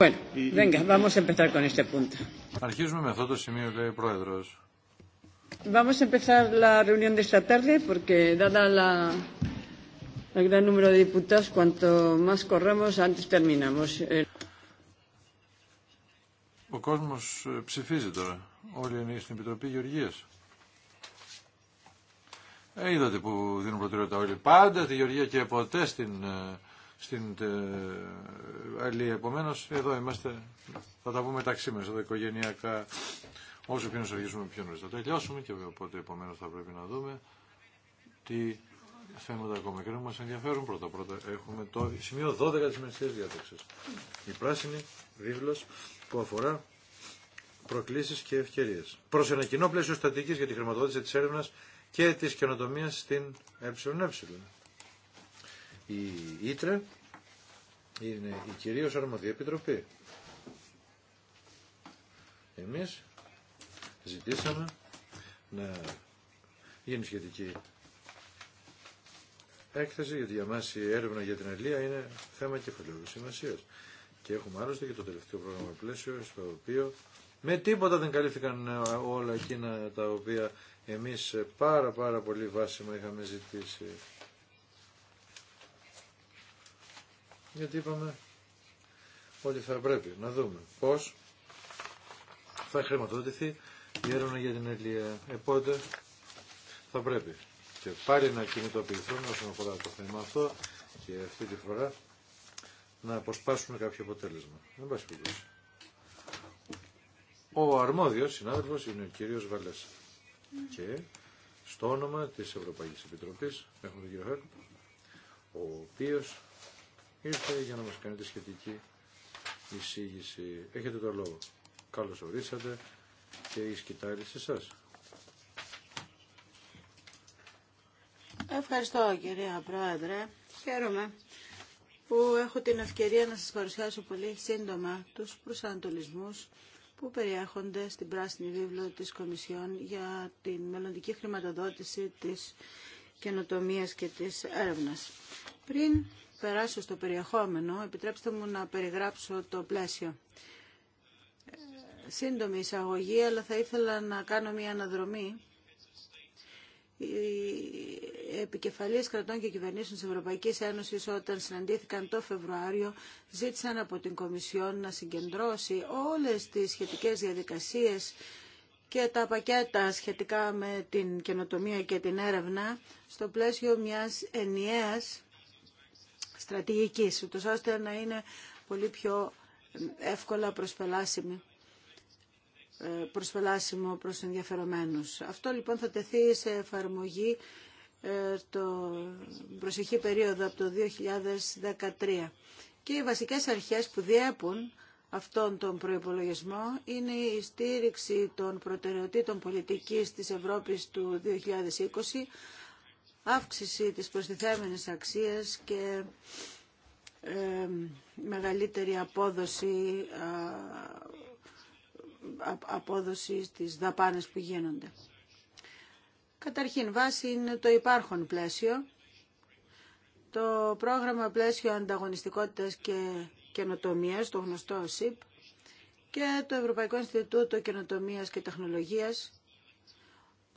Bueno, venga, vamos a empezar Αρχίζουμε με αυτό το σημείο, λέει ο Πρόεδρος. Vamos a empezar la reunión de esta tarde porque, dada la, el gran número de diputados, cuanto Ο κόσμος ε, ψηφίζει τώρα. Όλοι είναι στην Επιτροπή Γεωργίας. Ε, είδατε που δίνουν προτεραιότητα όλοι. Πάντα τη Γεωργία και ποτέ στην ε, στην Αλία. Ε, επομένω, εδώ είμαστε, θα τα πούμε μεταξύ μα, εδώ οικογενειακά. Όσο πιο νωρί πιο νωρί θα τελειώσουμε και οπότε επομένω θα πρέπει να δούμε τι θέματα ακόμα και μα ενδιαφέρουν. Πρώτα-πρώτα έχουμε το σημείο 12 τη μεσαία διάταξη. Η πράσινη βίβλο που αφορά προκλήσει και ευκαιρίε. Προ ένα κοινό πλαίσιο στατική για τη χρηματοδότηση τη έρευνα και τη καινοτομία στην ΕΕ. Η Ήτρε είναι η κυρίως αρμοδία επιτροπή. Εμείς ζητήσαμε να γίνει σχετική έκθεση, γιατί για μας η έρευνα για την Ελία είναι θέμα κεφαλαίου σημασία. Και έχουμε άλλωστε και το τελευταίο πρόγραμμα πλαίσιο, στο οποίο με τίποτα δεν καλύφθηκαν όλα εκείνα τα οποία εμείς πάρα πάρα πολύ βάσιμα είχαμε ζητήσει. γιατί είπαμε ότι θα πρέπει να δούμε πώς θα χρηματοδοτηθεί η έρευνα για την Ελία. Επότε θα πρέπει και πάλι να κινητοποιηθούμε όσον αφορά το θέμα αυτό και αυτή τη φορά να αποσπάσουμε κάποιο αποτέλεσμα. Δεν πάση Ο αρμόδιος συνάδελφος είναι ο κύριος Βαλέσσα. Και στο όνομα της Ευρωπαϊκής Επιτροπής έχουμε τον κύριο ο οποίος ήρθε για να μας κάνετε σχετική εισήγηση. Έχετε το λόγο. Καλώς ορίσατε και η σκητάλη σε εσάς. Ευχαριστώ κυρία Πρόεδρε. Χαίρομαι που έχω την ευκαιρία να σας παρουσιάσω πολύ σύντομα τους προσανατολισμούς που περιέχονται στην πράσινη βίβλο της Κομισιόν για την μελλοντική χρηματοδότηση της καινοτομίας και της έρευνας. Πριν περάσω στο περιεχόμενο, επιτρέψτε μου να περιγράψω το πλαίσιο. Σύντομη εισαγωγή, αλλά θα ήθελα να κάνω μια αναδρομή. Οι επικεφαλείς κρατών και κυβερνήσεων της Ευρωπαϊκής Ένωσης όταν συναντήθηκαν το Φεβρουάριο ζήτησαν από την Κομισιόν να συγκεντρώσει όλες τις σχετικές διαδικασίες και τα πακέτα σχετικά με την καινοτομία και την έρευνα στο πλαίσιο μιας ενιαίας στρατηγικής, ούτως ώστε να είναι πολύ πιο εύκολα προσπελάσιμη ε, προσπελάσιμο προς ενδιαφερομένους. Αυτό λοιπόν θα τεθεί σε εφαρμογή ε, το προσεχή περίοδο από το 2013. Και οι βασικές αρχές που διέπουν αυτόν τον προϋπολογισμό είναι η στήριξη των προτεραιοτήτων πολιτικής της Ευρώπης του 2020, αύξηση της προστιθέμενης αξίας και ε, μεγαλύτερη απόδοση, α, απόδοση στις δαπάνες που γίνονται. Καταρχήν, βάση είναι το υπάρχον πλαίσιο. Το πρόγραμμα πλαίσιο ανταγωνιστικότητας και καινοτομίας, το γνωστό ΣΥΠ, και το Ευρωπαϊκό Ινστιτούτο Καινοτομίας και Τεχνολογίας,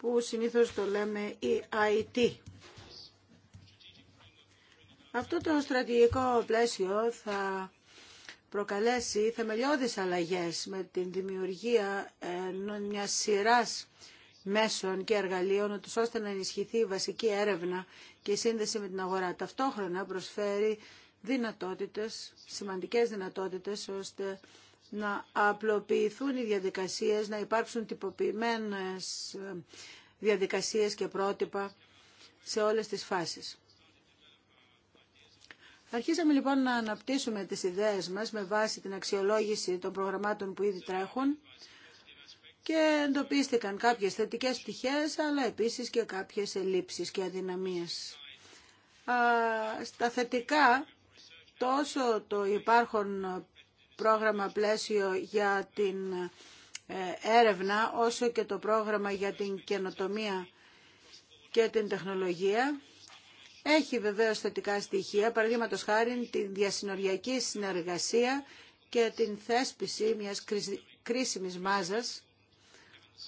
που συνήθως το λέμε IT. Αυτό το στρατηγικό πλαίσιο θα προκαλέσει θεμελιώδεις αλλαγές με την δημιουργία μιας σειράς μέσων και εργαλείων, ώστε να ενισχυθεί η βασική έρευνα και η σύνδεση με την αγορά. Ταυτόχρονα προσφέρει δυνατότητες, σημαντικές δυνατότητες, ώστε να απλοποιηθούν οι διαδικασίες, να υπάρξουν τυποποιημένες ε, διαδικασίες και πρότυπα σε όλες τις φάσεις. Αρχίσαμε λοιπόν να αναπτύσσουμε τις ιδέες μας με βάση την αξιολόγηση των προγραμμάτων που ήδη τρέχουν και εντοπίστηκαν κάποιες θετικές πτυχές αλλά επίσης και κάποιες ελλείψεις και αδυναμίες. Στα θετικά τόσο το υπάρχον πρόγραμμα πλαίσιο για την ε, έρευνα, όσο και το πρόγραμμα για την καινοτομία και την τεχνολογία. Έχει βεβαίως θετικά στοιχεία, παραδείγματο χάρη τη διασυνοριακή συνεργασία και την θέσπιση μιας κρίσιμης μάζας,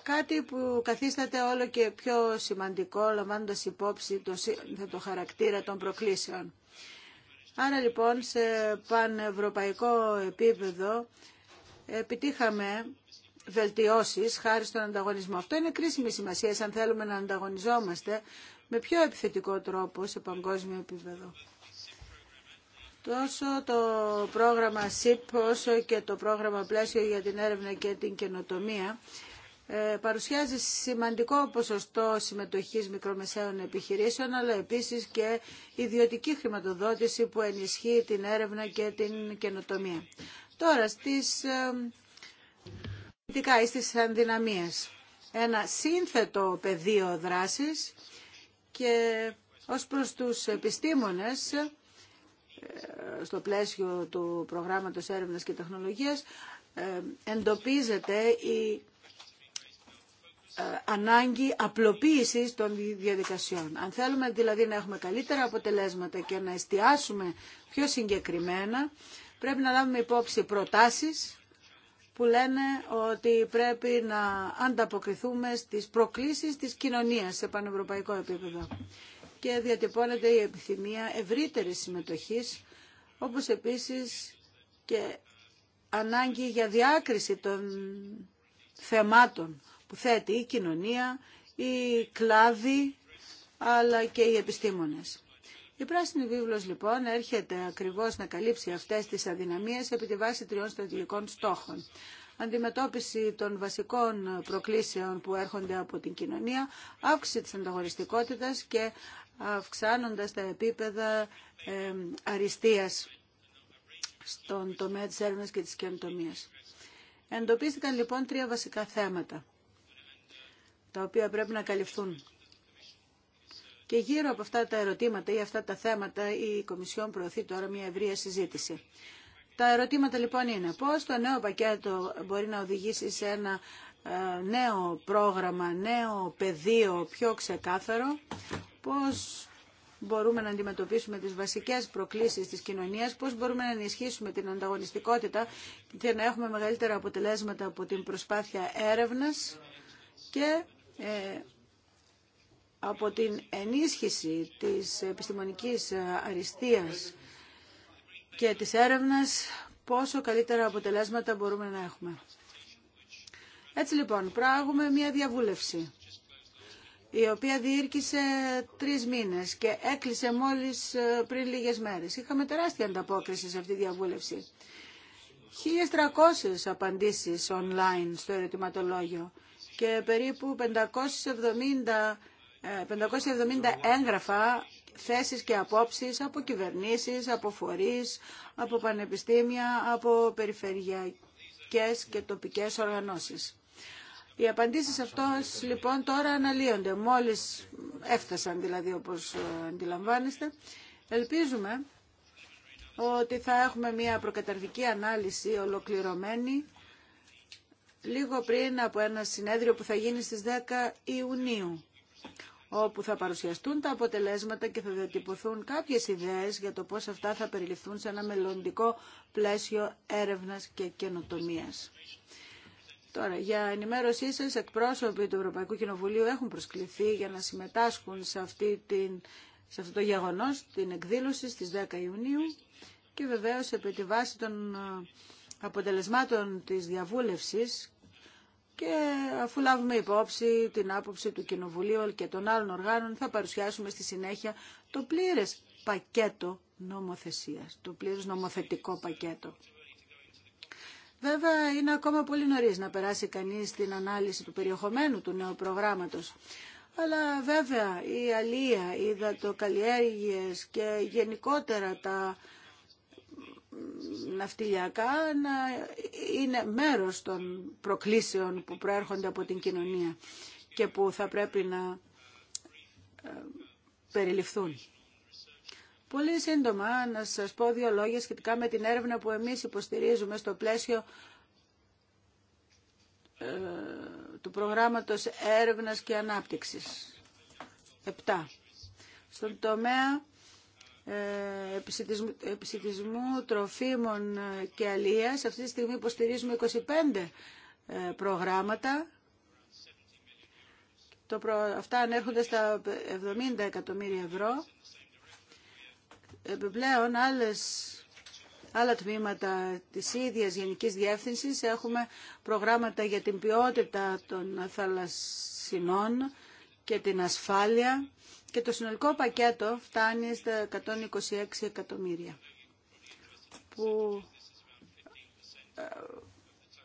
κάτι που καθίσταται όλο και πιο σημαντικό, λαμβάνοντας υπόψη το χαρακτήρα των προκλήσεων. Άρα λοιπόν σε πανευρωπαϊκό επίπεδο επιτύχαμε βελτιώσεις χάρη στον ανταγωνισμό. Αυτό είναι κρίσιμη σημασία αν θέλουμε να ανταγωνιζόμαστε με πιο επιθετικό τρόπο σε παγκόσμιο επίπεδο. Τόσο το πρόγραμμα SIP όσο και το πρόγραμμα πλαίσιο για την έρευνα και την καινοτομία ε, παρουσιάζει σημαντικό ποσοστό συμμετοχής μικρομεσαίων επιχειρήσεων, αλλά επίσης και ιδιωτική χρηματοδότηση που ενισχύει την έρευνα και την καινοτομία. Τώρα, στις, ε, στις ανδυναμίες. Ένα σύνθετο πεδίο δράσης και ως προς τους επιστήμονες, ε, στο πλαίσιο του προγράμματος έρευνας και τεχνολογίας, ε, εντοπίζεται η ε, ανάγκη απλοποίησης των διαδικασιών. Αν θέλουμε δηλαδή να έχουμε καλύτερα αποτελέσματα και να εστιάσουμε πιο συγκεκριμένα, πρέπει να λάβουμε υπόψη προτάσεις που λένε ότι πρέπει να ανταποκριθούμε στις προκλήσεις της κοινωνίας σε πανευρωπαϊκό επίπεδο. Και διατυπώνεται η επιθυμία ευρύτερης συμμετοχής, όπως επίσης και ανάγκη για διάκριση των θεμάτων που θέτει η κοινωνία, η κλάδοι, αλλά και οι επιστήμονες. Η πράσινη βίβλος λοιπόν έρχεται ακριβώς να καλύψει αυτές τις αδυναμίες επί τη βάση τριών στρατηγικών στόχων. Αντιμετώπιση των βασικών προκλήσεων που έρχονται από την κοινωνία, αύξηση της ανταγωνιστικότητας και αυξάνοντας τα επίπεδα αριστείας στον τομέα της έρευνας και της καινοτομίας. Εντοπίστηκαν λοιπόν τρία βασικά θέματα τα οποία πρέπει να καλυφθούν. Και γύρω από αυτά τα ερωτήματα ή αυτά τα θέματα η Κομισιόν προωθεί τώρα μια ευρεία συζήτηση. Τα ερωτήματα λοιπόν είναι πώς το νέο πακέτο μπορεί να οδηγήσει σε ένα ε, νέο πρόγραμμα, νέο πεδίο πιο ξεκάθαρο, πώς μπορούμε να αντιμετωπίσουμε τις βασικές προκλήσεις της κοινωνίας, πώς μπορούμε να ενισχύσουμε την ανταγωνιστικότητα και να έχουμε μεγαλύτερα αποτελέσματα από την προσπάθεια έρευνας και ε, από την ενίσχυση της επιστημονικής αριστείας και της έρευνας πόσο καλύτερα αποτελέσματα μπορούμε να έχουμε. Έτσι λοιπόν, πράγουμε μια διαβούλευση η οποία διήρκησε τρεις μήνες και έκλεισε μόλις ε, πριν λίγες μέρες. Είχαμε τεράστια ανταπόκριση σε αυτή τη διαβούλευση. 1.300 απαντήσεις online στο ερωτηματολόγιο και περίπου 570 570 ε, έγγραφα, θέσεις και απόψεις από κυβερνήσεις, από φορείς, από πανεπιστήμια, από περιφερειακές και τοπικές οργανώσεις. Οι απαντήσεις αυτές λοιπόν τώρα αναλύονται, μόλις έφτασαν δηλαδή όπως ε, αντιλαμβάνεστε. Ελπίζουμε ότι θα έχουμε μια προκαταρτική ανάλυση ολοκληρωμένη λίγο πριν από ένα συνέδριο που θα γίνει στις 10 Ιουνίου όπου θα παρουσιαστούν τα αποτελέσματα και θα διατυπωθούν κάποιες ιδέες για το πώς αυτά θα περιληφθούν σε ένα μελλοντικό πλαίσιο έρευνας και καινοτομίας. Τώρα, για ενημέρωσή σας, εκπρόσωποι του Ευρωπαϊκού Κοινοβουλίου έχουν προσκληθεί για να συμμετάσχουν σε, αυτή την, σε αυτό το γεγονός, την εκδήλωση στις 10 Ιουνίου και βεβαίως επί τη βάση των ε, αποτελεσμάτων της διαβούλευσης και αφού λάβουμε υπόψη την άποψη του Κοινοβουλίου και των άλλων οργάνων θα παρουσιάσουμε στη συνέχεια το πλήρες πακέτο νομοθεσίας, το πλήρες νομοθετικό πακέτο. Βέβαια είναι ακόμα πολύ νωρίς να περάσει κανείς την ανάλυση του περιεχομένου του νέου προγράμματος. Αλλά βέβαια η αλία, οι δατοκαλλιέργειες και γενικότερα τα ναυτιλιακά να είναι μέρος των προκλήσεων που προέρχονται από την κοινωνία και που θα πρέπει να ε, περιληφθούν. Πολύ σύντομα να σας πω δύο λόγια σχετικά με την έρευνα που εμείς υποστηρίζουμε στο πλαίσιο ε, του προγράμματος έρευνας και ανάπτυξης. Επτά. Στον τομέα ε, επισητισμού, τροφίμων και αλίας. Αυτή τη στιγμή υποστηρίζουμε 25 ε, προγράμματα. Το Αυτά ανέρχονται στα 70 εκατομμύρια ευρώ. Επιπλέον, άλλες... άλλα τμήματα της ίδιας Γενικής Διεύθυνσης έχουμε προγράμματα για την ποιότητα των θαλασσινών και την ασφάλεια και το συνολικό πακέτο φτάνει στα 126 εκατομμύρια που ε,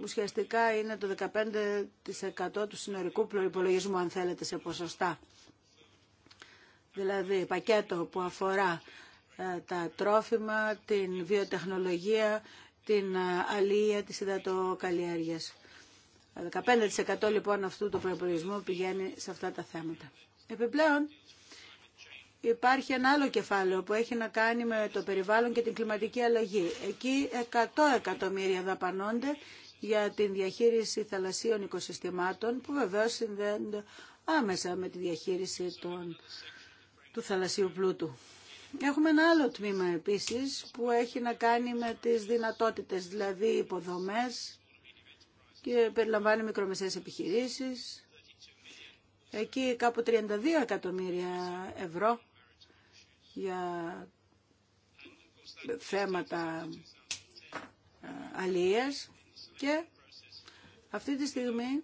ουσιαστικά είναι το 15% του συνολικού προϋπολογισμού αν θέλετε σε ποσοστά. Δηλαδή πακέτο που αφορά ε, τα τρόφιμα, την βιοτεχνολογία, την ε, αλληλεία της υδατοκαλλιέργειας. 15% λοιπόν αυτού του προϋπολογισμού πηγαίνει σε αυτά τα θέματα. Επιπλέον, υπάρχει ένα άλλο κεφάλαιο που έχει να κάνει με το περιβάλλον και την κλιματική αλλαγή. Εκεί 100 εκατομμύρια δαπανώνται για τη διαχείριση θαλασσίων οικοσυστημάτων που βεβαίως συνδέονται άμεσα με τη διαχείριση του θαλασσίου πλούτου. Έχουμε ένα άλλο τμήμα επίσης που έχει να κάνει με τις δυνατότητες, δηλαδή υποδομές και περιλαμβάνει μικρομεσαίες επιχειρήσεις. Εκεί κάπου 32 εκατομμύρια ευρώ για θέματα αλίας και αυτή τη στιγμή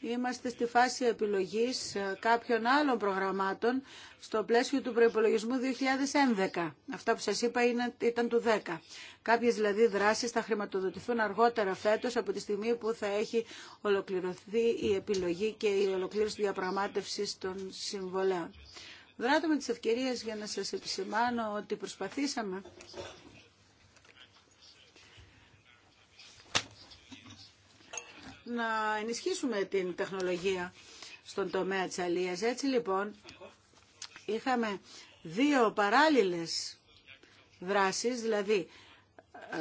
είμαστε στη φάση επιλογής κάποιων άλλων προγραμμάτων στο πλαίσιο του προϋπολογισμού 2011. Αυτά που σας είπα ήταν του 10. Κάποιες δηλαδή δράσεις θα χρηματοδοτηθούν αργότερα φέτος από τη στιγμή που θα έχει ολοκληρωθεί η επιλογή και η ολοκλήρωση διαπραγμάτευσης των συμβολέων. Δράτω με τις ευκαιρίες για να σας επισημάνω ότι προσπαθήσαμε να ενισχύσουμε την τεχνολογία στον τομέα της αλίας. Έτσι λοιπόν είχαμε δύο παράλληλες δράσεις, δηλαδή ε,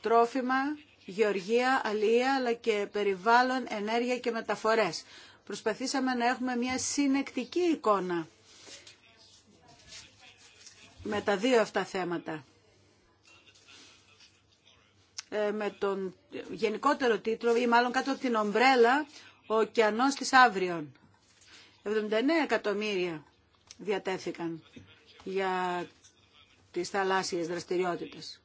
τρόφιμα, γεωργία, αλία, αλλά και περιβάλλον, ενέργεια και μεταφορές. Προσπαθήσαμε να έχουμε μια συνεκτική εικόνα με τα δύο αυτά θέματα. Ε, με τον γενικότερο τίτλο ή μάλλον κάτω από την ομπρέλα «Ο ωκεανός της αύριον». 79 εκατομμύρια διατέθηκαν για τις θαλάσσιες δραστηριότητες.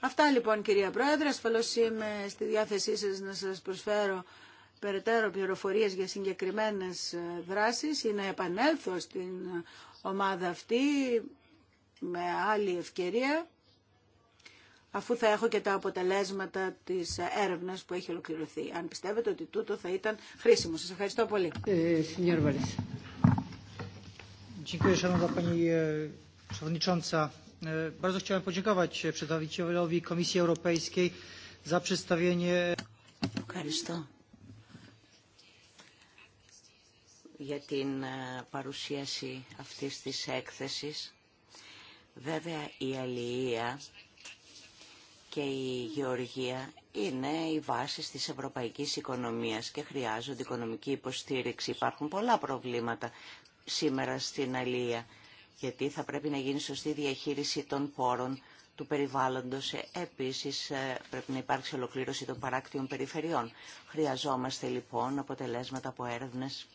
Αυτά λοιπόν κυρία Πρόεδρε, ασφαλώς είμαι στη διάθεσή σας να σας προσφέρω περαιτέρω πληροφορίες για συγκεκριμένες δράσεις ή να επανέλθω στην ομάδα αυτή με άλλη ευκαιρία αφού θα έχω και τα αποτελέσματα της έρευνας που έχει ολοκληρωθεί. Αν πιστεύετε ότι τούτο θα ήταν χρήσιμο. Σας ευχαριστώ πολύ. Ε, Dziękuję Szanowna Pani e, Przewodnicząca. E, bardzo chciałem podziękować przedstawicielowi Komisji Europejskiej za przedstawienie. Ευχαριστώ για την e, παρουσίαση αυτής της έκθεσης Βέβαια η αλληλεία και η γεωργία είναι οι βάσεις της ευρωπαϊκής οικονομίας και χρειάζονται οικονομική υποστήριξη. Υπάρχουν πολλά προβλήματα σήμερα στην αλληλεία γιατί θα πρέπει να γίνει σωστή διαχείριση των πόρων του περιβάλλοντος. Επίσης ε, πρέπει να υπάρξει ολοκλήρωση των παράκτιων περιφερειών. Χρειαζόμαστε λοιπόν αποτελέσματα από έρευνες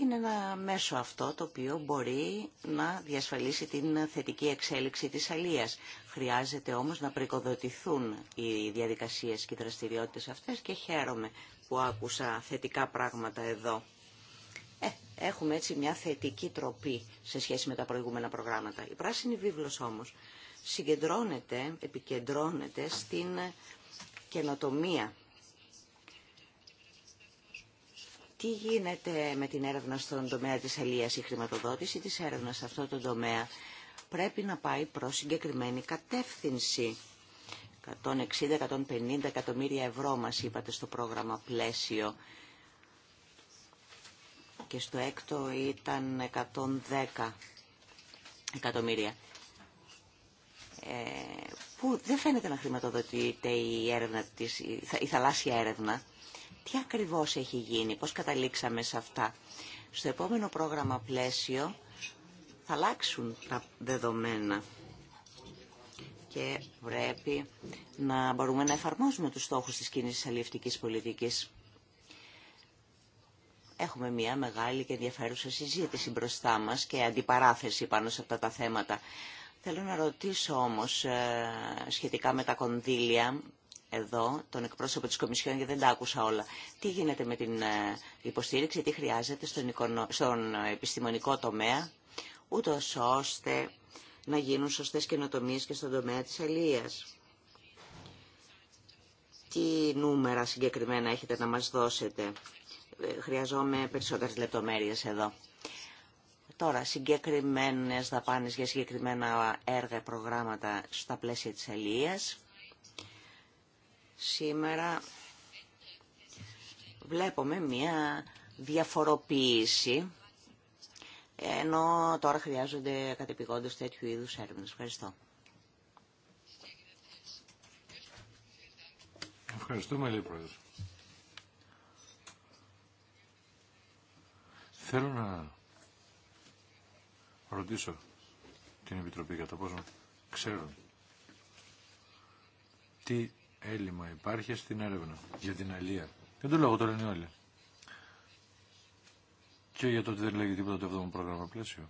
Είναι ένα μέσο αυτό το οποίο μπορεί να διασφαλίσει την θετική εξέλιξη της αλίας. Χρειάζεται όμως να πρικοδοτηθούν οι διαδικασίες και οι δραστηριότητες αυτές και χαίρομαι που άκουσα θετικά πράγματα εδώ. Ε, έχουμε έτσι μια θετική τροπή σε σχέση με τα προηγούμενα προγράμματα. Η πράσινη βίβλος όμως συγκεντρώνεται, επικεντρώνεται στην καινοτομία Τι γίνεται με την έρευνα στον τομέα της αλίας, η χρηματοδότηση της έρευνας σε αυτό το τομέα πρέπει να πάει προς συγκεκριμένη κατεύθυνση. 160-150 εκατομμύρια ευρώ μας είπατε στο πρόγραμμα πλαίσιο και στο έκτο ήταν 110 εκατομμύρια. Ε, που δεν φαίνεται να χρηματοδοτείται η έρευνα της, η θαλάσσια έρευνα. Τι ακριβώς έχει γίνει, πώς καταλήξαμε σε αυτά. Στο επόμενο πρόγραμμα πλαίσιο θα αλλάξουν τα δεδομένα και πρέπει να μπορούμε να εφαρμόσουμε τους στόχους της κίνησης αλληλευτικής πολιτικής. Έχουμε μια μεγάλη και ενδιαφέρουσα συζήτηση μπροστά μας και αντιπαράθεση πάνω σε αυτά τα θέματα. Θέλω να ρωτήσω όμως ε, σχετικά με τα κονδύλια εδώ τον εκπρόσωπο της Κομισιόν γιατί δεν τα άκουσα όλα. Τι γίνεται με την ε, υποστήριξη, τι χρειάζεται στον επιστημονικό τομέα, ούτω ώστε να γίνουν σωστές καινοτομίες και στον τομέα της αλίας. Τι νούμερα συγκεκριμένα έχετε να μας δώσετε. Ε, χρειαζόμαι περισσότερες λεπτομέρειες εδώ. Τώρα, συγκεκριμένες δαπάνες για συγκεκριμένα έργα, προγράμματα στα πλαίσια της αλίας. Σήμερα βλέπουμε μια διαφοροποίηση ενώ τώρα χρειάζονται κατεπηγόντως τέτοιου είδους έρευνες. Ευχαριστώ. Ευχαριστούμε, λέει Πρόεδρος. Θέλω να ρωτήσω την Επιτροπή για το πόσο ξέρουν τι έλλειμμα υπάρχει στην έρευνα για την αλία. Δεν το λέω, το λένε όλοι. Και για το ότι δεν λέγεται τίποτα το 7ο πρόγραμμα πλαίσιο.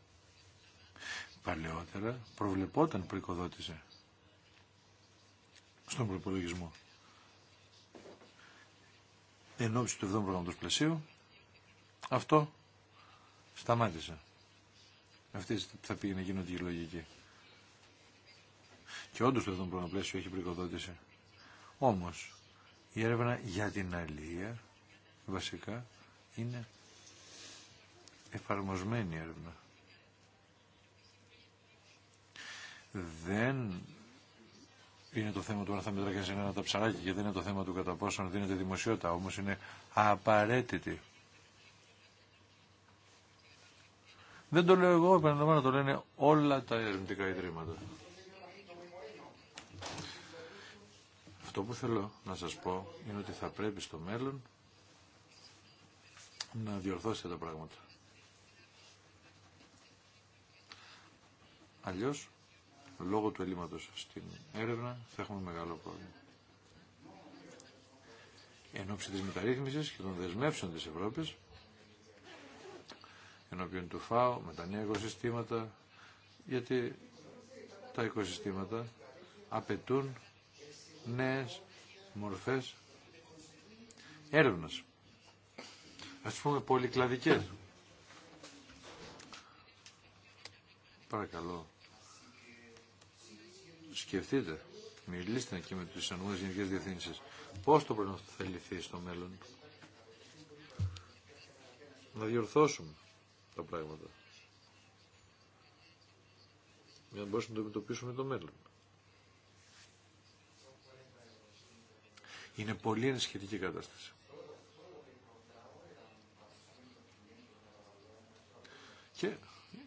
Παλαιότερα προβλεπόταν προοικοδότησε στον προπολογισμό. Εν ώψη του 7ου προγράμματος πλαισίου, αυτό σταμάτησε. Αυτή θα πήγαινε να γίνει λογική. Και όντω το 7ο πρόγραμμα πλαίσιο έχει προοικοδότηση. Όμως, η έρευνα για την αλληλεία βασικά είναι εφαρμοσμένη έρευνα. Δεν είναι το θέμα του αν θα μετράει σε ένα τα ψαράκια και δεν είναι το θέμα του κατά να δίνεται δημοσιότητα, όμως είναι απαραίτητη. Δεν το λέω εγώ, επαναλαμβάνω, το λένε όλα τα ερευνητικά ιδρύματα. Αυτό που θέλω να σας πω είναι ότι θα πρέπει στο μέλλον να διορθώσετε τα πράγματα. Αλλιώς, λόγω του ελλείμματος στην έρευνα, θα έχουμε μεγάλο πρόβλημα. Εν ώψη της μεταρρύθμισης και των δεσμεύσεων της Ευρώπης, ενώπιον του ΦΑΟ, με τα νέα οικοσυστήματα, γιατί τα οικοσυστήματα απαιτούν νέες μορφές έρευνας. Ας πούμε πολυκλαδικές. Παρακαλώ. Σκεφτείτε. Μιλήστε και με τους ανούμενες γενικές διευθύνσεις. Πώς το πρέπει να λυθεί στο μέλλον. Να διορθώσουμε τα πράγματα. Για να μπορέσουμε να το αντιμετωπίσουμε το μέλλον. Είναι πολύ ενισχυτική κατάσταση. Και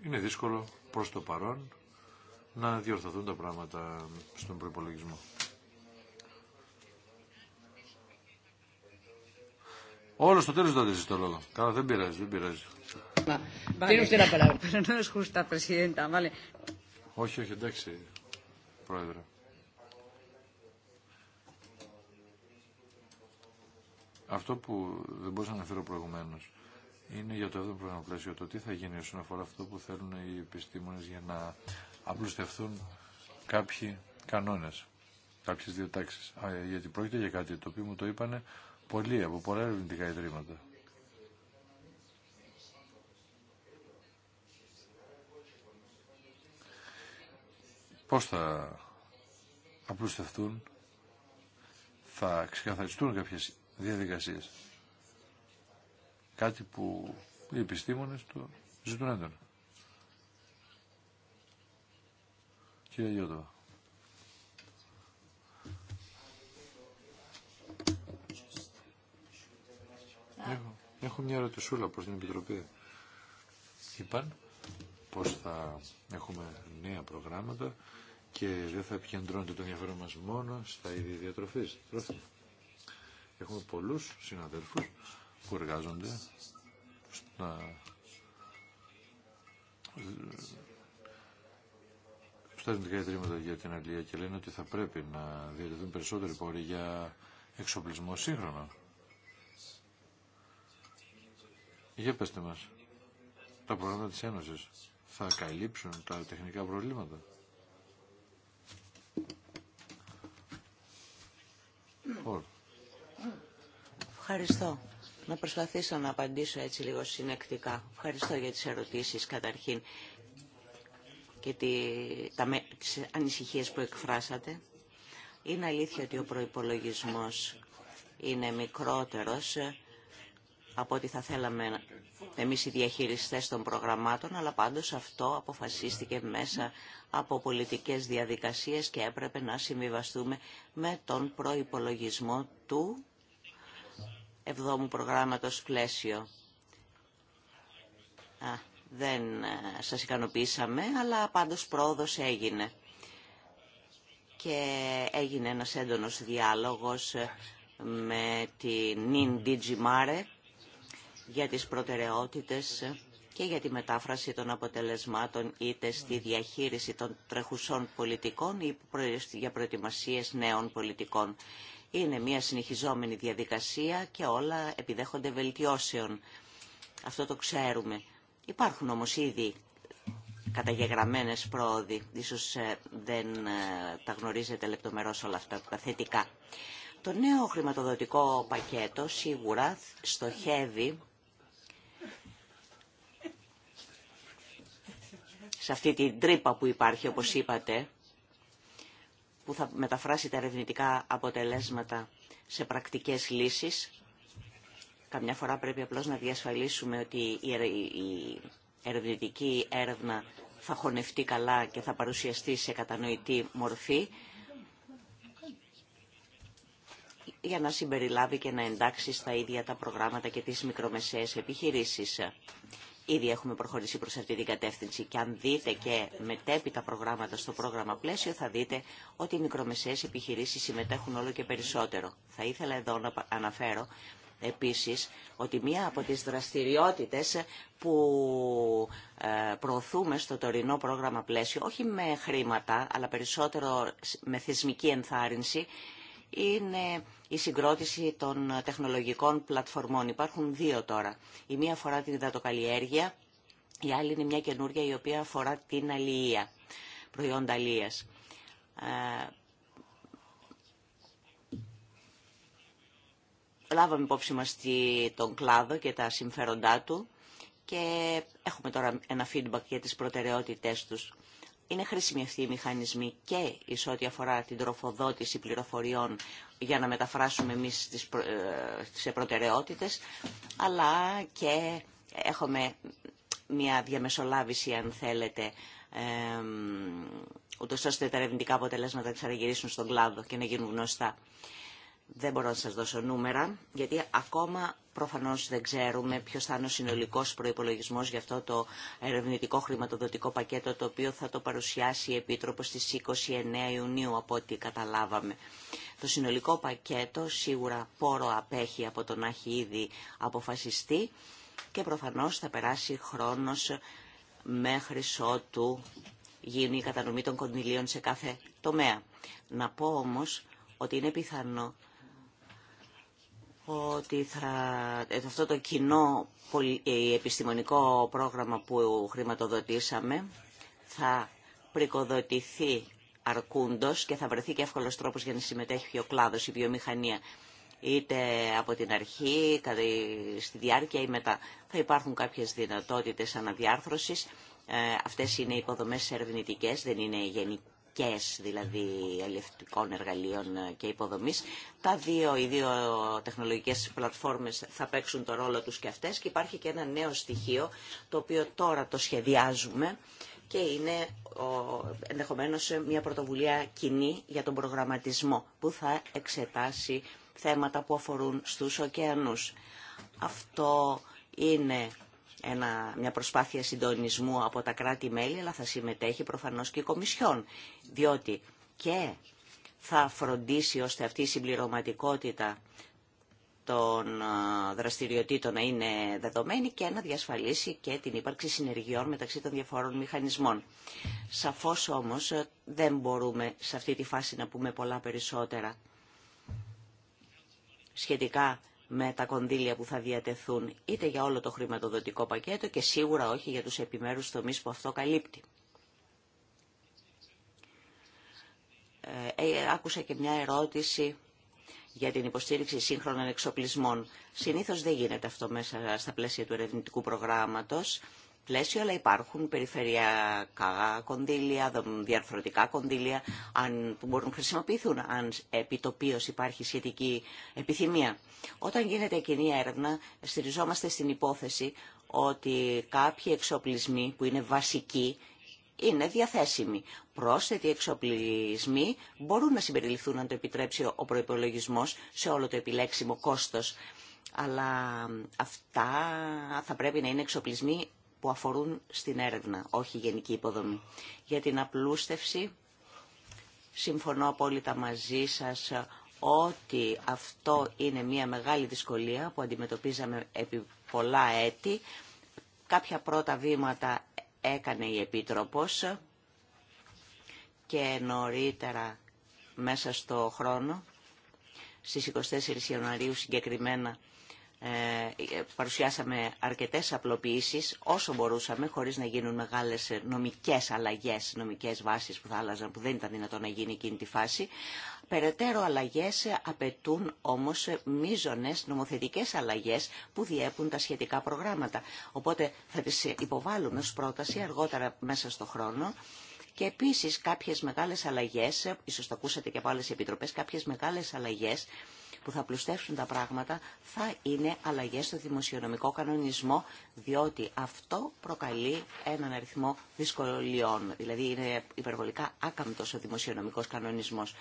είναι δύσκολο προς το παρόν να διορθωθούν τα πράγματα στον προϋπολογισμό. Όλο στο τέλο δεν το λόγο. Καλά, δεν πειράζει, δεν πειράζει. Όχι, όχι, εντάξει, πρόεδρε. Αυτό που δεν μπορούσα να αναφέρω προηγουμένω είναι για το 7ο πρόγραμμα πλαίσιο το τι θα γίνει όσον αφορά αυτό που θέλουν οι επιστήμονε για να απλουστευτούν κάποιοι κανόνε, κάποιε διατάξει. Γιατί πρόκειται για κάτι το οποίο μου το είπαν πολλοί από πολλά ερευνητικά ιδρύματα. Πώς θα απλουστευτούν, θα ξεκαθαριστούν κάποιες διαδικασίες. Κάτι που οι επιστήμονες το ζητούν έντονα. Κύριε Γιώτο. Έχω, έχω μια ερωτησούλα προς την Επιτροπή. Είπαν πως θα έχουμε νέα προγράμματα και δεν θα επικεντρώνεται το ενδιαφέρον μας μόνο στα ίδια διατροφής έχουμε πολλούς συναδέλφους που εργάζονται στα, στα εθνικά ιδρύματα για την Αγγλία και λένε ότι θα πρέπει να διατεθούν περισσότεροι πόροι για εξοπλισμό σύγχρονο. Για πέστε μας, τα προγράμματα της Ένωσης θα καλύψουν τα τεχνικά προβλήματα. Ευχαριστώ. Να προσπαθήσω να απαντήσω έτσι λίγο συνεκτικά. Ευχαριστώ για τις ερωτήσεις καταρχήν και τις ανησυχίες που εκφράσατε. Είναι αλήθεια ότι ο προϋπολογισμός είναι μικρότερος ε, από ό,τι θα θέλαμε εμείς οι διαχειριστές των προγραμμάτων, αλλά πάντως αυτό αποφασίστηκε μέσα από πολιτικές διαδικασίες και έπρεπε να συμβιβαστούμε με τον προϋπολογισμό του εβδόμου προγράμματος πλαίσιο. Α, δεν ε, σας ικανοποίησαμε, αλλά πάντως πρόοδος έγινε. Και έγινε ένας έντονος διάλογος ε, με την νυν Μάρε για τις προτεραιότητες ε, και για τη μετάφραση των αποτελεσμάτων είτε στη διαχείριση των τρεχουσών πολιτικών ή για προετοιμασίες νέων πολιτικών. Είναι μια συνεχιζόμενη διαδικασία και όλα επιδέχονται βελτιώσεων. Αυτό το ξέρουμε. Υπάρχουν όμως ήδη καταγεγραμμένες πρόοδοι. Ίσως ε, δεν ε, τα γνωρίζετε λεπτομερώς όλα αυτά τα θετικά. Το νέο χρηματοδοτικό πακέτο σίγουρα στοχεύει σε αυτή την τρύπα που υπάρχει, όπως είπατε, που θα μεταφράσει τα ερευνητικά αποτελέσματα σε πρακτικές λύσεις. Καμιά φορά πρέπει απλώς να διασφαλίσουμε ότι η ερευνητική έρευνα θα χωνευτεί καλά και θα παρουσιαστεί σε κατανοητή μορφή για να συμπεριλάβει και να εντάξει στα ίδια τα προγράμματα και τις μικρομεσαίες επιχειρήσεις. Ήδη έχουμε προχωρήσει προς αυτή την κατεύθυνση και αν δείτε και μετέπειτα προγράμματα στο πρόγραμμα πλαίσιο θα δείτε ότι οι μικρομεσαίες επιχειρήσεις συμμετέχουν όλο και περισσότερο. Θα ήθελα εδώ να αναφέρω επίσης ότι μία από τις δραστηριότητες που ε, προωθούμε στο τωρινό πρόγραμμα πλαίσιο, όχι με χρήματα αλλά περισσότερο με θεσμική ενθάρρυνση, είναι η συγκρότηση των τεχνολογικών πλατφορμών. Υπάρχουν δύο τώρα. Η μία αφορά την υδατοκαλλιέργεια, η άλλη είναι μια καινούρια η οποία αφορά την αλληλεία, προϊόντα αλληλείας. Ε, λάβαμε υπόψη μας τον κλάδο και τα συμφέροντά του και έχουμε τώρα ένα feedback για τις προτεραιότητές τους. Είναι χρήσιμοι αυτοί οι μηχανισμοί και εις ό,τι αφορά την τροφοδότηση πληροφοριών για να μεταφράσουμε εμείς τις, προ... Ε, προτεραιότητες, αλλά και έχουμε μια διαμεσολάβηση, αν θέλετε, ούτως ώστε τα ερευνητικά αποτελέσματα να ξαναγυρίσουν στον κλάδο και να γίνουν γνωστά δεν μπορώ να σας δώσω νούμερα, γιατί ακόμα προφανώς δεν ξέρουμε ποιος θα είναι ο συνολικός προϋπολογισμός για αυτό το ερευνητικό χρηματοδοτικό πακέτο, το οποίο θα το παρουσιάσει η Επίτροπος στις 29 Ιουνίου, από ό,τι καταλάβαμε. Το συνολικό πακέτο σίγουρα πόρο απέχει από το να έχει ήδη αποφασιστεί και προφανώς θα περάσει χρόνος μέχρι ότου γίνει η κατανομή των κονδυλίων σε κάθε τομέα. Να πω όμως ότι είναι πιθανό ότι θα, αυτό το κοινό ε, επιστημονικό πρόγραμμα που χρηματοδοτήσαμε θα πρικοδοτηθεί αρκούντος και θα βρεθεί και εύκολος τρόπος για να συμμετέχει ο κλάδος, η βιομηχανία είτε από την αρχή, στη διάρκεια ή μετά. Θα υπάρχουν κάποιες δυνατότητες αναδιάρθρωσης. Ε, αυτές είναι οι υποδομές ερευνητικές, δεν είναι δηλαδή αλληλευτικών εργαλείων και υποδομής. Τα δύο, οι δύο τεχνολογικές πλατφόρμες θα παίξουν το ρόλο τους και αυτές και υπάρχει και ένα νέο στοιχείο το οποίο τώρα το σχεδιάζουμε και είναι ενδεχομένως μια πρωτοβουλία κοινή για τον προγραμματισμό που θα εξετάσει θέματα που αφορούν στους ωκεανούς. Αυτό είναι μια προσπάθεια συντονισμού από τα κράτη-μέλη, αλλά θα συμμετέχει προφανώς και η Κομισιόν, διότι και θα φροντίσει ώστε αυτή η συμπληρωματικότητα των δραστηριοτήτων να είναι δεδομένη και να διασφαλίσει και την ύπαρξη συνεργειών μεταξύ των διαφόρων μηχανισμών. Σαφώς όμως ε, δεν μπορούμε σε αυτή τη φάση να πούμε πολλά περισσότερα σχετικά με τα κονδύλια που θα διατεθούν είτε για όλο το χρηματοδοτικό πακέτο και σίγουρα όχι για τους επιμέρους τομείς που αυτό καλύπτει. Ε, ε άκουσα και μια ερώτηση για την υποστήριξη σύγχρονων εξοπλισμών. Συνήθως δεν γίνεται αυτό μέσα στα πλαίσια του ερευνητικού προγράμματος πλαίσιο, αλλά υπάρχουν περιφερειακά κονδύλια, διαρθρωτικά κονδύλια αν, που μπορούν να χρησιμοποιηθούν αν επιτοπίως υπάρχει σχετική επιθυμία. Όταν γίνεται κοινή έρευνα, στηριζόμαστε στην υπόθεση ότι κάποιοι εξοπλισμοί που είναι βασικοί είναι διαθέσιμοι. Πρόσθετοι εξοπλισμοί μπορούν να συμπεριληφθούν αν το επιτρέψει ο προϋπολογισμός σε όλο το επιλέξιμο κόστος. Αλλά αυτά θα πρέπει να είναι εξοπλισμοί που αφορούν στην έρευνα, όχι γενική υποδομή. Για την απλούστευση, συμφωνώ απόλυτα μαζί σας ότι αυτό είναι μια μεγάλη δυσκολία που αντιμετωπίζαμε επί πολλά έτη. Κάποια πρώτα βήματα έκανε η Επίτροπος και νωρίτερα μέσα στο χρόνο, στις 24 Ιανουαρίου συγκεκριμένα, ε, παρουσιάσαμε αρκετές απλοποιήσεις όσο μπορούσαμε χωρίς να γίνουν μεγάλες ε, νομικές αλλαγές, νομικές βάσεις που θα άλλαζαν που δεν ήταν δυνατόν να γίνει εκείνη τη φάση. Περαιτέρω αλλαγές ε, απαιτούν όμως μίζονες νομοθετικές αλλαγές που διέπουν τα σχετικά προγράμματα. Οπότε θα τις υποβάλουμε ως πρόταση αργότερα μέσα στο χρόνο και επίσης κάποιες μεγάλες αλλαγές, ίσως το ακούσατε και από άλλες επιτροπές, κάποιες μεγάλες αλλαγές που θα πλουστεύσουν τα πράγματα θα είναι αλλαγές στο δημοσιονομικό κανονισμό, διότι αυτό προκαλεί έναν αριθμό δυσκολιών, δηλαδή είναι υπερβολικά άκαμπτος ο δημοσιονομικός κανονισμός.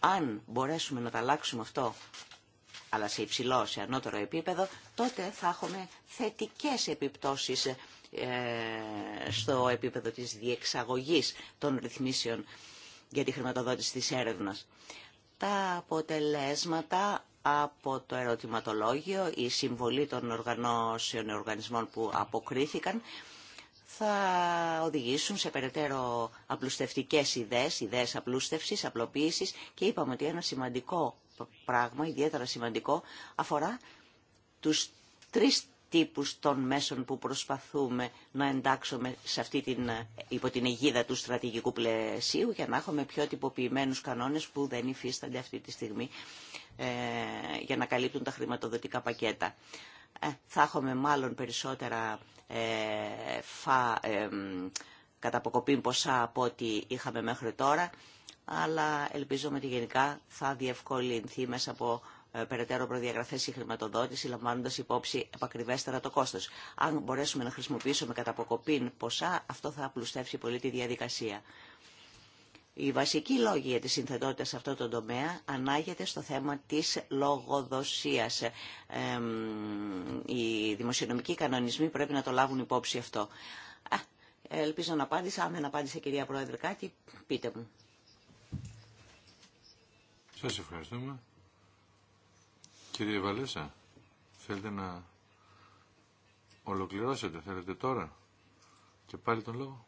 Αν μπορέσουμε να τα αλλάξουμε αυτό αλλά σε υψηλό, σε ανώτερο επίπεδο, τότε θα έχουμε θετικές επιπτώσεις ε, στο επίπεδο της διεξαγωγής των ρυθμίσεων για τη χρηματοδότηση της έρευνας τα αποτελέσματα από το ερωτηματολόγιο, η συμβολή των οργανώσεων οργανισμών που αποκρίθηκαν, θα οδηγήσουν σε περαιτέρω απλουστευτικές ιδέες, ιδέες απλούστευσης, απλοποίησης και είπαμε ότι ένα σημαντικό πράγμα, ιδιαίτερα σημαντικό, αφορά τους τρεις τύπους των μέσων που προσπαθούμε να εντάξουμε σε αυτή την, υπό την αιγίδα του στρατηγικού πλαισίου για να έχουμε πιο τυποποιημένους κανόνες που δεν υφίστανται αυτή τη στιγμή ε, για να καλύπτουν τα χρηματοδοτικά πακέτα. Ε, θα έχουμε μάλλον περισσότερα ε, ε κατά ποσά από ό,τι είχαμε μέχρι τώρα αλλά ελπίζω ότι γενικά θα διευκολυνθεί μέσα από ε, περαιτέρω προδιαγραφές ή χρηματοδότηση, λαμβάνοντας υπόψη επακριβέστερα το κόστος. Αν μπορέσουμε να χρησιμοποιήσουμε κατά αποκοπήν ποσά, αυτό θα απλουστεύσει πολύ τη διαδικασία. Η χρηματοδοτηση λαμβανοντα υποψη επακριβεστερα το κοστος αν μπορεσουμε να χρησιμοποιησουμε κατα λόγη για τη συνθετότητα σε αυτό το τομέα ανάγεται στο θέμα της λογοδοσίας. Ε, οι δημοσιονομικοί κανονισμοί πρέπει να το λάβουν υπόψη αυτό. ελπίζω να απάντησα. δεν απάντησε κυρία Πρόεδρε κάτι, πείτε μου. Σας ευχαριστούμε. Κύριε Βαλέσα, θέλετε να ολοκληρώσετε, θέλετε τώρα και πάλι τον λόγο.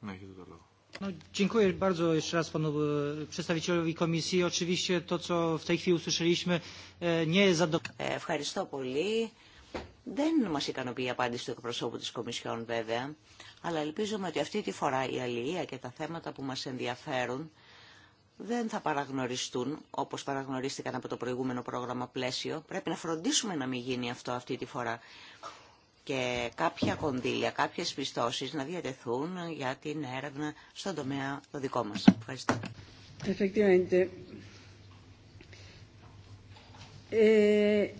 Να έχετε τον λόγο. No, dziękuję bardzo jeszcze raz panu przedstawicielowi komisji. Oczywiście to, co w tej chwili usłyszeliśmy, e, nie jest za e, Ευχαριστώ πολύ. Δεν μας ικανοποιεί η απάντηση του εκπροσώπου τη Κομισιόν βέβαια, αλλά ελπίζουμε ότι αυτή τη φορά η αλληλεία και τα θέματα που μας ενδιαφέρουν δεν θα παραγνωριστούν όπως παραγνωρίστηκαν από το προηγούμενο πρόγραμμα πλαίσιο. Πρέπει να φροντίσουμε να μην γίνει αυτό αυτή τη φορά και κάποια κονδύλια, κάποιες πιστώσεις να διατεθούν για την έρευνα στον τομέα το δικό μας. Ευχαριστώ. Ε,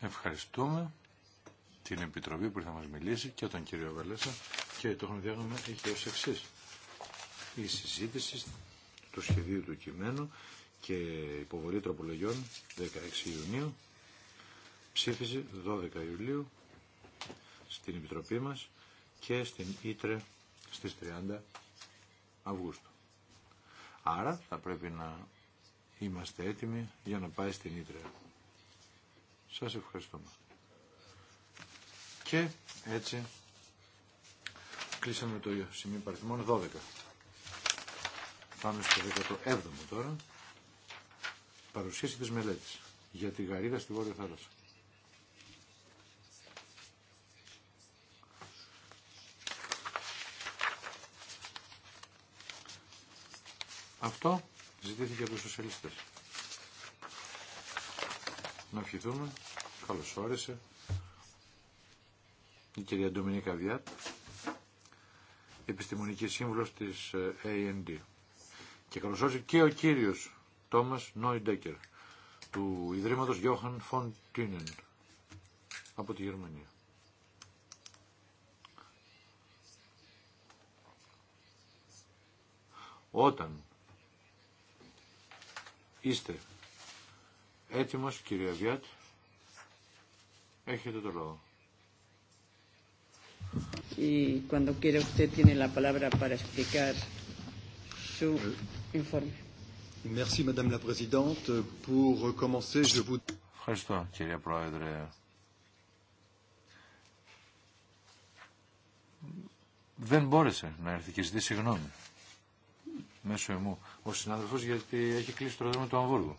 Ευχαριστούμε την Επιτροπή που θα μας μιλήσει και τον κύριο Βαλέσα και το χρονοδιάγραμμα έχει ως εξή. Η συζήτηση του σχεδίου του κειμένου και υποβολή τροπολογιών 16 Ιουνίου, ψήφιση 12 Ιουλίου στην Επιτροπή μας και στην Ήτρε στις 30 Αυγούστου. Άρα θα πρέπει να είμαστε έτοιμοι για να πάει στην Ήτρε. Σας ευχαριστούμε. Και έτσι Κλείσαμε το σημείο παριθμών 12. Πάμε στο 17ο τώρα. Παρουσίαση της μελέτης για τη γαρίδα στη Βόρεια Θάλασσα. Αυτό ζητήθηκε από τους σοσιαλιστές. Να ευχηθούμε. Καλώς όρεσε Η κυρία Ντομινίκα Διάτ επιστημονική σύμβουλος της ε, AND. Και καλωσόρισε και ο κύριος Τόμας Νόιντέκερ του Ιδρύματος Γιώχαν Φον Τίνεν από τη Γερμανία. Όταν είστε έτοιμος, κύριε Βιάτ, έχετε το λόγο y cuando quiera usted tiene la palabra para explicar su informe. Merci, Madame la Présidente. Pour commencer, je vous... Ευχαριστώ, κυρία Πρόεδρε. Δεν μπόρεσε να έρθει και ζητήσει συγγνώμη μέσω εμού ο συνάδελφος γιατί έχει κλείσει το αεροδρόμιο του Αμβούργου.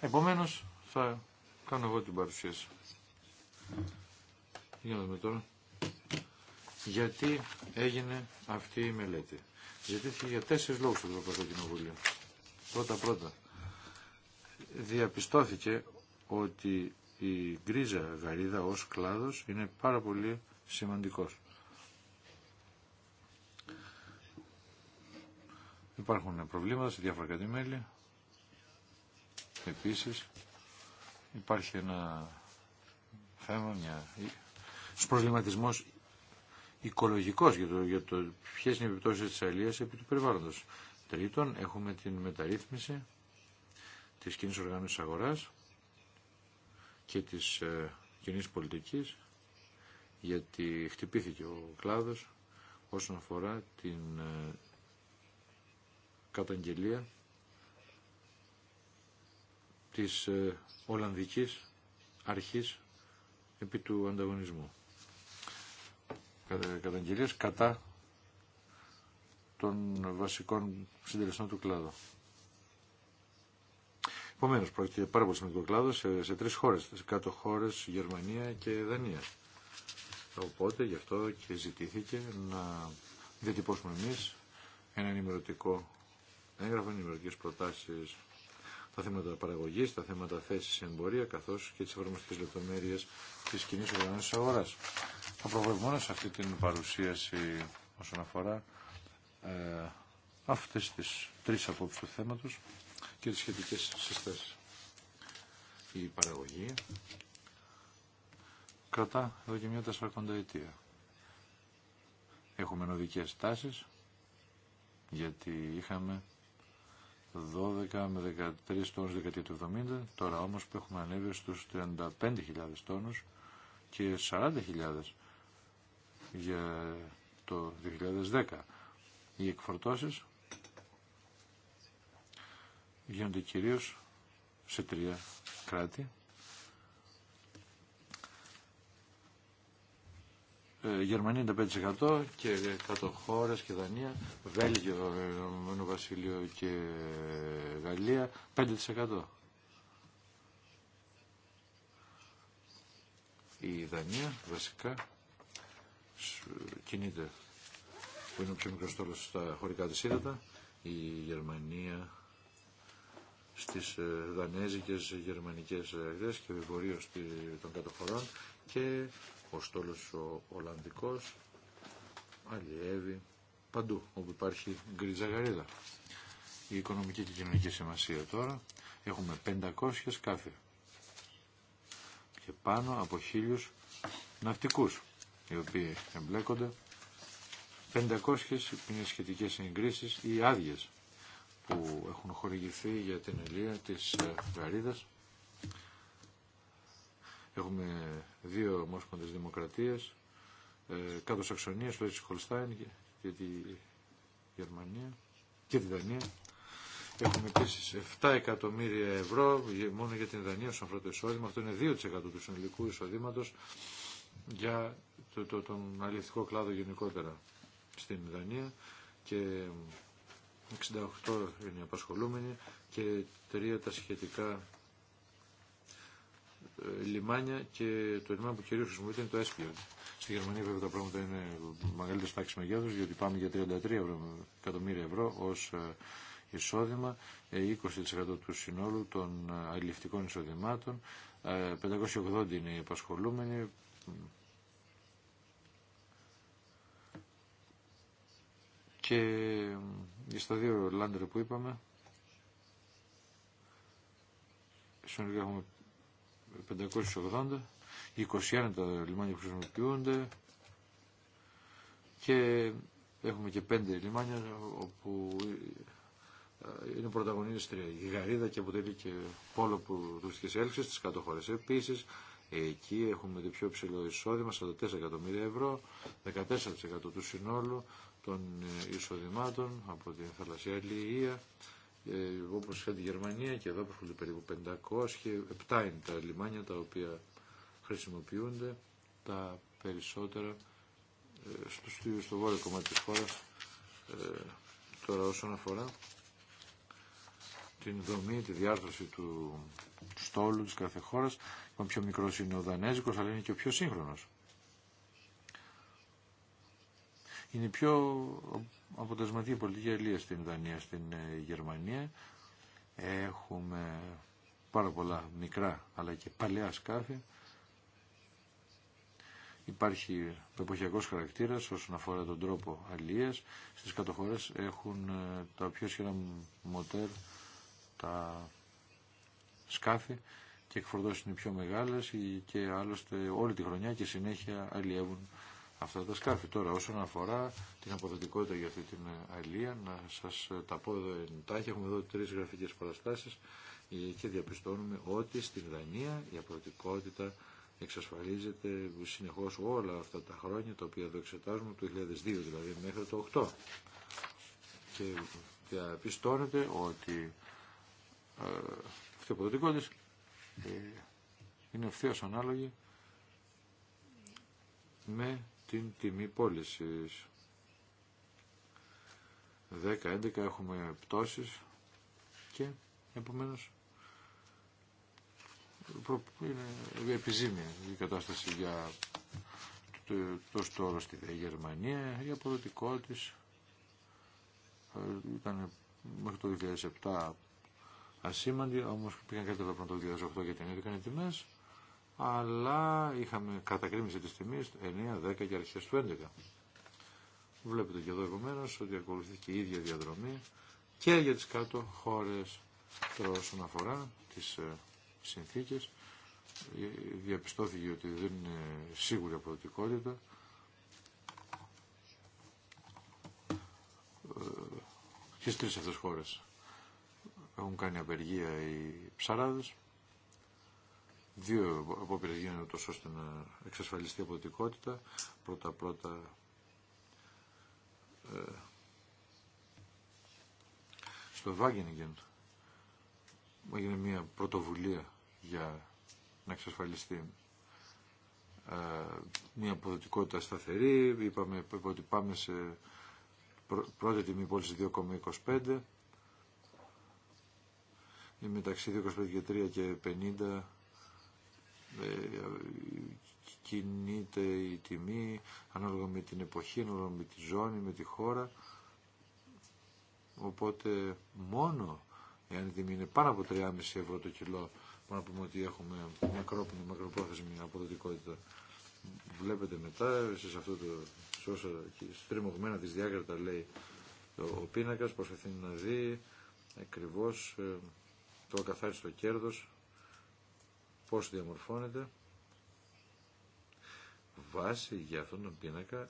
Επομένως, θα κάνω εγώ την παρουσίαση. Για να δούμε Γιατί έγινε αυτή η μελέτη. Ζητήθηκε για τέσσερι λόγου το Ευρωπαϊκό Κοινοβούλιο. Πρώτα-πρώτα, διαπιστώθηκε ότι η γκρίζα γαρίδα ως κλάδος είναι πάρα πολύ σημαντικός. Υπάρχουν προβλήματα σε διάφορα κατημέλη. Επίσης υπάρχει ένα θέμα, μια στους προβληματισμός οικολογικός για το, για ποιες είναι οι επιπτώσεις της αλλίας επί του περιβάλλοντος. Τρίτον, έχουμε την μεταρρύθμιση της κοινής οργάνωσης αγοράς και της ε, κοινής πολιτικής, γιατί χτυπήθηκε ο κλάδος όσον αφορά την ε, καταγγελία της ε, Ολλανδικής Αρχής επί του ανταγωνισμού καταγγελίες κατά των βασικών συντελεστών του κλάδου. Επομένω, πρόκειται πάρα πολύ σημαντικό κλάδο σε, σε τρει χώρε, σε κάτω χώρε, Γερμανία και Δανία. Οπότε γι' αυτό και ζητήθηκε να διατυπώσουμε εμεί ένα ενημερωτικό έγγραφο, ενημερωτικέ προτάσει τα θέματα παραγωγή, τα θέματα θέση σε εμπορία, καθώ και τι εφαρμοστικέ λεπτομέρειε τη κοινή οργάνωση αγορά. Θα μόνο σε αυτή την παρουσίαση όσον αφορά ε, αυτέ τι τρει απόψει του θέματο και τι σχετικέ συστάσει. Η παραγωγή κρατά εδώ και μια τεσσαρκονταετία. Έχουμε νοδικές τάσεις, γιατί είχαμε 12 με 13 τόνους δεκαετία του 70, τώρα όμως που έχουμε ανέβει στους 35.000 τόνους και 40.000 για το 2010. Οι εκφορτώσεις γίνονται κυρίως σε τρία κράτη, Ε, Γερμανία 5% και κάτω χώρε και Δανία, Βέλγιο, Ενωμένο Βασίλειο και Γαλλία 5%. Η Δανία βασικά κινείται που είναι ο πιο μικρός τόλος στα χωρικά της ύδατα, η Γερμανία στις ε, δανέζικες γερμανικές αρχές ε, και βορείως των κατοχωρών και ο ο Ολλανδικός αλλιεύει παντού όπου υπάρχει γκρίζα γαρίδα. Η οικονομική και κοινωνική σημασία τώρα έχουμε 500 σκάφη και πάνω από χίλιους ναυτικούς οι οποίοι εμπλέκονται 500 είναι σχετικές συγκρίσεις ή άδειε που έχουν χορηγηθεί για την ελεία της ε, Γαρίδας Έχουμε δύο δημοκρατίε, δημοκρατίες, ε, κάτω Σαξονία, στο Χολστάιν και τη Γερμανία και τη Δανία. Έχουμε επίση 7 εκατομμύρια ευρώ μόνο για την Δανία στον αφορά εισόδημα. Αυτό είναι 2% του συνολικού εισοδήματο για το, το, τον αληθικό κλάδο γενικότερα στην Δανία και 68 είναι απασχολούμενοι και 3 τα σχετικά ε, λιμάνια και το λιμάνι που κυρίω χρησιμοποιείται είναι το Έσπιον. Στη Γερμανία βέβαια τα πράγματα είναι μεγαλύτερη τάξη μεγέθου διότι πάμε για 33 εκατομμύρια ευρώ ω ε, εισόδημα, 20% ε, του συνόλου των αλληλευτικών εισοδημάτων, 580 είναι οι επασχολούμενοι. Και στα δύο λάντρε που είπαμε, συνολικά έχουμε 580, 21 τα λιμάνια που χρησιμοποιούνται και έχουμε και 5 λιμάνια όπου ε, είναι πρωταγωνίστρια η Γαρίδα και αποτελεί και πόλο που τουριστικής έλξης στις κάτω χώρες. Επίσης, εκεί έχουμε το πιο ψηλό εισόδημα, 44 εκατομμύρια ευρώ, 14% του συνόλου των ε, εισοδημάτων από την θαλασσία αλληλεία όπως ε, είχα τη Γερμανία και εδώ έχουν περίπου 500 και 7 είναι τα λιμάνια τα οποία χρησιμοποιούνται τα περισσότερα ε, στο, στο βόρειο κομμάτι της χώρας ε, τώρα όσον αφορά την δομή, τη διάρθρωση του στόλου της κάθε χώρας. Ο πιο μικρός είναι ο Δανέζικος, αλλά είναι και ο πιο σύγχρονος. Είναι η πιο αποτελεσματική πολιτική αλληλεία στην Δανία, στην ε, Γερμανία. Έχουμε πάρα πολλά μικρά αλλά και παλαιά σκάφη. Υπάρχει εποχιακός χαρακτήρας όσον αφορά τον τρόπο αλληλείας. Στις κατοχωρές έχουν ε, τα πιο σχεδόν μοτέρ, τα σκάφη και εκφορτώσεις είναι πιο μεγάλες και άλλωστε όλη τη χρονιά και συνέχεια αλλιεύουν αυτά τα σκάφη. Τώρα όσον αφορά την αποδοτικότητα για αυτή την αλία, να σας τα πω εδώ εντάχει. Έχουμε εδώ τρεις γραφικέ παραστάσει ε, και διαπιστώνουμε ότι στην Δανία η αποδοτικότητα εξασφαλίζεται συνεχώ όλα αυτά τα χρόνια τα οποία εδώ εξετάζουμε, το 2002 δηλαδή μέχρι το 2008. Και διαπιστώνεται ότι ε, αυτή η αποδοτικότητα ε, είναι ευθέω ανάλογη με την τιμη πώληση πώλησης. 10-11 έχουμε πτώσει και επομένω είναι επιζήμια η κατάσταση για το, το στόρο στη Γερμανία, η αποδοτικό της ε, ήταν μέχρι το 2007 ασήμαντη, όμως πήγαν κάτι από το 2008 γιατί ανέβηκαν οι τιμές αλλά είχαμε κατακρίμηση της τιμής 9, 10 και αρχές του 11. Βλέπετε και εδώ επομένω ότι ακολουθήθηκε η ίδια διαδρομή και για τις κάτω χώρες όσον αφορά τις ε, συνθήκες ε, διαπιστώθηκε ότι δεν είναι σίγουρη αποδοτικότητα ε, και στις τρεις αυτές χώρες έχουν κάνει απεργία οι ψαράδες δύο απόπειρε γίνονται τόσο ώστε να εξασφαλιστεί η αποδοτικότητα. Πρώτα-πρώτα ε, στο Βάγγενιγκεν έγινε μια πρωτοβουλία για να εξασφαλιστεί ε, μια αποδοτικότητα σταθερή. Είπαμε ότι πάμε σε πρώτη τιμή πώληση 2,25 μεταξύ 25 και 3 και 50 ε, κινείται η τιμή ανάλογα με την εποχή, ανάλογα με τη ζώνη, με τη χώρα. Οπότε μόνο εάν η τιμή είναι πάνω από 3,5 ευρώ το κιλό, μπορούμε να πούμε ότι έχουμε μακρόπνη, μακροπρόθεσμη αποδοτικότητα. Βλέπετε μετά, σε αυτό το στριμωγμένα της διάκριτα λέει ο, ο πίνακας, προσπαθεί να δει ακριβώς ε, το ακαθάριστο κέρδος πώς διαμορφώνεται βάση για αυτόν τον πίνακα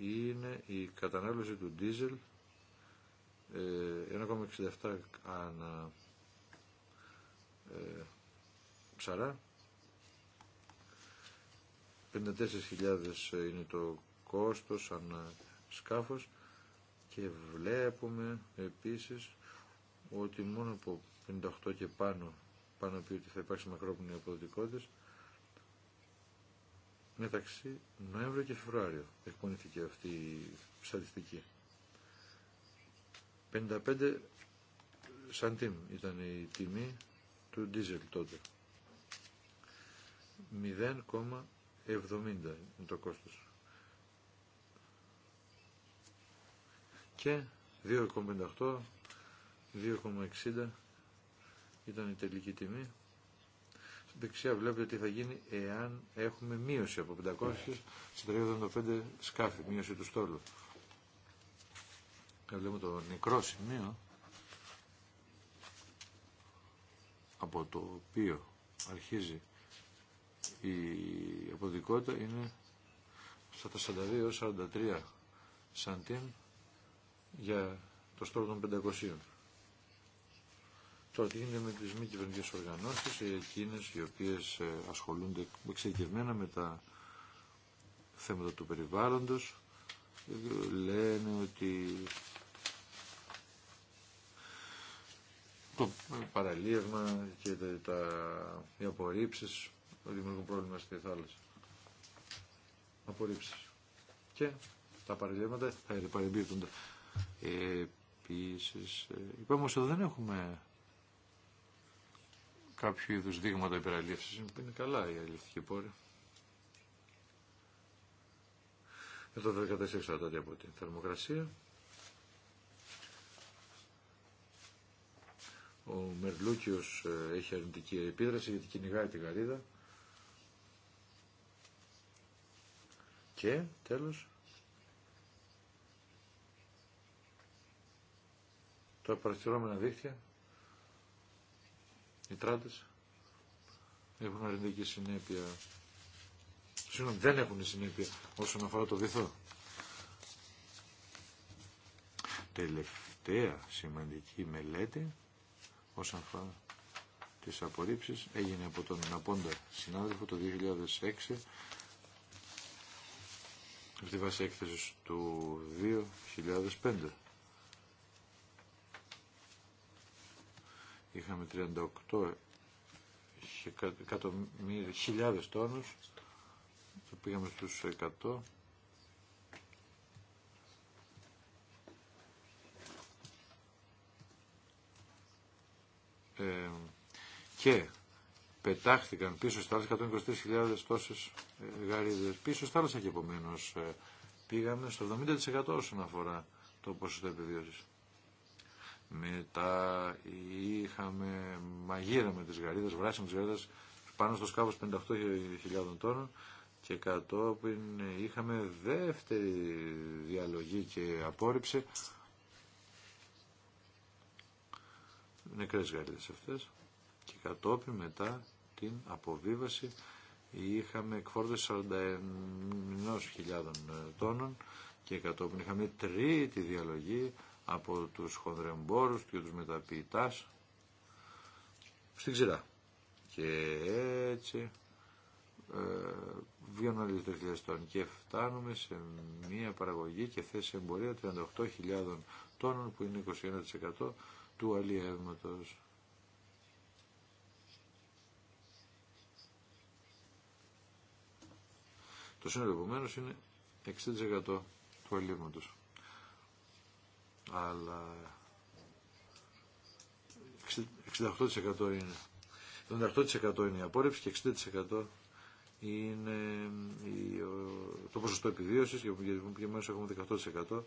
είναι η κατανάλωση του ντίζελ 1,67 ε, ανά ε, ψαρά 54.000 είναι το κόστος ανά σκάφος και βλέπουμε επίσης ότι μόνο από 58 και πάνω πάνω πει ότι θα υπάρξει μακρόπνοη αποδοτικότητες. Μεταξύ Νοέμβριο και Φεβρουάριο εκπονήθηκε αυτή η στατιστική. 55 σαντίμ ήταν η τιμή του ντίζελ τότε. 0,70 είναι το κόστος. Και 2,58, 2,60 ήταν η τελική τιμή. Στην δεξιά βλέπετε τι θα γίνει εάν έχουμε μείωση από 500 σε 375 σκάφη, μείωση του στόλου. Και βλέπουμε το νεκρό σημείο από το οποίο αρχίζει η αποδικότητα είναι στα 42-43 σαντίν για το στόλο των 500. Τώρα τι γίνεται με τις μη κυβερνητικέ οργανώσεις, εκείνες οι οποίες ε, ασχολούνται εξειδικευμένα με τα θέματα του περιβάλλοντος, λένε ότι το παραλίευμα και τα, τα, οι απορρίψεις δημιουργούν πρόβλημα στη θάλασσα. Απορρίψεις. Και τα παραλίευματα θα παρεμπίπτονται. Ε, επίσης, είπαμε όμως εδώ δεν έχουμε κάποιο είδου δείγματα υπεραλήψης που είναι καλά η αληθική πόρη. Εδώ το 14 εξαρτάται από την θερμοκρασία. Ο Μερλούκιος ε, έχει αρνητική επίδραση γιατί κυνηγάει τη γαρίδα. Και τέλος τα παρασυρώμενα δίχτυα οι τράτε έχουν αρνητική συνέπεια. Συγγνώμη, δεν έχουν συνέπεια όσον αφορά το βυθό. Τελευταία σημαντική μελέτη όσον αφορά τις απορρίψεις έγινε από τον Ναπόντα συνάδελφο το 2006 στη βάση έκθεσης του 2005. είχαμε 38 χιλιάδες τόνους και πήγαμε στους 100 ε, και πετάχθηκαν πίσω στα άλλα 123.000 τόσες ε, γαρίδες πίσω στα άλλα και επομένως ε, πήγαμε στο 70% όσον αφορά το ποσοστό επιβίωσης. Μετά είχαμε μαγείρα με τις γαρίδες, βράση με γαρίδες πάνω στο σκάφος 58.000 τόνων και κατόπιν είχαμε δεύτερη διαλογή και απόρριψη νεκρές γαρίδες αυτές και κατόπιν μετά την αποβίβαση είχαμε εκφόρτωση 49.000 τόνων και κατόπιν είχαμε τρίτη διαλογή από τους χονδρεμπόρους και τους μεταποιητάς στην ξηρά. Και έτσι ε, βγαίνουν τις και φτάνουμε σε μια παραγωγή και θέση εμπορία 38.000 τόνων που είναι 21% του αλλιεύματος. Το σύνολο επομένως είναι 60% του αλλιεύματος αλλά 68% είναι 78% είναι η απόρρευση και 60% είναι το ποσοστό επιβίωσης και για μέσα έχουμε 18%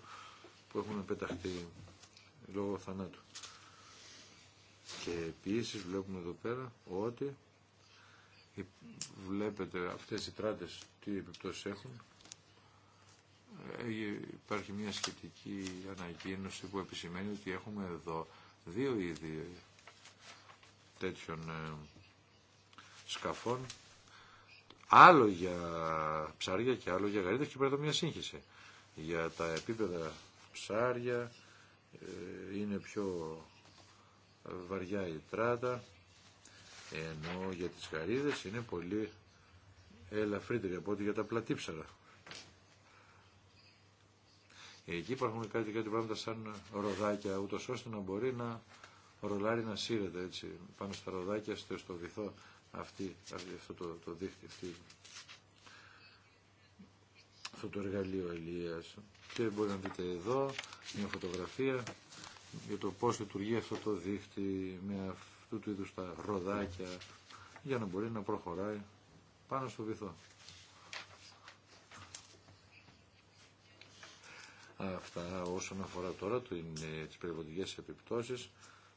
που έχουν πεταχτεί λόγω θανάτου. Και επίσης βλέπουμε εδώ πέρα ότι βλέπετε αυτές οι τράτες τι επιπτώσεις έχουν ε, υπάρχει μια σχετική ανακοίνωση που επισημαίνει ότι έχουμε εδώ δύο είδη τέτοιων ε, σκαφών άλλο για ψάρια και άλλο για γαρίδες και πρέπει να μια σύγχυση για τα επίπεδα ψάρια ε, είναι πιο βαριά η τράτα ενώ για τις γαρίδες είναι πολύ ελαφρύτερη από ό,τι για τα πλατήψαρα. Εκεί υπάρχουν κάτι, κάτι πράγματα σαν ροδάκια, ούτω ώστε να μπορεί να ρολάρει να σύρεται έτσι, πάνω στα ροδάκια, στο, στο βυθό αυτή, αυτό το, το δίχτυ, αυτό το εργαλείο ελίας. Και μπορεί να δείτε εδώ μια φωτογραφία για το πώς λειτουργεί αυτό το δίχτυ με αυτού του είδους τα ροδάκια για να μπορεί να προχωράει πάνω στο βυθό. Αυτά όσον αφορά τώρα το είναι, τις περιβαλλοντικές επιπτώσεις,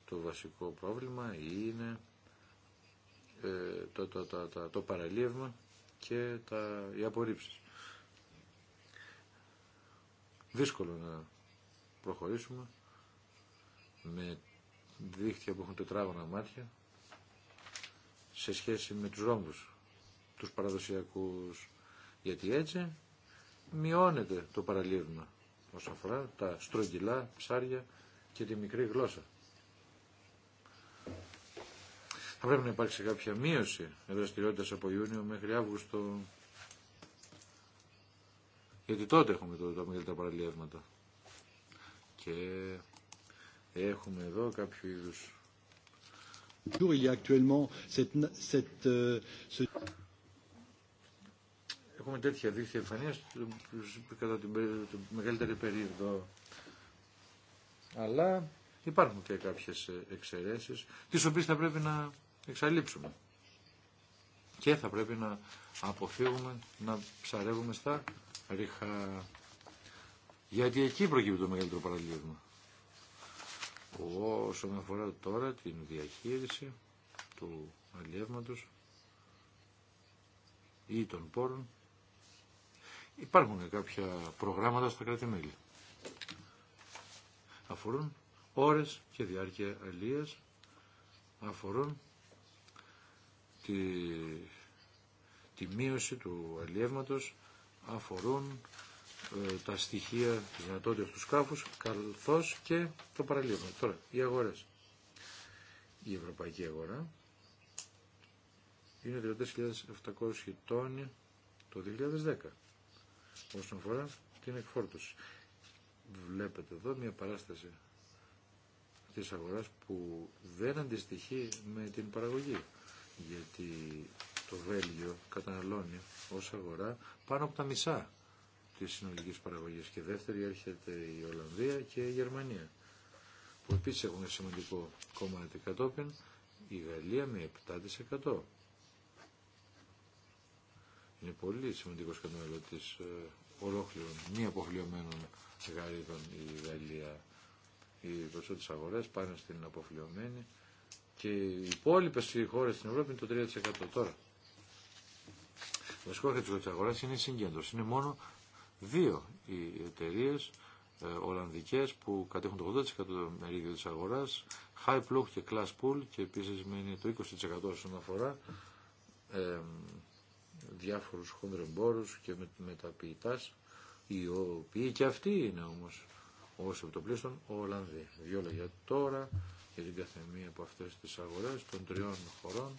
το βασικό πρόβλημα είναι ε, το, το, και τα, οι απορρίψεις. Δύσκολο να προχωρήσουμε με δίχτυα που έχουν τετράγωνα μάτια σε σχέση με τους ρόμβους, τους παραδοσιακούς, γιατί έτσι μειώνεται το παραλίευμα όσον αφορά τα στρογγυλά ψάρια και τη μικρή γλώσσα. Θα πρέπει να υπάρξει κάποια μείωση δραστηριότητα από Ιούνιο μέχρι Αύγουστο. Γιατί τότε έχουμε το, τα μεγαλύτερα παραλίευματα. Και έχουμε εδώ κάποιο είδου έχουμε τέτοια δίχτυα εμφανίας κατά την, μεγαλύτερη περίοδο. Αλλά υπάρχουν και κάποιες ε, εξαιρέσεις, τις οποίες θα πρέπει να εξαλείψουμε. Και θα πρέπει να αποφύγουμε να ψαρεύουμε στα ρίχα. Γιατί εκεί προκύπτει το μεγαλύτερο παραλίευμα. Όσον αφορά τώρα την διαχείριση του αλλιεύματος ή των πόρων, Υπάρχουν κάποια προγράμματα στα κράτη-μέλη. Αφορούν ώρες και διάρκεια αλίας, αφορούν τη, τη μείωση του αλλιεύματος, αφορούν ε, τα στοιχεία της δυνατότητας του σκάφους, καθώς και το παραλίευμα. Τώρα, οι αγορές. Η ευρωπαϊκή αγορά είναι 34.700 τόνοι το 2010 όσον αφορά την εκφόρτωση. Βλέπετε εδώ μια παράσταση της αγοράς που δεν αντιστοιχεί με την παραγωγή. Γιατί το Βέλγιο καταναλώνει ως αγορά πάνω από τα μισά της συνολικής παραγωγής και δεύτερη έρχεται η Ολλανδία και η Γερμανία που επίσης έχουν σημαντικό κόμμα κατόπιν η Γαλλία με 7% είναι πολύ σημαντικό σημαντικός τη ε, ολόκληρων, μη αποφλειωμένων γαρίδων η Γαλλία. Οι τη αγορές πάνε στην αποφλειωμένη και οι υπόλοιπε χώρε στην Ευρώπη είναι το 3% τώρα. Το βασικό χαρακτηριστικό τη αγορά είναι η συγκέντρωση. Είναι μόνο δύο οι εταιρείε ε, Ολλανδικέ που κατέχουν το 80% του μερίδιο τη αγορά, High Plug και Class Pool και επίση μένει το 20% όσον αφορά ε, διάφορους χονδρεμπόρους και με, μεταποιητάς οι οποίοι και αυτοί είναι όμως όσο το πλήστον Ολλανδοί. Δυο λόγια τώρα για την καθεμία από αυτές τις αγορές των τριών χωρών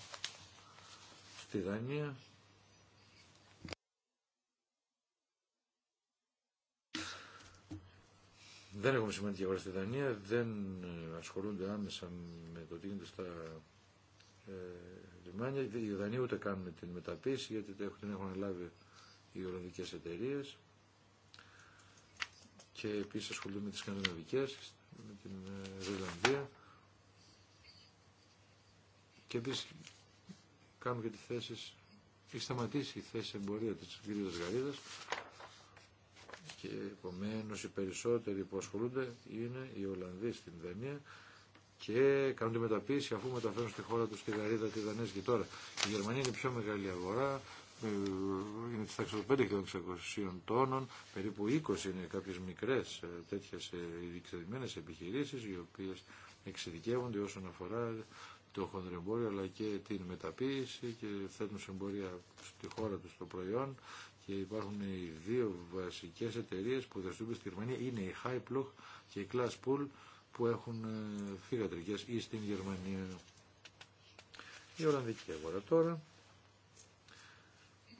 στη Δανία. Δεν έχουμε σημαντική αγορά στη Δανία, δεν ε, ασχολούνται άμεσα με το τι γίνεται στα ε, λιμάνια. Οι Δανείοι ούτε κάνουν την μεταπίση γιατί την έχουν λάβει οι Ολλανδικές εταιρείε και επίσης ασχολούνται με τι Σκανδιναβικέ, με την Ιρλανδία. Ε, και επίση κάνουν και τι θέσει έχει σταματήσει η θέση εμπορία της κυρία Γαρίδα. και επομένω οι περισσότεροι που ασχολούνται είναι οι Ολλανδοί στην Δανία και κάνουν τη μεταποίηση αφού μεταφέρουν στη χώρα του τη γαρίδα τη Δανέζικη. Τώρα η Γερμανία είναι η πιο μεγάλη αγορά, ε, είναι τη τάξη των 5.600 τόνων, περίπου 20 είναι κάποιε μικρέ ε, τέτοιε εξεδημένες επιχειρήσει, οι οποίε εξειδικεύονται όσον αφορά το χονδρεμπόριο αλλά και την μεταποίηση και θέτουν σε εμπορία στη χώρα του το προϊόν και υπάρχουν οι δύο βασικές εταιρείες που δραστηριοποιούνται στη Γερμανία είναι η Highplug και η Pool που έχουν θηγατρικές ε, ή στην Γερμανία. Η Ολλανδική αγορά τώρα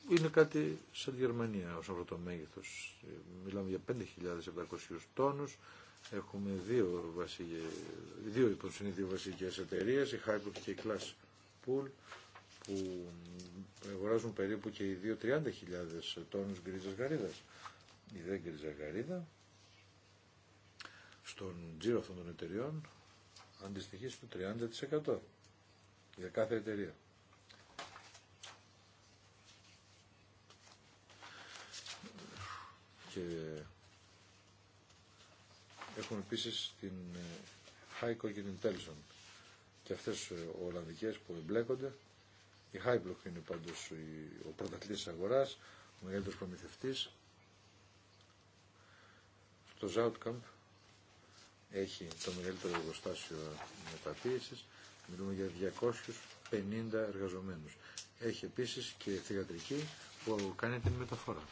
είναι κάτι σαν τη Γερμανία ως αυτό το μέγεθος. Ε, μιλάμε για 5.700 τόνους. Έχουμε δύο, βασικές, λοιπόν δύο βασικές εταιρείες, η Hybrid και η Class Pool, που αγοράζουν περίπου και οι δύο 30.000 τόνους γκρίζας γαρίδας. Η δε γκρίζα γαρίδα στον τζίρο αυτών των εταιριών αντιστοιχεί στο 30% για κάθε εταιρεία. Και έχουμε επίσης την ε, Haiko και την Telson και αυτές ε, Ολλανδικές που εμπλέκονται. Η Haiblock είναι πάντως ο πρωταθλητής της αγοράς, ο μεγαλύτερος προμηθευτής. Στο Zoutkamp έχει το μεγαλύτερο εργοστάσιο μεταποίησης. Μιλούμε για 250 εργαζομένους. Έχει επίσης και θηγατρική που κάνει την μεταφορά.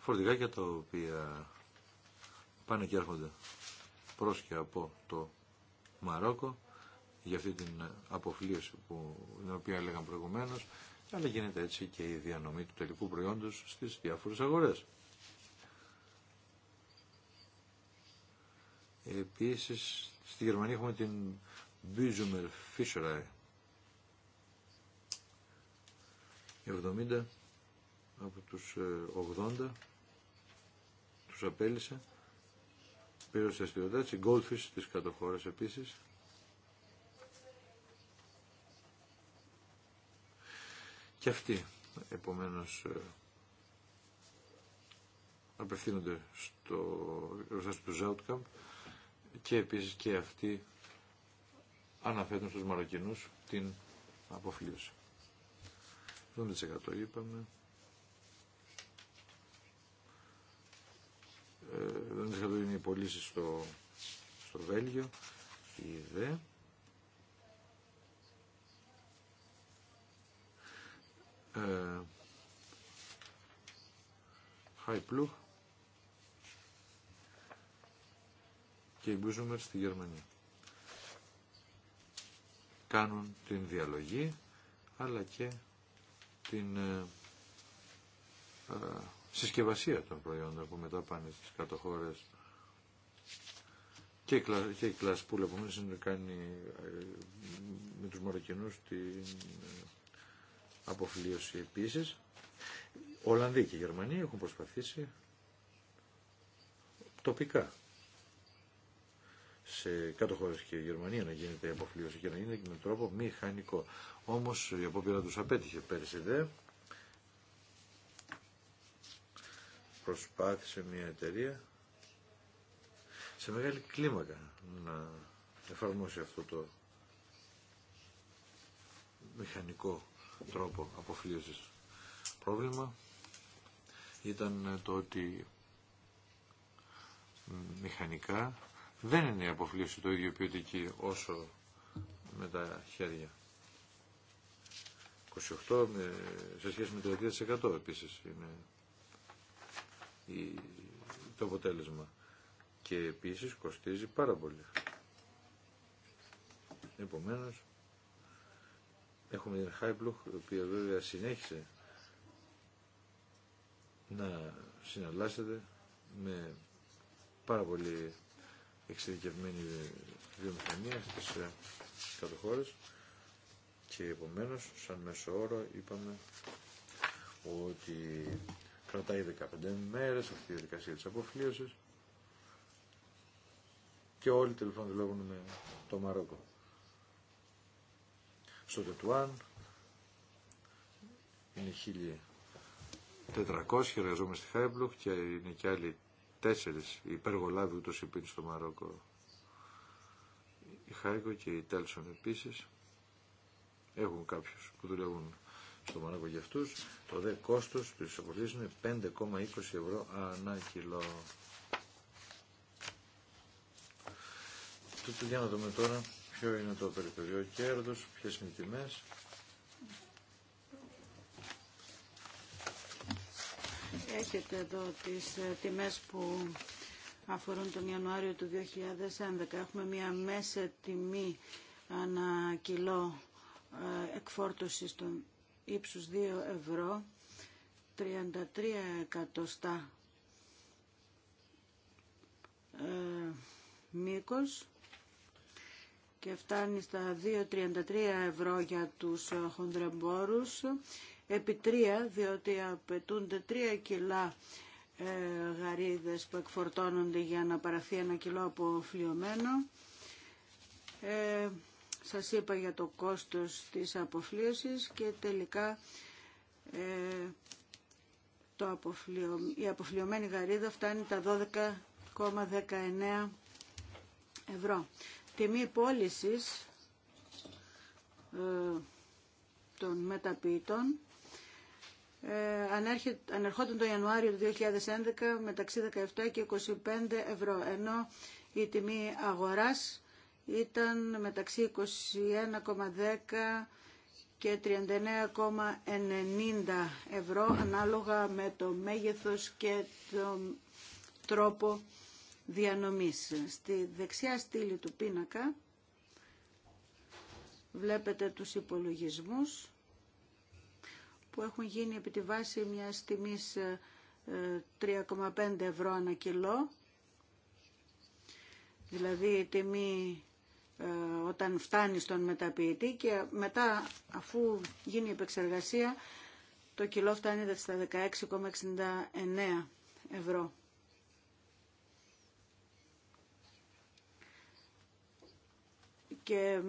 Φορτηγάκια τα οποία πάνε και έρχονται προς και από το Μαρόκο για αυτή την αποφλίωση που, την οποία έλεγαν προηγουμένως αλλά γίνεται έτσι και η διανομή του τελικού προϊόντος στις διάφορες αγορές. Επίσης, στη Γερμανία έχουμε την Bizumer Fischerei. 70 από τους 80 ε, τους απέλησε. Πήρε σε αστυνοτά η Goldfish της κατοχώρας επίσης. Και αυτοί, επομένως, ε, απευθύνονται στο εργοστάσιο του και επίσης και αυτοί αναφέρουν στους Μαροκινούς την αποφλίωση. 70% είπαμε. 70% ε, είναι οι πωλήσει στο, στο Βέλγιο. Η ΔΕ. Ε, Χαϊπλούχ. και οι Μπούζουμερ στη Γερμανία. Κάνουν την διαλογή αλλά και την ε, ε, συσκευασία των προϊόντων που μετά πάνε στις κάτω χώρες. Και η, και η Κλασπούλ κάνει ε, με τους Μαροκινούς την αποφλίωση επίσης. Ολλανδοί και Γερμανοί έχουν προσπαθήσει τοπικά σε κάτω χώρε και η Γερμανία να γίνεται η αποφλίωση και να γίνεται και με τρόπο μηχανικό. Όμως η απόπειρα του απέτυχε πέρσι δε. Προσπάθησε μια εταιρεία σε μεγάλη κλίμακα να εφαρμόσει αυτό το μηχανικό τρόπο αποφλίωσης. Πρόβλημα ήταν το ότι μηχανικά δεν είναι η αποφλήση το ίδιο ποιοτική όσο με τα χέρια. 28 σε σχέση με το 2% επίσης είναι το αποτέλεσμα. Και επίσης κοστίζει πάρα πολύ. Επομένως, έχουμε την Χάιπλουχ, η οποία βέβαια συνέχισε να συναλλάσσεται με πάρα πολύ εξειδικευμένη βιομηχανία στις ε, χώρες και επομένως σαν μέσο όρο είπαμε ότι κρατάει 15 μέρες αυτή η διαδικασία της αποφλίωσης και όλοι τελικά δουλεύουν με το Μαρόκο. Στο Τετουάν είναι 1400 εργαζόμενοι στη Χάιμπλουχ και είναι και άλλοι τέσσερις υπεργολάβοι ούτως υπήρχε στο Μαρόκο. Η Χάικο και η Τέλσον επίσης έχουν κάποιους που δουλεύουν στο Μαρόκο για αυτούς. Το δε κόστος που τους αποκλείσουν είναι 5,20 ευρώ ανά κιλό. Τούτο για να δούμε τώρα ποιο είναι το περιθωριό κέρδος, ποιες είναι οι τιμές. Έχετε εδώ τις ε, τιμές που αφορούν τον Ιανουάριο του 2011. Έχουμε μια μέσα τιμή ανά κιλό ε, εκφόρτωσης των ύψους 2 ευρώ, 33 εκατοστά ε, μήκος και φτάνει στα 2,33 ευρώ για τους χονδρεμπόρους επί τρία, διότι απαιτούνται τρία κιλά ε, γαρίδες που εκφορτώνονται για να παραθεί ένα κιλό φλοιωμένο. Ε, σας είπα για το κόστος της αποφλίωσης και τελικά ε, το η αποφλοιωμένη γαρίδα φτάνει τα 12,19 ευρώ. Τιμή πώλησης ε, των μεταποιητών ε, ανερχόταν το Ιανουάριο του 2011 μεταξύ 17 και 25 ευρώ, ενώ η τιμή αγοράς ήταν μεταξύ 21,10 και 39,90 ευρώ ανάλογα με το μέγεθος και τον τρόπο διανομής. Στη δεξιά στήλη του πίνακα βλέπετε τους υπολογισμούς που έχουν γίνει επί τη βάση μιας τιμής 3,5 ε, ε, ευρώ ανά κιλό, δηλαδή η τιμή ε, όταν φτάνει στον μεταποιητή και μετά αφού γίνει η επεξεργασία το κιλό φτάνει στα 16,69 ευρώ. Και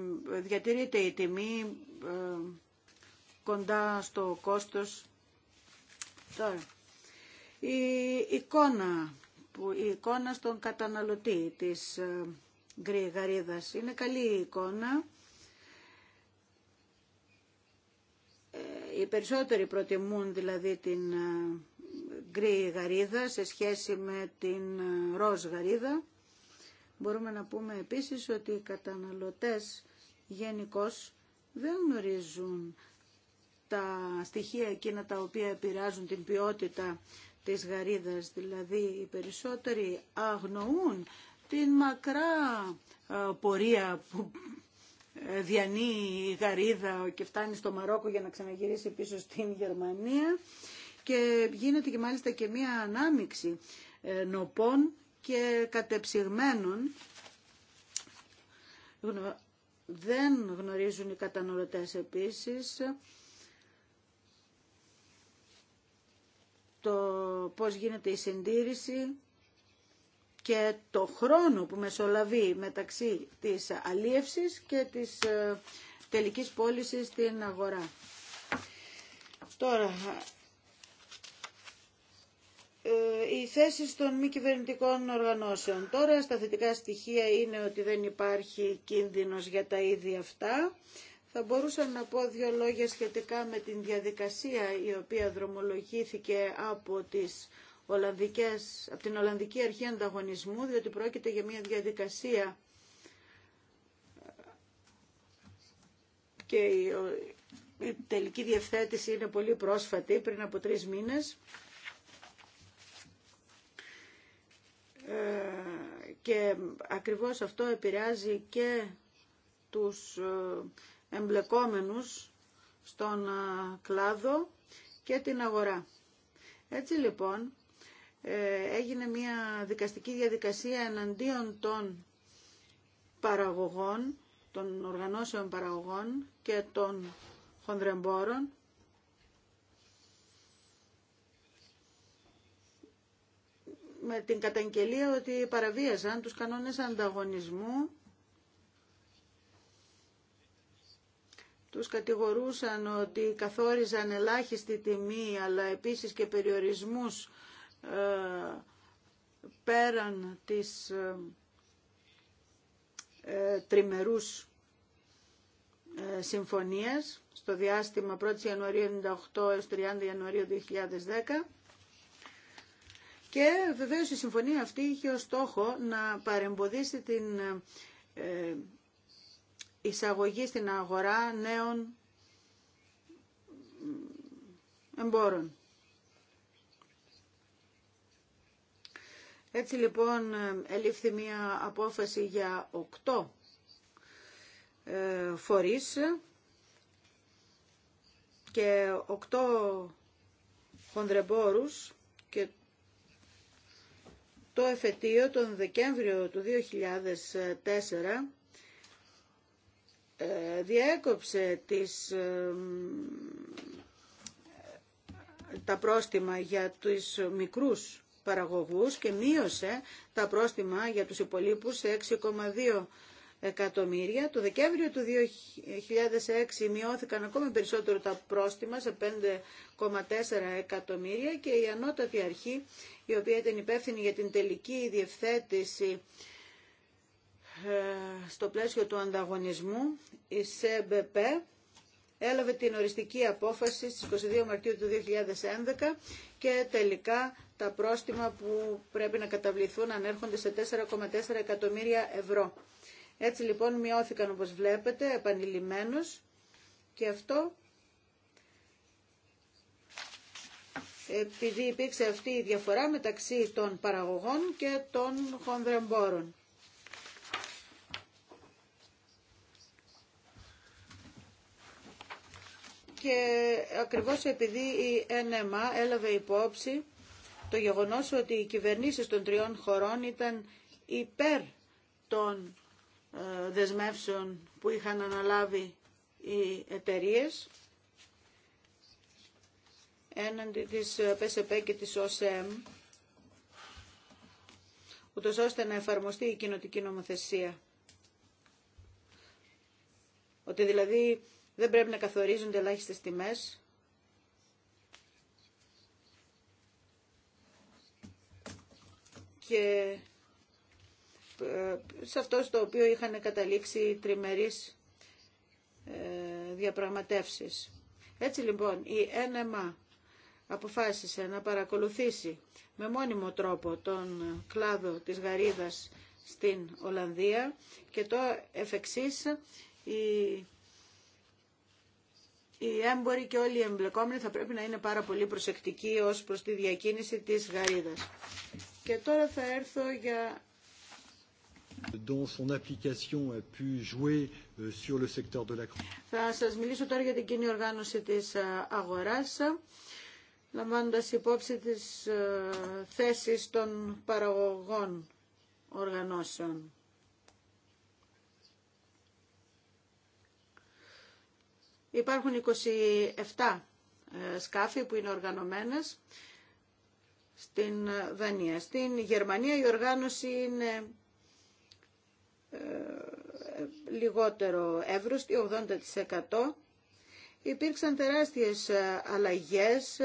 διατηρείται η τιμή κοντά στο κόστος. Τώρα, η εικόνα, που, η εικόνα στον καταναλωτή της ε, γαρίδας είναι καλή η εικόνα. Ε, οι περισσότεροι προτιμούν δηλαδή την ε, γκρι γαρίδα σε σχέση με την ροζ γαρίδα. Μπορούμε να πούμε επίσης ότι οι καταναλωτές γενικώ δεν γνωρίζουν τα στοιχεία εκείνα τα οποία επηρεάζουν την ποιότητα της γαρίδας, δηλαδή οι περισσότεροι αγνοούν την μακρά ε, πορεία που διανύει η γαρίδα και φτάνει στο Μαρόκο για να ξαναγυρίσει πίσω στην Γερμανία και γίνεται και μάλιστα και μία ανάμιξη ε, νοπών και κατεψυγμένων δεν γνωρίζουν οι καταναλωτές επίσης το πώς γίνεται η συντήρηση και το χρόνο που μεσολαβεί μεταξύ της αλίευσης και της ε, τελικής πώληση στην αγορά. Τώρα, ε, οι θέσεις των μη κυβερνητικών οργανώσεων. Τώρα στα θετικά στοιχεία είναι ότι δεν υπάρχει κίνδυνος για τα ίδια αυτά. Θα μπορούσα να πω δύο λόγια σχετικά με την διαδικασία η οποία δρομολογήθηκε από, τις Ολλανδικές, από την Ολλανδική Αρχή Ανταγωνισμού, διότι πρόκειται για μια διαδικασία και η, η τελική διευθέτηση είναι πολύ πρόσφατη, πριν από τρεις μήνες. Ε, και ακριβώς αυτό επηρεάζει και τους ε, εμπλεκόμενους στον κλάδο και την αγορά. Έτσι λοιπόν ε, έγινε μια δικαστική διαδικασία εναντίον των παραγωγών, των οργανώσεων παραγωγών και των χονδρεμπόρων με την καταγγελία ότι παραβίασαν τους κανόνες ανταγωνισμού τους κατηγορούσαν ότι καθόριζαν ελάχιστη τιμή αλλά επίσης και περιορισμούς ε, πέραν της ε, ε, τριμερούς συμφωνίας στο διάστημα 1η Ιανουαρίου 1998 έως 30 Ιανουαρίου 2010 και βεβαίως η συμφωνία αυτή είχε ως στόχο να παρεμποδίσει την εισαγωγή στην αγορά νέων εμπόρων. Έτσι λοιπόν ελήφθη μία απόφαση για οκτώ ε, φορείς και οκτώ χονδρεμπόρους και το εφετείο τον Δεκέμβριο του 2004 ε, διέκοψε τις, ε, τα πρόστιμα για τους μικρούς παραγωγούς και μείωσε τα πρόστιμα για τους υπολείπους σε 6,2 εκατομμύρια. Το Δεκέμβριο του 2006 μειώθηκαν ακόμα περισσότερο τα πρόστιμα σε 5,4 εκατομμύρια και η ανώτατη αρχή, η οποία ήταν υπεύθυνη για την τελική διευθέτηση ε, στο πλαίσιο του ανταγωνισμού η ΣΕΜΠΕ έλαβε την οριστική απόφαση στις 22 Μαρτίου του 2011 και τελικά τα πρόστιμα που πρέπει να καταβληθούν ανέρχονται σε 4,4 εκατομμύρια ευρώ. Έτσι λοιπόν μειώθηκαν όπως βλέπετε επανειλημμένως και αυτό επειδή υπήρξε αυτή η διαφορά μεταξύ των παραγωγών και των χονδρεμπόρων. και ακριβώς επειδή η ΕΝΕΜΑ έλαβε υπόψη το γεγονός ότι οι κυβερνήσεις των τριών χωρών ήταν υπέρ των ε, δεσμεύσεων που είχαν αναλάβει οι εταιρείε έναντι της ΠΣΠ και της ΟΣΕΜ ούτως ώστε να εφαρμοστεί η κοινοτική νομοθεσία. Ότι δηλαδή δεν πρέπει να καθορίζονται ελάχιστε τιμέ. Και ε, σε αυτό στο οποίο είχαν καταλήξει τριμερείς ε, διαπραγματεύσεις. Έτσι λοιπόν η ΕΝΕΜΑ αποφάσισε να παρακολουθήσει με μόνιμο τρόπο τον κλάδο της Γαρίδας στην Ολλανδία και το εφεξής η οι έμποροι και όλοι οι εμπλεκόμενοι θα πρέπει να είναι πάρα πολύ προσεκτικοί ως προς τη διακίνηση της γαρίδας. Και τώρα θα έρθω για θα σας μιλήσω τώρα για την κοινή οργάνωση της ε, αγοράς, ε, λαμβάνοντας υπόψη τις ε, θέσεις των παραγωγών οργανώσεων. Υπάρχουν 27 ε, σκάφη που είναι οργανωμένες στην ε, Δανία. Στην Γερμανία η οργάνωση είναι ε, λιγότερο εύρωστη, 80%. Υπήρξαν τεράστιες αλλαγές,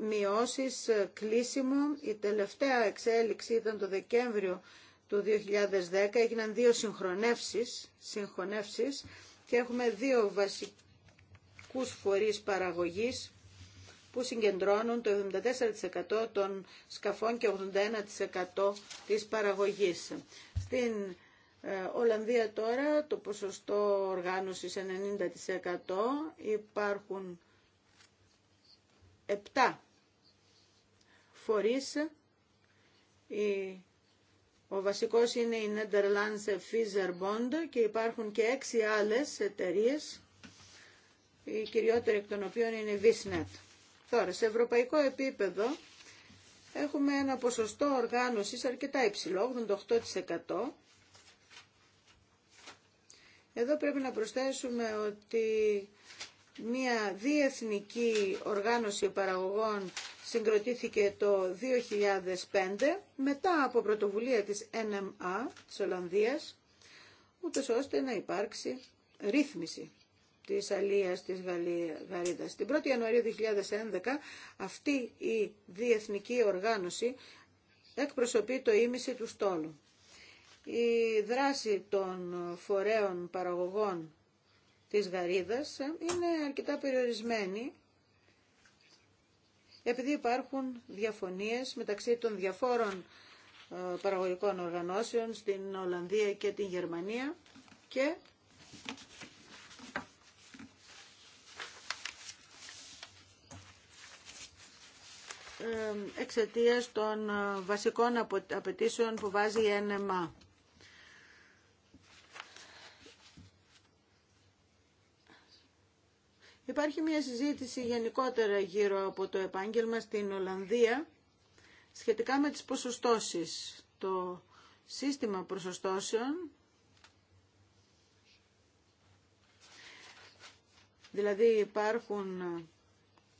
μειώσεις, κλείσιμο. Η τελευταία εξέλιξη ήταν το Δεκέμβριο του 2010. Έγιναν δύο συγχρονεύσεις, συγχωνεύσεις και έχουμε δύο βασικούς φορείς παραγωγής που συγκεντρώνουν το 74% των σκαφών και 81% της παραγωγής. Στην ε, Ολλανδία τώρα το ποσοστό οργάνωσης 90% υπάρχουν 7 φορείς ο βασικός είναι η Netherlands Fisher Bond και υπάρχουν και έξι άλλες εταιρείε, η κυριότερη εκ των οποίων είναι η Visnet. Τώρα, σε ευρωπαϊκό επίπεδο έχουμε ένα ποσοστό οργάνωσης αρκετά υψηλό, 88%. Εδώ πρέπει να προσθέσουμε ότι μια διεθνική οργάνωση παραγωγών συγκροτήθηκε το 2005 μετά από πρωτοβουλία της NMA της Ολλανδίας, ούτως ώστε να υπάρξει ρύθμιση της αλίας της Γαρίδας. Την 1η Ιανουαρίου 2011 αυτή η διεθνική οργάνωση εκπροσωπεί το ίμιση του στόλου. Η δράση των φορέων παραγωγών της Γαρίδας είναι αρκετά περιορισμένη επειδή υπάρχουν διαφωνίες μεταξύ των διαφόρων ε, παραγωγικών οργανώσεων στην Ολλανδία και την Γερμανία και ε, εξαιτίας των ε, βασικών απαιτήσεων που βάζει η ΕΝΕΜΑ. Υπάρχει μια συζήτηση γενικότερα γύρω από το επάγγελμα στην Ολλανδία σχετικά με τις ποσοστώσεις. Το σύστημα ποσοστώσεων, δηλαδή υπάρχουν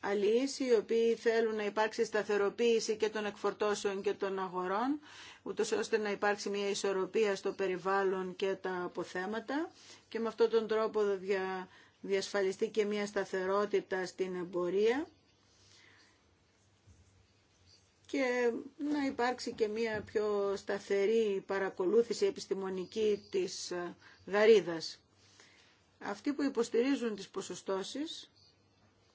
αλληλείς οι οποίοι θέλουν να υπάρξει σταθεροποίηση και των εκφορτώσεων και των αγορών, ούτω ώστε να υπάρξει μια ισορροπία στο περιβάλλον και τα αποθέματα και με αυτόν τον τρόπο δια διασφαλιστεί και μια σταθερότητα στην εμπορία και να υπάρξει και μια πιο σταθερή παρακολούθηση επιστημονική της ε, γαρίδας. Αυτοί που υποστηρίζουν τις ποσοστώσεις,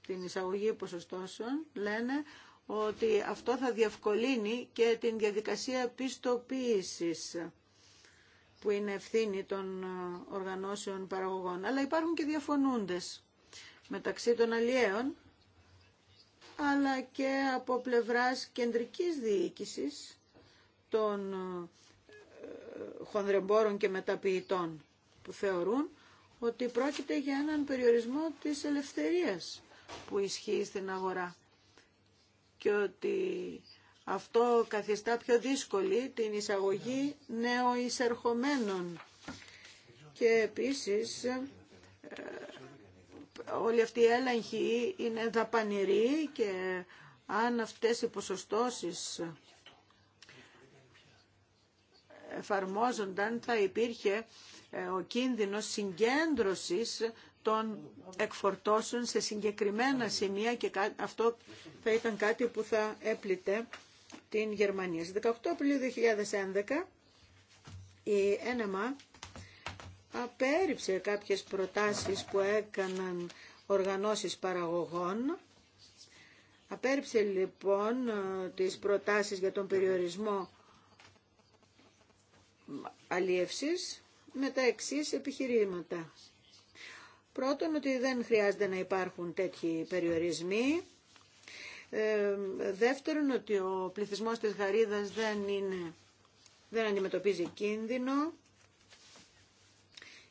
την εισαγωγή ποσοστώσεων, λένε ότι αυτό θα διευκολύνει και την διαδικασία πιστοποίησης που είναι ευθύνη των ε, οργανώσεων παραγωγών. Αλλά υπάρχουν και διαφωνούντες μεταξύ των αλλιέων, αλλά και από πλευράς κεντρικής διοίκησης των ε, ε, χονδρεμπόρων και μεταποιητών που θεωρούν ότι πρόκειται για έναν περιορισμό της ελευθερίας που ισχύει στην αγορά και ότι αυτό καθιστά πιο δύσκολη την εισαγωγή νέων εισερχομένων. Και επίσης ε, όλοι αυτοί οι έλεγχοι είναι δαπανηροί και αν αυτές οι ποσοστώσεις εφαρμόζονταν θα υπήρχε ε, ο κίνδυνος συγκέντρωσης των εκφορτώσεων σε συγκεκριμένα σημεία και αυτό θα ήταν κάτι που θα έπλητε την Γερμανία. 18 Απριλίου 2011 η ΕΝΑΜΑ απέρριψε κάποιες προτάσεις που έκαναν οργανώσεις παραγωγών. Απέρριψε λοιπόν τις προτάσεις για τον περιορισμό αλίευσης με τα εξής επιχειρήματα. Πρώτον ότι δεν χρειάζεται να υπάρχουν τέτοιοι περιορισμοί δεύτερον ότι ο πληθυσμός της Γαρίδας δεν, είναι, δεν αντιμετωπίζει κίνδυνο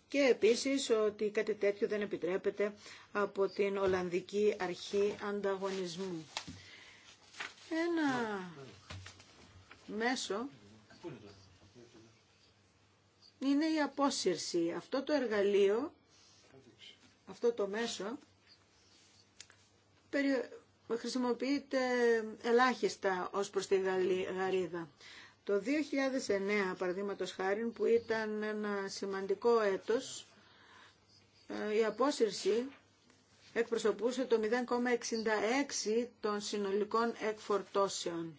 και επίσης ότι κάτι τέτοιο δεν επιτρέπεται από την Ολλανδική Αρχή Ανταγωνισμού. Ένα μέσο είναι η απόσυρση. Αυτό το εργαλείο, αυτό το μέσο, χρησιμοποιείται ελάχιστα ως προς τη Γαρίδα. Το 2009, παραδείγματο χάρη, που ήταν ένα σημαντικό έτος, ε, η απόσυρση εκπροσωπούσε το 0,66 των συνολικών εκφορτώσεων.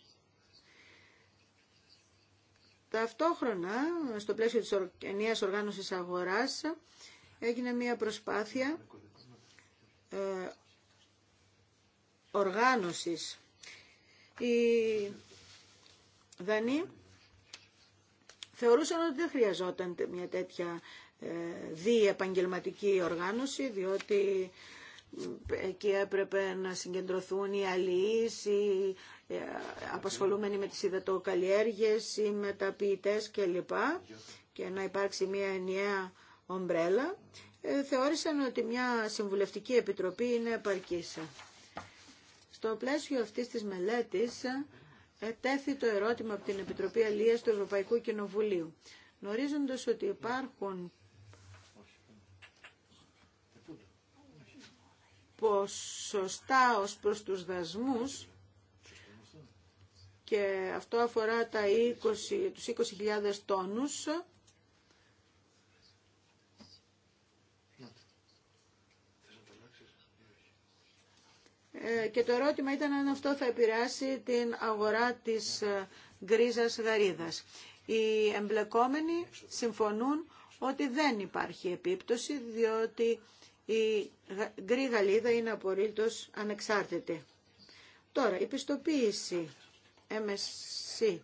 Ταυτόχρονα, στο πλαίσιο της ενιαίας οργάνωσης αγοράς, έγινε μια προσπάθεια ε, οργάνωσης. Οι Δανείοι θεωρούσαν ότι δεν χρειαζόταν μια τέτοια ε, διεπαγγελματική οργάνωση, διότι εκεί έπρεπε να συγκεντρωθούν οι αλληλείς, οι ε, απασχολούμενοι με τις υδατοκαλλιέργειες, οι μεταποιητές κλπ. Και να υπάρξει μια ενιαία ομπρέλα. Ε, θεώρησαν ότι μια συμβουλευτική επιτροπή είναι επαρκής. Στο πλαίσιο αυτής της μελέτης ε, τέθη το ερώτημα από την Επιτροπή Αλίας του Ευρωπαϊκού Κοινοβουλίου. Γνωρίζοντα ότι υπάρχουν ποσοστά ως προς τους δασμούς και αυτό αφορά τα 20, τους 20.000 τόνους, Ε, και το ερώτημα ήταν αν αυτό θα επηρεάσει την αγορά της ε, γκρίζας γαρίδας. Οι εμπλεκόμενοι συμφωνούν ότι δεν υπάρχει επίπτωση διότι η γκρι γαλίδα είναι απολύτω ανεξάρτητη. Τώρα, η πιστοποίηση MSC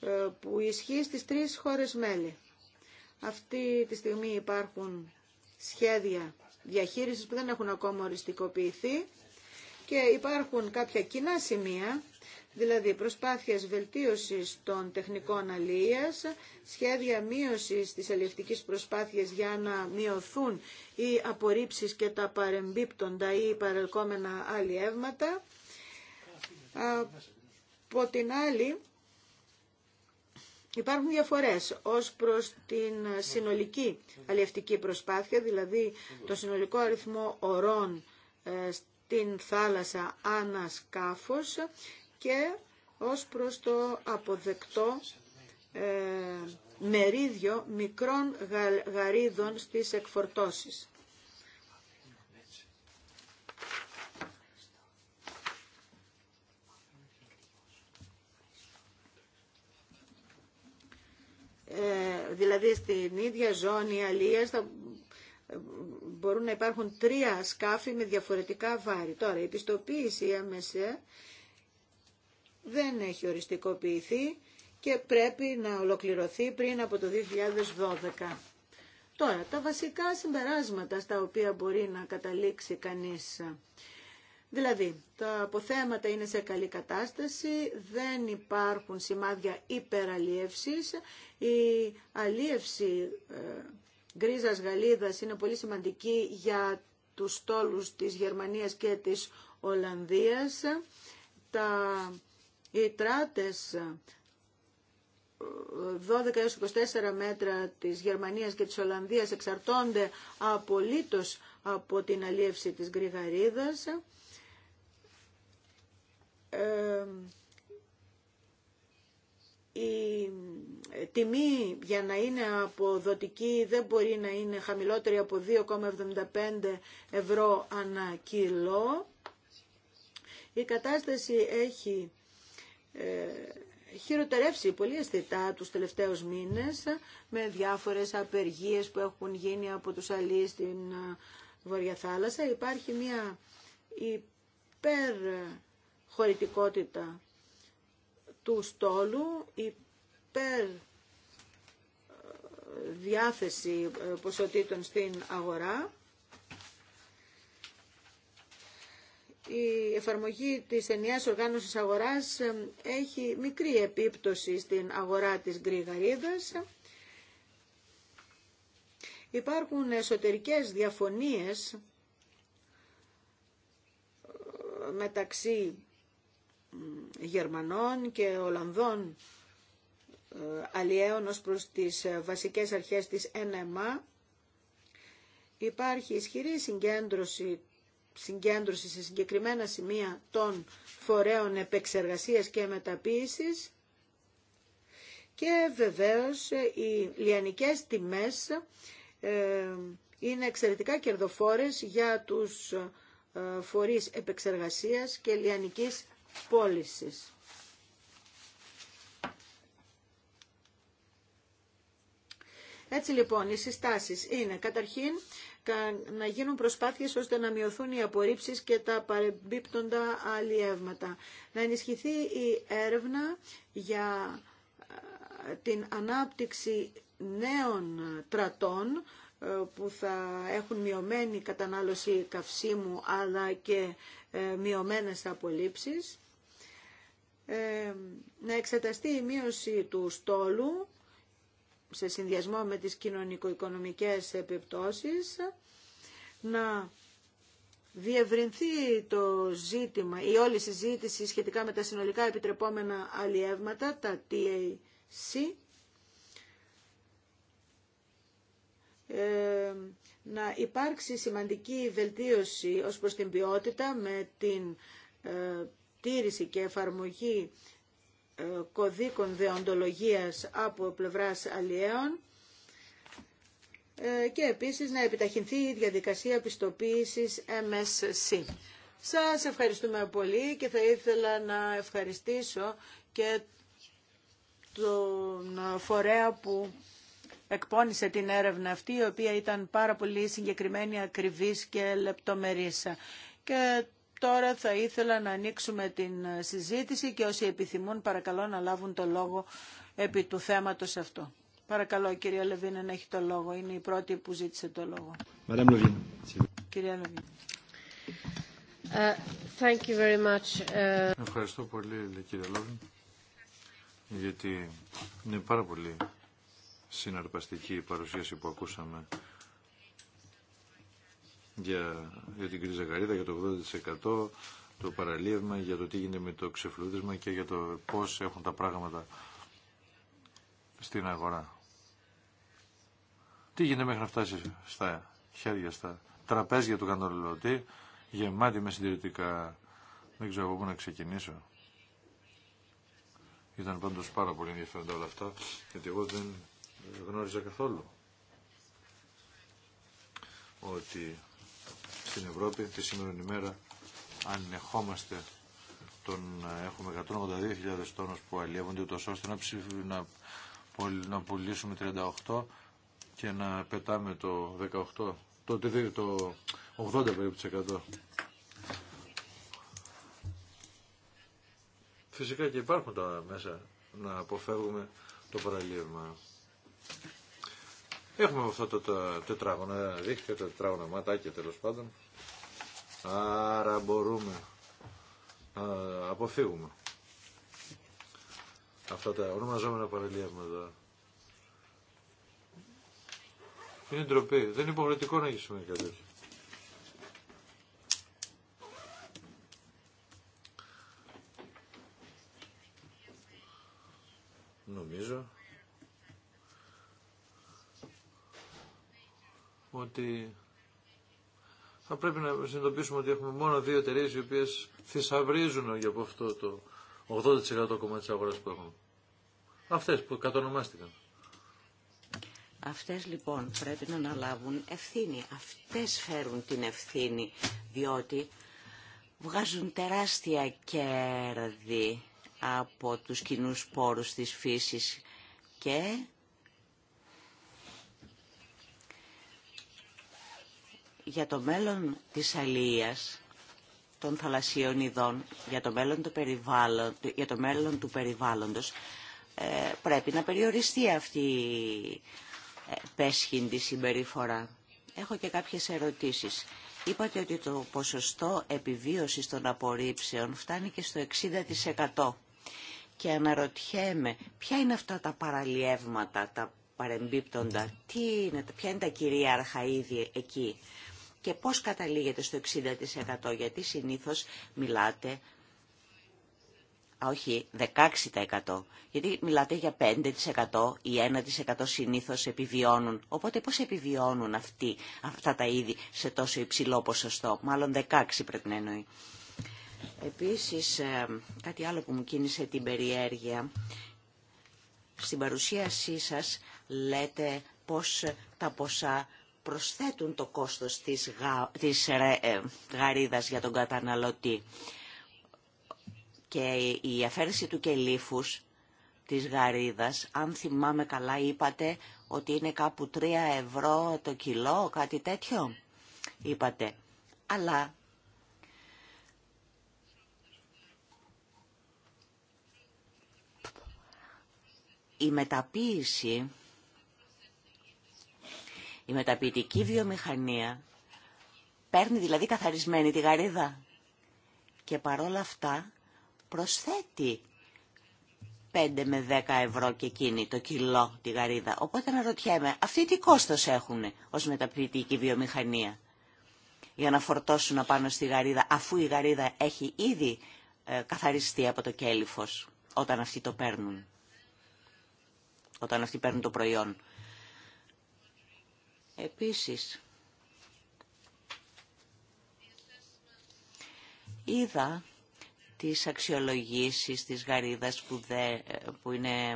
ε, που ισχύει στις τρεις χώρες μέλη. Αυτή τη στιγμή υπάρχουν σχέδια διαχείρισης που δεν έχουν ακόμα οριστικοποιηθεί και υπάρχουν κάποια κοινά σημεία, δηλαδή προσπάθειες βελτίωσης των τεχνικών αλίας, σχέδια μείωσης της αλληλευτικής προσπάθειας για να μειωθούν οι απορρίψεις και τα παρεμπίπτοντα ή παρελκόμενα αλλιεύματα. Από την άλλη, Υπάρχουν διαφορές ως προς την συνολική αλλιευτική προσπάθεια, δηλαδή το συνολικό αριθμό ορών ε, στην θάλασσα ανά και ως προς το αποδεκτό ε, μερίδιο μικρών γαρίδων στις εκφορτώσεις. Ε, δηλαδή στην ίδια ζώνη αλίας θα μπορούν να υπάρχουν τρία σκάφη με διαφορετικά βάρη. Τώρα, η πιστοποίηση αμεσέ δεν έχει οριστικοποιηθεί και πρέπει να ολοκληρωθεί πριν από το 2012. Τώρα, τα βασικά συμπεράσματα στα οποία μπορεί να καταλήξει κανείς. Δηλαδή, τα αποθέματα είναι σε καλή κατάσταση, δεν υπάρχουν σημάδια υπεραλίευσης, η αλίευση ε, γκρίζας είναι πολύ σημαντική για τους στόλους της Γερμανίας και της Ολλανδίας. Τα, οι τράτες 12 ε, 24 μέτρα της Γερμανίας και της Ολλανδίας εξαρτώνται απολύτως από την αλίευση της Γκριγαρίδας η τιμή για να είναι αποδοτική δεν μπορεί να είναι χαμηλότερη από 2,75 ευρώ ανά κιλό. Η κατάσταση έχει ε, χειροτερεύσει πολύ αισθητά τους τελευταίους μήνες με διάφορες απεργίες που έχουν γίνει από τους αλλοί στην ε, Βορεια Θάλασσα. Υπάρχει μια υπέρ χωρητικότητα του στόλου υπέρ ε, διάθεση ε, ποσοτήτων στην αγορά. Η εφαρμογή της ενιαίας οργάνωσης αγοράς ε, έχει μικρή επίπτωση στην αγορά της γκριγαρίδας. Υπάρχουν εσωτερικές διαφωνίες μεταξύ Γερμανών και Ολλανδών ε, αλλιέων ως προς τις ε, βασικές αρχές της ΕΝΕΜΑ υπάρχει ισχυρή συγκέντρωση, συγκέντρωση σε συγκεκριμένα σημεία των φορέων επεξεργασίας και μεταποίησης και βεβαίως ε, οι λιανικές τιμές είναι εξαιρετικά κερδοφόρες για τους φορείς επεξεργασίας και λιανικής πώληση. Έτσι λοιπόν, οι συστάσεις είναι καταρχήν να γίνουν προσπάθειες ώστε να μειωθούν οι απορρίψεις και τα παρεμπίπτοντα αλλιεύματα. Να ενισχυθεί η έρευνα για ε, την ανάπτυξη νέων τρατών ε, που θα έχουν μειωμένη κατανάλωση καυσίμου αλλά και ε, μειωμένες απολύψεις ε, να εξεταστεί η μείωση του στόλου σε συνδυασμό με τις κοινωνικο-οικονομικές επιπτώσεις, να διευρυνθεί το ζήτημα, η όλη συζήτηση σχετικά με τα συνολικά επιτρεπόμενα αλλιεύματα, τα TAC, ε, να υπάρξει σημαντική βελτίωση ως προς την ποιότητα με την ε, και εφαρμογή ε, κωδίκων δεοντολογίας από πλευράς αλλιέων ε, και επίσης να επιταχυνθεί η διαδικασία πιστοποίησης MSC. Σας ευχαριστούμε πολύ και θα ήθελα να ευχαριστήσω και τον φορέα που εκπώνησε την έρευνα αυτή, η οποία ήταν πάρα πολύ συγκεκριμένη, ακριβής και λεπτομερής. Και Τώρα θα ήθελα να ανοίξουμε την συζήτηση και όσοι επιθυμούν παρακαλώ να λάβουν το λόγο επί του θέματος αυτού. Παρακαλώ κυρία Λεβίνα να έχει το λόγο. Είναι η πρώτη που ζήτησε το λόγο. Κυρία Λεβίν. Ε, thank you very much. Ε, Ευχαριστώ πολύ κύριε Λόβιν γιατί είναι πάρα πολύ συναρπαστική η παρουσίαση που ακούσαμε για, για την κρίση Ζαχαρίδα, για το 80%, το παραλίευμα, για το τι γίνεται με το ξεφλούδισμα και για το πώς έχουν τα πράγματα στην αγορά. Τι γίνεται μέχρι να φτάσει στα χέρια, στα τραπέζια του καταναλωτή, γεμάτη με συντηρητικά. Δεν ξέρω πού να ξεκινήσω. Ήταν πάντως πάρα πολύ ενδιαφέροντα όλα αυτά, γιατί εγώ δεν γνώριζα καθόλου ότι στην Ευρώπη τη σήμερα ημέρα ανεχόμαστε τον, έχουμε 182.000 τόνους που αλλιεύονται ούτως ώστε να, να, να πουλήσουμε 38 και να πετάμε το 18 το, το 80 Φυσικά και υπάρχουν τα μέσα να αποφεύγουμε το παραλίευμα. Έχουμε αυτά τα τετράγωνα δίχτυα, τα τετράγωνα ματάκια τέλος πάντων. Άρα μπορούμε να αποφύγουμε αυτά τα ονομαζόμενα παραλίευματα. Είναι ντροπή. Δεν είναι υποχρεωτικό να έχει κάτι τέτοιο. Νομίζω ότι θα πρέπει να συνειδητοποιήσουμε ότι έχουμε μόνο δύο εταιρείε οι οποίε θησαυρίζουν για από αυτό το 80% κομμάτι τη αγορά που έχουμε. Αυτέ που κατονομάστηκαν. Αυτές λοιπόν πρέπει να αναλάβουν ευθύνη. Αυτές φέρουν την ευθύνη, διότι βγάζουν τεράστια κέρδη από τους κοινούς πόρους της φύσης και για το μέλλον της αλίας των θαλασσίων ειδών, για το μέλλον του, περιβάλλον, το μέλλον του περιβάλλοντος, ε, πρέπει να περιοριστεί αυτή η ε, πέσχυντη συμπεριφορά. Έχω και κάποιες ερωτήσεις. Είπατε ότι το ποσοστό επιβίωσης των απορρίψεων φτάνει και στο 60%. Και αναρωτιέμαι, ποια είναι αυτά τα παραλιεύματα, τα παρεμπίπτοντα, τι είναι, ποια είναι τα κυρίαρχα είδη εκεί και πώς καταλήγετε στο 60% γιατί συνήθως μιλάτε όχι, 16%. Γιατί μιλάτε για 5% ή 1% συνήθως επιβιώνουν. Οπότε πώς επιβιώνουν αυτοί, αυτά τα είδη σε τόσο υψηλό ποσοστό. Μάλλον 16 πρέπει να εννοεί. Επίσης, ε, κάτι άλλο που μου κίνησε την περιέργεια. Στην παρουσίασή σας λέτε πώς τα ποσά προσθέτουν το κόστος της, γα... Ε, ε, γαρίδας για τον καταναλωτή. Και η αφαίρεση του κελίφους της γαρίδας, αν θυμάμαι καλά είπατε ότι είναι κάπου 3 ευρώ το κιλό, κάτι τέτοιο, είπατε. Αλλά η μεταποίηση η μεταποιητική βιομηχανία παίρνει δηλαδή καθαρισμένη τη γαρίδα και παρόλα αυτά προσθέτει 5 με 10 ευρώ και εκείνη το κιλό τη γαρίδα. Οπότε να ρωτιέμαι, αυτοί τι κόστος έχουν ως μεταποιητική βιομηχανία για να φορτώσουν απάνω στη γαρίδα αφού η γαρίδα έχει ήδη ε, καθαριστεί από το κέλυφος όταν αυτοί το παίρνουν, όταν αυτοί παίρνουν το προϊόν. Επίσης, είδα τις αξιολογήσεις της γαρίδας που, δε, που είναι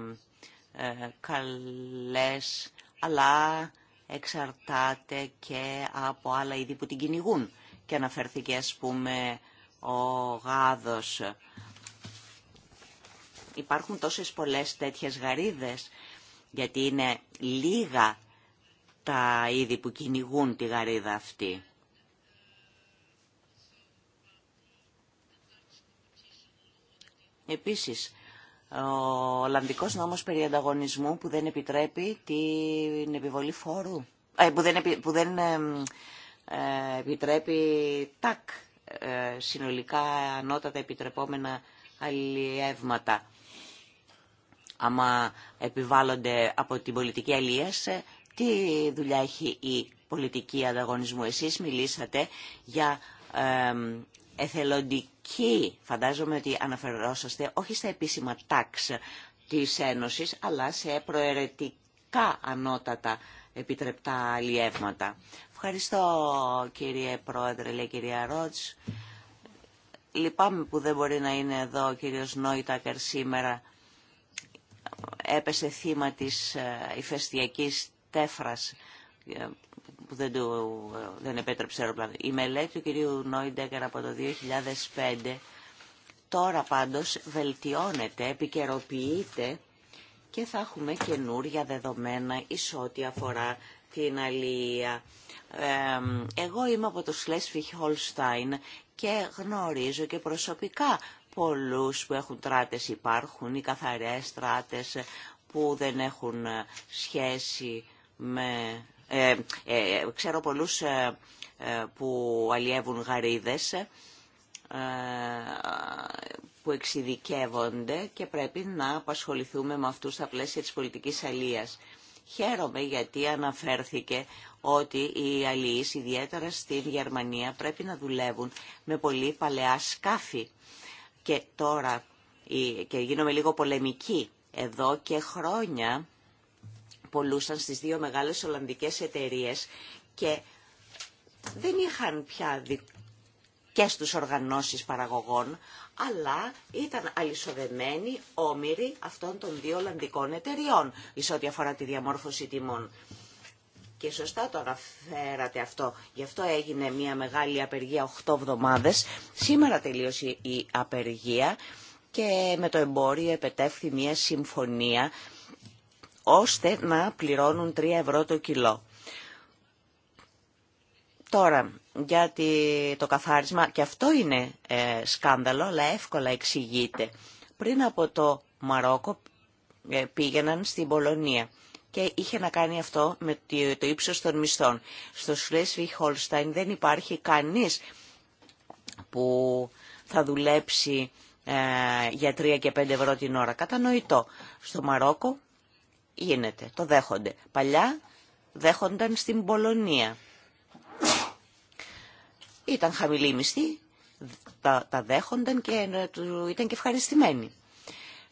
ε, καλές, αλλά εξαρτάται και από άλλα είδη που την κυνηγούν. Και αναφερθήκε, ας πούμε, ο γάδος. Υπάρχουν τόσες πολλές τέτοιες γαρίδες, γιατί είναι λίγα τα είδη που κυνηγούν τη γαρίδα αυτή. Επίσης, ο Ολλανδικός νόμος περί ανταγωνισμού που δεν επιτρέπει την επιβολή φόρου, ε, που δεν, που δεν ε, επιτρέπει τάκ, ε, συνολικά ανώτατα επιτρεπόμενα αλλιεύματα. Άμα επιβάλλονται από την πολιτική αλλίευση, τι δουλειά έχει η πολιτική ανταγωνισμού. Εσείς μιλήσατε για εθελοντική, φαντάζομαι ότι αναφερόσαστε όχι στα επίσημα τάξ της Ένωσης, αλλά σε προαιρετικά ανώτατα επιτρεπτά αλλιεύματα. Ευχαριστώ κύριε Πρόεδρε, λέει κυρία Ρότς. Λυπάμαι που δεν μπορεί να είναι εδώ ο κύριος Νόιτακερ σήμερα. Έπεσε θύμα της ε, ηφαιστειακής τέφρας ε, που δεν, του, ε, δεν επέτρεψε Η μελέτη του κυρίου Νόιντεγκερ από το 2005 τώρα πάντως βελτιώνεται, επικαιροποιείται και θα έχουμε καινούρια δεδομένα εις ό,τι αφορά την αλληλεία. Εγώ είμαι από το Σλέσφιχ Χολστάιν και γνωρίζω και προσωπικά πολλούς που έχουν τράτες υπάρχουν, οι καθαρές τράτες που δεν έχουν ε, σχέση με... Ε, ε, ξέρω πολλούς ε, που αλλιεύουν γαρίδες που εξειδικεύονται και πρέπει να απασχοληθούμε με αυτούς στα πλαίσια της πολιτικής αλίας. Χαίρομαι γιατί αναφέρθηκε ότι οι αλληλείς, ιδιαίτερα στην Γερμανία, πρέπει να δουλεύουν με πολύ παλαιά σκάφη. Και τώρα, και γίνομαι λίγο πολεμική, εδώ και χρόνια πολλούσαν στις δύο μεγάλες Ολλανδικές εταιρείες και δεν είχαν πια δικές τους οργανώσεις παραγωγών, αλλά ήταν αλυσοδεμένοι όμοιροι αυτών των δύο Ολλανδικών εταιριών, εις ό,τι αφορά τη διαμόρφωση τιμών. Και σωστά το αναφέρατε αυτό. Γι' αυτό έγινε μια μεγάλη απεργία 8 εβδομάδες. Σήμερα τελείωσε η απεργία και με το εμπόριο επετεύχθη μια συμφωνία ώστε να πληρώνουν 3 ευρώ το κιλό. Τώρα, για το καθάρισμα, και αυτό είναι ε, σκάνδαλο, αλλά εύκολα εξηγείται. Πριν από το Μαρόκο ε, πήγαιναν στην Πολωνία και είχε να κάνει αυτό με το ύψος των μισθών. Στο Σλέσβι Χολστάιν δεν υπάρχει κανείς που θα δουλέψει ε, για 3 και 5 ευρώ την ώρα. Κατανοητό. Στο Μαρόκο γίνεται, το δέχονται. Παλιά δέχονταν στην Πολωνία. Ήταν χαμηλή μισθή, τα, τα δέχονταν και ε, ήταν και ευχαριστημένοι.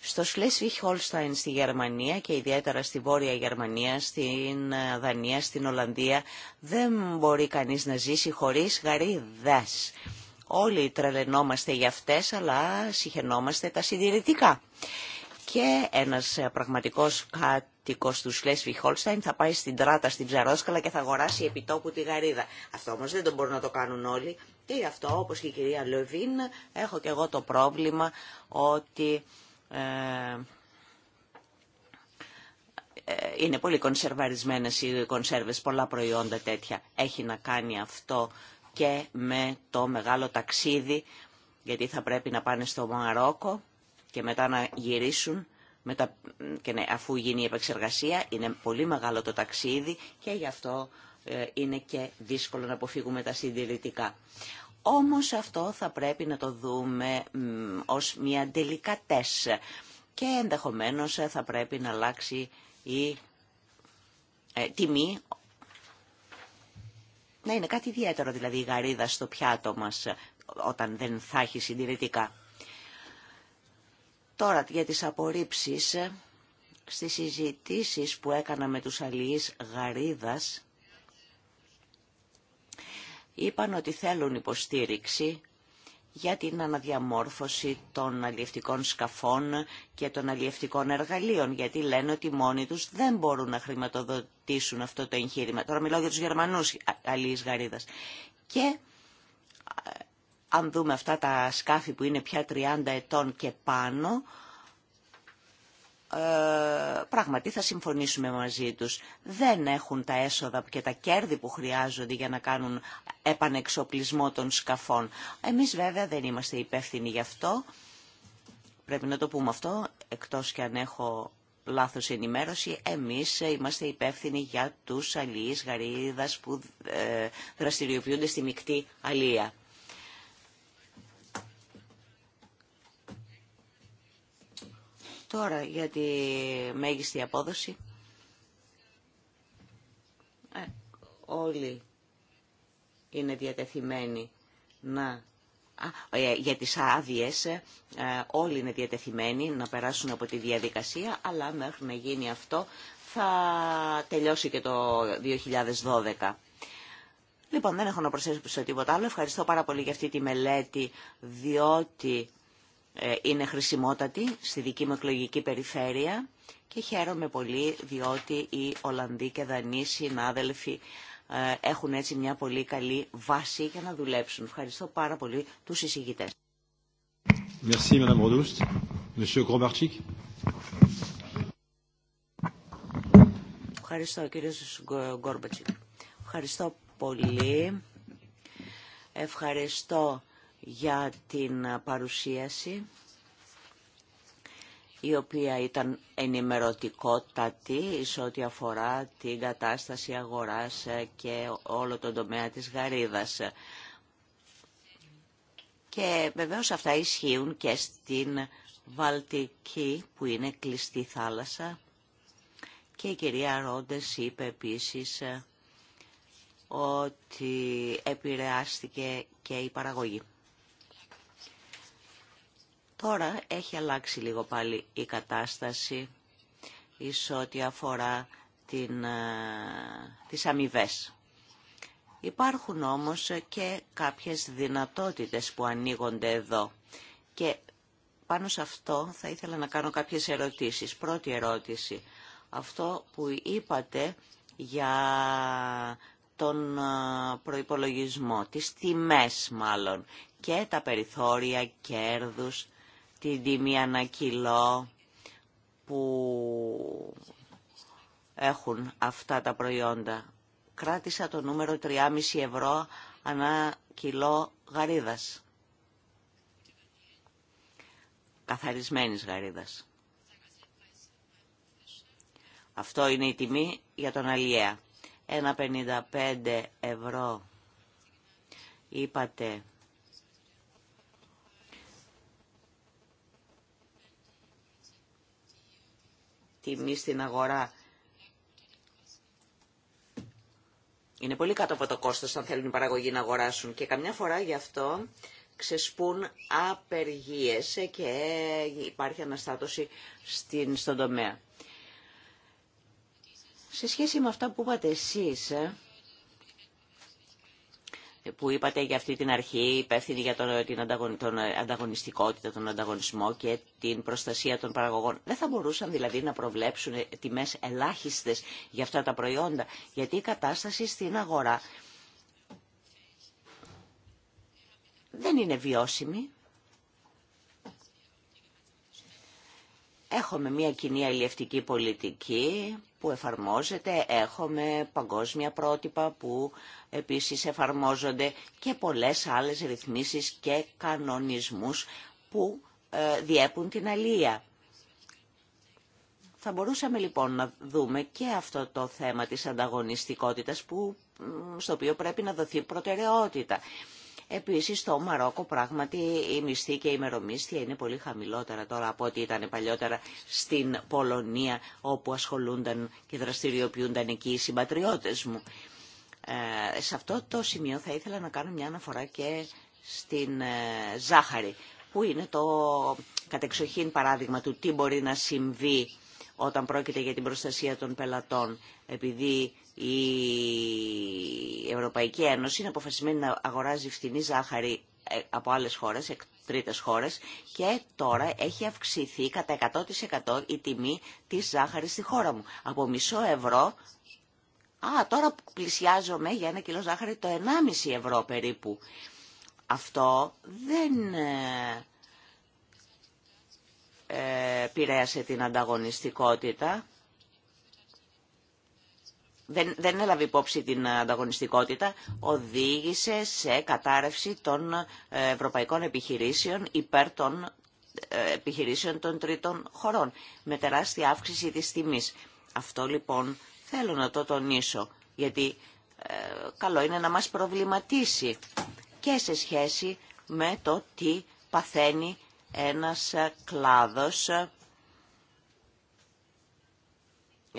Στο Σλέσβιχ Χόλσταϊν στη Γερμανία και ιδιαίτερα στη Βόρεια Γερμανία, στην ε, Δανία, στην Ολλανδία δεν μπορεί κανείς να ζήσει χωρίς γαρίδες. Όλοι τρελαινόμαστε για αυτές αλλά συχαινόμαστε τα συντηρητικά. Και ένας ε, πραγματικός κατ του Σλέσβι Χόλσταϊν θα πάει στην Τράτα, στην Ψαρόσκαλα και θα αγοράσει επιτόπου τη γαρίδα. Αυτό όμω δεν το μπορούν να το κάνουν όλοι. Και γι' αυτό, όπω και η κυρία Λεβίν, έχω και εγώ το πρόβλημα ότι... Ε, ε, είναι πολύ κονσερβαρισμένες οι κονσέρβες, πολλά προϊόντα τέτοια. Έχει να κάνει αυτό και με το μεγάλο ταξίδι, γιατί θα πρέπει να πάνε στο Μαρόκο και μετά να γυρίσουν και ναι, αφού γίνει η επεξεργασία είναι πολύ μεγάλο το ταξίδι και γι' αυτό ε, είναι και δύσκολο να αποφύγουμε τα συντηρητικά. Όμως αυτό θα πρέπει να το δούμε ως μια τελικά και ενδεχομένως ε, θα πρέπει να αλλάξει η ε, τιμή να είναι κάτι ιδιαίτερο δηλαδή η γαρίδα στο πιάτο μας όταν δεν θα έχει συντηρητικά. Τώρα για τις απορρίψεις, ε, στις συζητήσεις που έκανα με τους αλληλείς Γαρίδας, είπαν ότι θέλουν υποστήριξη για την αναδιαμόρφωση των αλλιευτικών σκαφών και των αλλιευτικών εργαλείων, γιατί λένε ότι μόνοι τους δεν μπορούν να χρηματοδοτήσουν αυτό το εγχείρημα. Τώρα μιλάω για τους Γερμανούς αλληλείς Γαρίδας. Και αν δούμε αυτά τα σκάφη που είναι πια 30 ετών και πάνω, ε, πράγματι θα συμφωνήσουμε μαζί τους. Δεν έχουν τα έσοδα και τα κέρδη που χρειάζονται για να κάνουν επανεξοπλισμό των σκαφών. Εμείς βέβαια δεν είμαστε υπεύθυνοι γι' αυτό. Πρέπει να το πούμε αυτό, εκτός και αν έχω λάθος ενημέρωση, εμείς είμαστε υπεύθυνοι για τους αλληλείς γαρίδας που ε, δραστηριοποιούνται στη μεικτή αλία. Τώρα για τη μέγιστη απόδοση. Ε, όλοι είναι διατεθειμένοι να... Α, ε, για τις άδειε ε, όλοι είναι διατεθειμένοι να περάσουν από τη διαδικασία, αλλά μέχρι να γίνει αυτό θα τελειώσει και το 2012. Λοιπόν, δεν έχω να προσθέσω τίποτα άλλο. Ευχαριστώ πάρα πολύ για αυτή τη μελέτη, διότι ε, είναι χρησιμότατη στη δική μου εκλογική περιφέρεια και χαίρομαι πολύ διότι οι Ολλανδοί και Δανείοι συνάδελφοι ε, έχουν έτσι μια πολύ καλή βάση για να δουλέψουν. Ευχαριστώ πάρα πολύ τους εισηγητές. Ευχαριστώ, κύριε Γκόρμπατσικ. Ευχαριστώ πολύ. Ευχαριστώ για την παρουσίαση η οποία ήταν ενημερωτικότατη σε ό,τι αφορά την κατάσταση αγοράς και όλο τον τομέα της γαρίδας. Και βεβαίως αυτά ισχύουν και στην Βαλτική που είναι κλειστή θάλασσα και η κυρία Ρόντες είπε επίσης ότι επηρεάστηκε και η παραγωγή. Τώρα έχει αλλάξει λίγο πάλι η κατάσταση εις ό,τι αφορά την, ε, τις αμοιβέ. Υπάρχουν όμως και κάποιες δυνατότητες που ανοίγονται εδώ και πάνω σε αυτό θα ήθελα να κάνω κάποιες ερωτήσεις. Πρώτη ερώτηση, αυτό που είπατε για τον ε, προϋπολογισμό, τις τιμές μάλλον και τα περιθώρια κέρδους την τιμή ανά που έχουν αυτά τα προϊόντα. Κράτησα το νούμερο 3,5 ευρώ ανά κιλό γαρίδας. Καθαρισμένης γαρίδας. Αυτό είναι η τιμή για τον Αλιέα. 1,55 ευρώ είπατε τιμή στην αγορά είναι πολύ κάτω από το κόστος αν θέλουν οι παραγωγοί να αγοράσουν και καμιά φορά γι' αυτό ξεσπούν απεργίες και υπάρχει αναστάτωση στην, στον τομέα. Σε σχέση με αυτά που είπατε εσείς, ε, που είπατε για αυτή την αρχή υπεύθυνη για τον, την τον ανταγωνιστικότητα, τον ανταγωνισμό και την προστασία των παραγωγών. Δεν θα μπορούσαν δηλαδή να προβλέψουν ε, τιμές ελάχιστες για αυτά τα προϊόντα, γιατί η κατάσταση στην αγορά δεν είναι βιώσιμη. Έχουμε μια κοινή αλληλευτική πολιτική που εφαρμόζεται, έχουμε παγκόσμια πρότυπα που επίσης εφαρμόζονται και πολλές άλλες ρυθμίσεις και κανονισμούς που ε, διέπουν την αλλία. Θα μπορούσαμε λοιπόν να δούμε και αυτό το θέμα της ανταγωνιστικότητας που, στο οποίο πρέπει να δοθεί προτεραιότητα. Επίσης στο Μαρόκο πράγματι η μισθή και η ημερομίσθια είναι πολύ χαμηλότερα τώρα από ό,τι ήταν παλιότερα στην Πολωνία όπου ασχολούνταν και δραστηριοποιούνταν εκεί οι συμπατριώτες μου. Ε, σε αυτό το σημείο θα ήθελα να κάνω μια αναφορά και στην ε, ζάχαρη που είναι το κατεξοχήν παράδειγμα του τι μπορεί να συμβεί όταν πρόκειται για την προστασία των πελατών επειδή η Ευρωπαϊκή Ένωση είναι αποφασισμένη να αγοράζει φθηνή ζάχαρη ε, από άλλες χώρες, τρίτες χώρες και τώρα έχει αυξηθεί κατά 100% η τιμή της ζάχαρης στη χώρα μου. Από μισό ευρώ, α, τώρα πλησιάζομαι για ένα κιλό ζάχαρη το 1,5 ευρώ περίπου. Αυτό δεν ε, ε την ανταγωνιστικότητα δεν, δεν έλαβε υπόψη την ανταγωνιστικότητα, οδήγησε σε κατάρρευση των ε, ευρωπαϊκών επιχειρήσεων υπέρ των ε, επιχειρήσεων των τρίτων χωρών, με τεράστια αύξηση της τιμής. Αυτό λοιπόν θέλω να το τονίσω, γιατί ε, καλό είναι να μας προβληματίσει και σε σχέση με το τι παθαίνει ένας κλάδος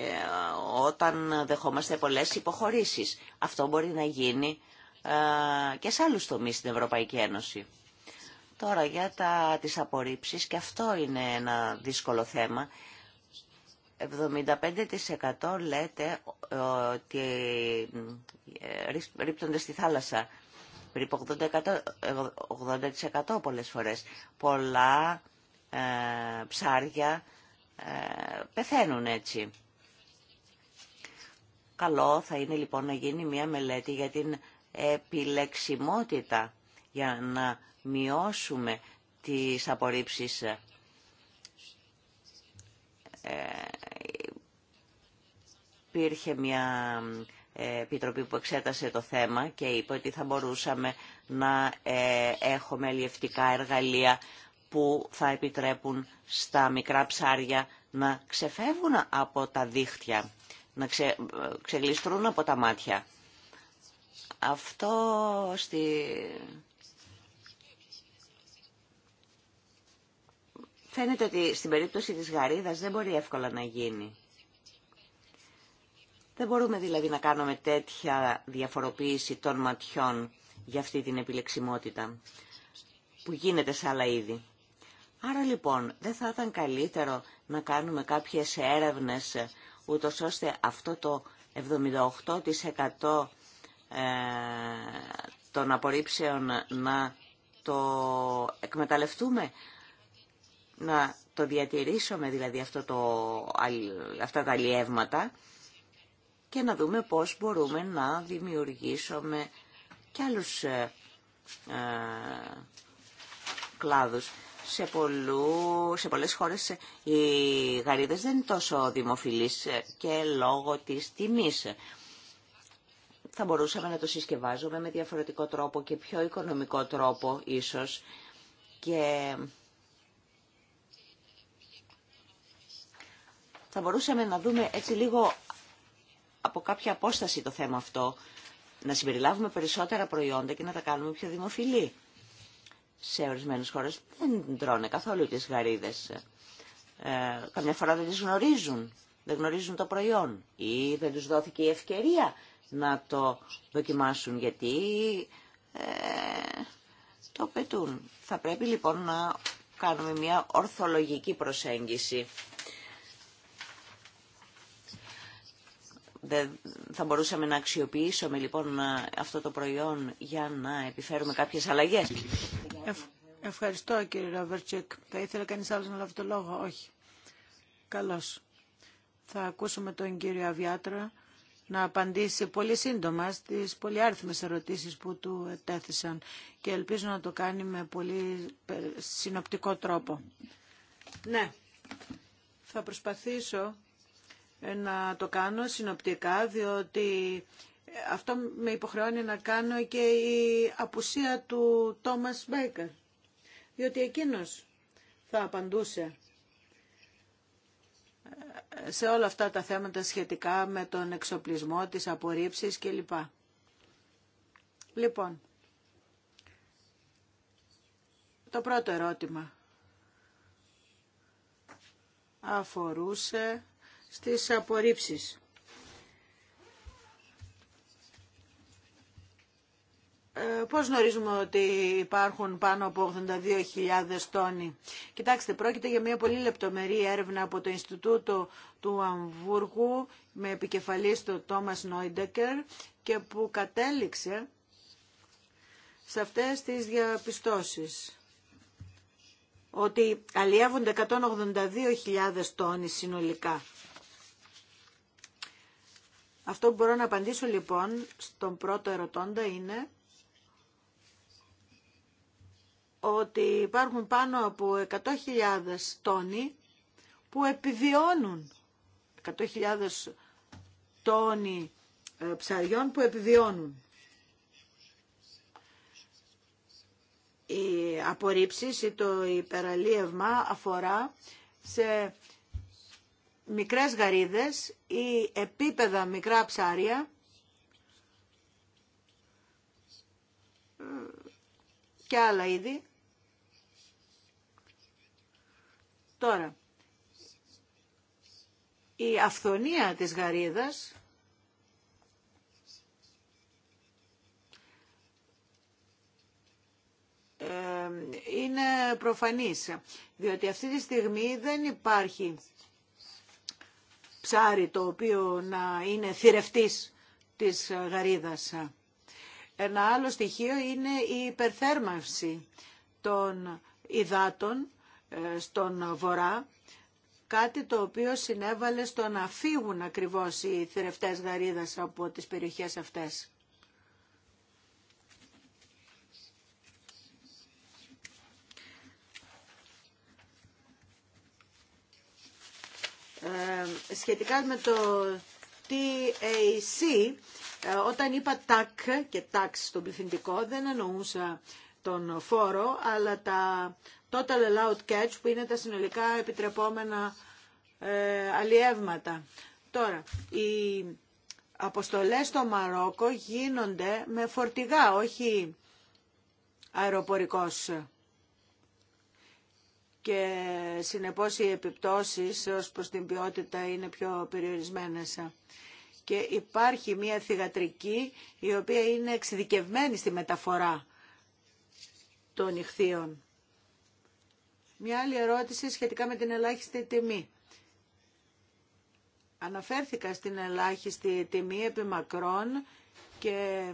ε, όταν δεχόμαστε πολλές υποχωρήσεις. Αυτό μπορεί να γίνει ε, και σε άλλους τομείς στην Ευρωπαϊκή Ένωση. Τώρα για τα, τις απορρίψεις, και αυτό είναι ένα δύσκολο θέμα. 75% λέτε ε, ότι ρίπτονται στη θάλασσα. Περίπου 80%, 80 πολλές φορές. Πολλά ψάρια πεθαίνουν έτσι. Καλό θα είναι λοιπόν να γίνει μια μελέτη για την επιλεξιμότητα για να μειώσουμε τις απορρίψεις ε, υπήρχε μια ε, επιτροπή που εξέτασε το θέμα και είπε ότι θα μπορούσαμε να ε, έχουμε αλλιευτικά εργαλεία που θα επιτρέπουν στα μικρά ψάρια να ξεφεύγουν από τα δίχτυα να ξε, ξεγλιστρούν από τα μάτια. Αυτό στη... Φαίνεται ότι στην περίπτωση της γαρίδας δεν μπορεί εύκολα να γίνει. Δεν μπορούμε δηλαδή να κάνουμε τέτοια διαφοροποίηση των ματιών για αυτή την επιλεξιμότητα που γίνεται σε άλλα είδη. Άρα λοιπόν δεν θα ήταν καλύτερο να κάνουμε κάποιες έρευνες ούτως ώστε αυτό το 78% ε, των απορρίψεων να το εκμεταλλευτούμε, να το διατηρήσουμε δηλαδή αυτό το, αυτά τα αλλιεύματα και να δούμε πώς μπορούμε να δημιουργήσουμε και άλλους ε, ε, κλάδους σε, πολλού, σε πολλές χώρες οι γαρίδες δεν είναι τόσο δημοφιλείς και λόγω της τιμής. Θα μπορούσαμε να το συσκευάζουμε με διαφορετικό τρόπο και πιο οικονομικό τρόπο ίσως και θα μπορούσαμε να δούμε έτσι λίγο από κάποια απόσταση το θέμα αυτό, να συμπεριλάβουμε περισσότερα προϊόντα και να τα κάνουμε πιο δημοφιλή σε ορισμένε χώρες δεν τρώνε καθόλου τι γαρίδε. Ε, καμιά φορά δεν τις γνωρίζουν, δεν γνωρίζουν το προϊόν ή δεν του δόθηκε η ευκαιρία να το δοκιμάσουν γιατί ε, το πετούν. Θα πρέπει λοιπόν να κάνουμε μια ορθολογική προσέγγιση. Δεν θα μπορούσαμε να αξιοποιήσουμε λοιπόν αυτό το προϊόν για να επιφέρουμε κάποιες αλλαγές. Ευχαριστώ κύριε Ραβερτσίκ. Θα ήθελε κανείς άλλος να λάβει το λόγο. Όχι. Καλώς. Θα ακούσουμε τον κύριο Αβιάτρα να απαντήσει πολύ σύντομα στις πολυάριθμες ερωτήσεις που του τέθησαν και ελπίζω να το κάνει με πολύ συνοπτικό τρόπο. Ναι, θα προσπαθήσω ε, να το κάνω συνοπτικά διότι αυτό με υποχρεώνει να κάνω και η απουσία του Τόμας Μπέικερ, διότι εκείνος θα απαντούσε σε όλα αυτά τα θέματα σχετικά με τον εξοπλισμό, τις απορρίψεις κλπ. Λοιπόν, το πρώτο ερώτημα αφορούσε στις απορρίψεις. Ε, πώς γνωρίζουμε ότι υπάρχουν πάνω από 82.000 τόνοι. Κοιτάξτε, πρόκειται για μια πολύ λεπτομερή έρευνα από το Ινστιτούτο του Αμβούργου με επικεφαλής του Τόμας Νόιντεκερ και που κατέληξε σε αυτές τις διαπιστώσεις ότι αλλιεύονται 182.000 τόνοι συνολικά. Αυτό που μπορώ να απαντήσω λοιπόν στον πρώτο ερωτώντα είναι ότι υπάρχουν πάνω από 100.000 τόνοι που επιβιώνουν, 100.000 τόνοι ε, ψαριών που επιβιώνουν. Οι απορρίψεις ή το υπεραλίευμα αφορά σε μικρές γαρίδες ή επίπεδα μικρά ψάρια ε, και άλλα είδη Τώρα, η αυθονία της γαρίδας ε, είναι προφανής, διότι αυτή τη στιγμή δεν υπάρχει ψάρι το οποίο να είναι θηρευτής της γαρίδας. Ένα άλλο στοιχείο είναι η υπερθέρμανση των υδάτων στον Βορρά, κάτι το οποίο συνέβαλε στο να φύγουν ακριβώς οι θηρευτές γαρίδας από τις περιοχές αυτές. Ε, σχετικά με το TAC, ε, όταν είπα τάκ και τάξ στον πληθυντικό, δεν εννοούσα τον φόρο, αλλά τα total allowed catch που είναι τα συνολικά επιτρεπόμενα ε, αλλιεύματα. Τώρα, οι αποστολές στο Μαρόκο γίνονται με φορτηγά, όχι αεροπορικός και συνεπώς οι επιπτώσεις ως προς την ποιότητα είναι πιο περιορισμένες. Και υπάρχει μια θηγατρική η οποία είναι εξειδικευμένη στη μεταφορά των ηχθείων. Μια άλλη ερώτηση σχετικά με την ελάχιστη τιμή. Αναφέρθηκα στην ελάχιστη τιμή επί μακρόν και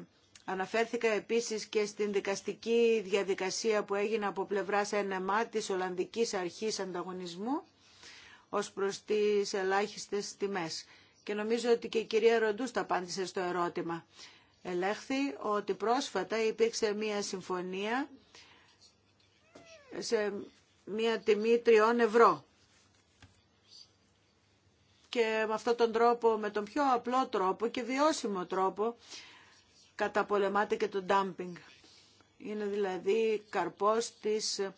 αναφέρθηκα επίσης και στην δικαστική διαδικασία που έγινε από πλευράς ΕΝΕΜΑ της Ολλανδικής Αρχής Ανταγωνισμού ως προς τις ελάχιστες τιμές. Και νομίζω ότι και η κυρία Ροντούστα απάντησε στο ερώτημα. Ελέγχθη ότι πρόσφατα υπήρξε μία συμφωνία σε μια τιμή τριών ευρώ. Και με αυτόν τον τρόπο, με τον πιο απλό τρόπο και βιώσιμο τρόπο, καταπολεμάται και το dumping. Είναι δηλαδή καρπός της ε,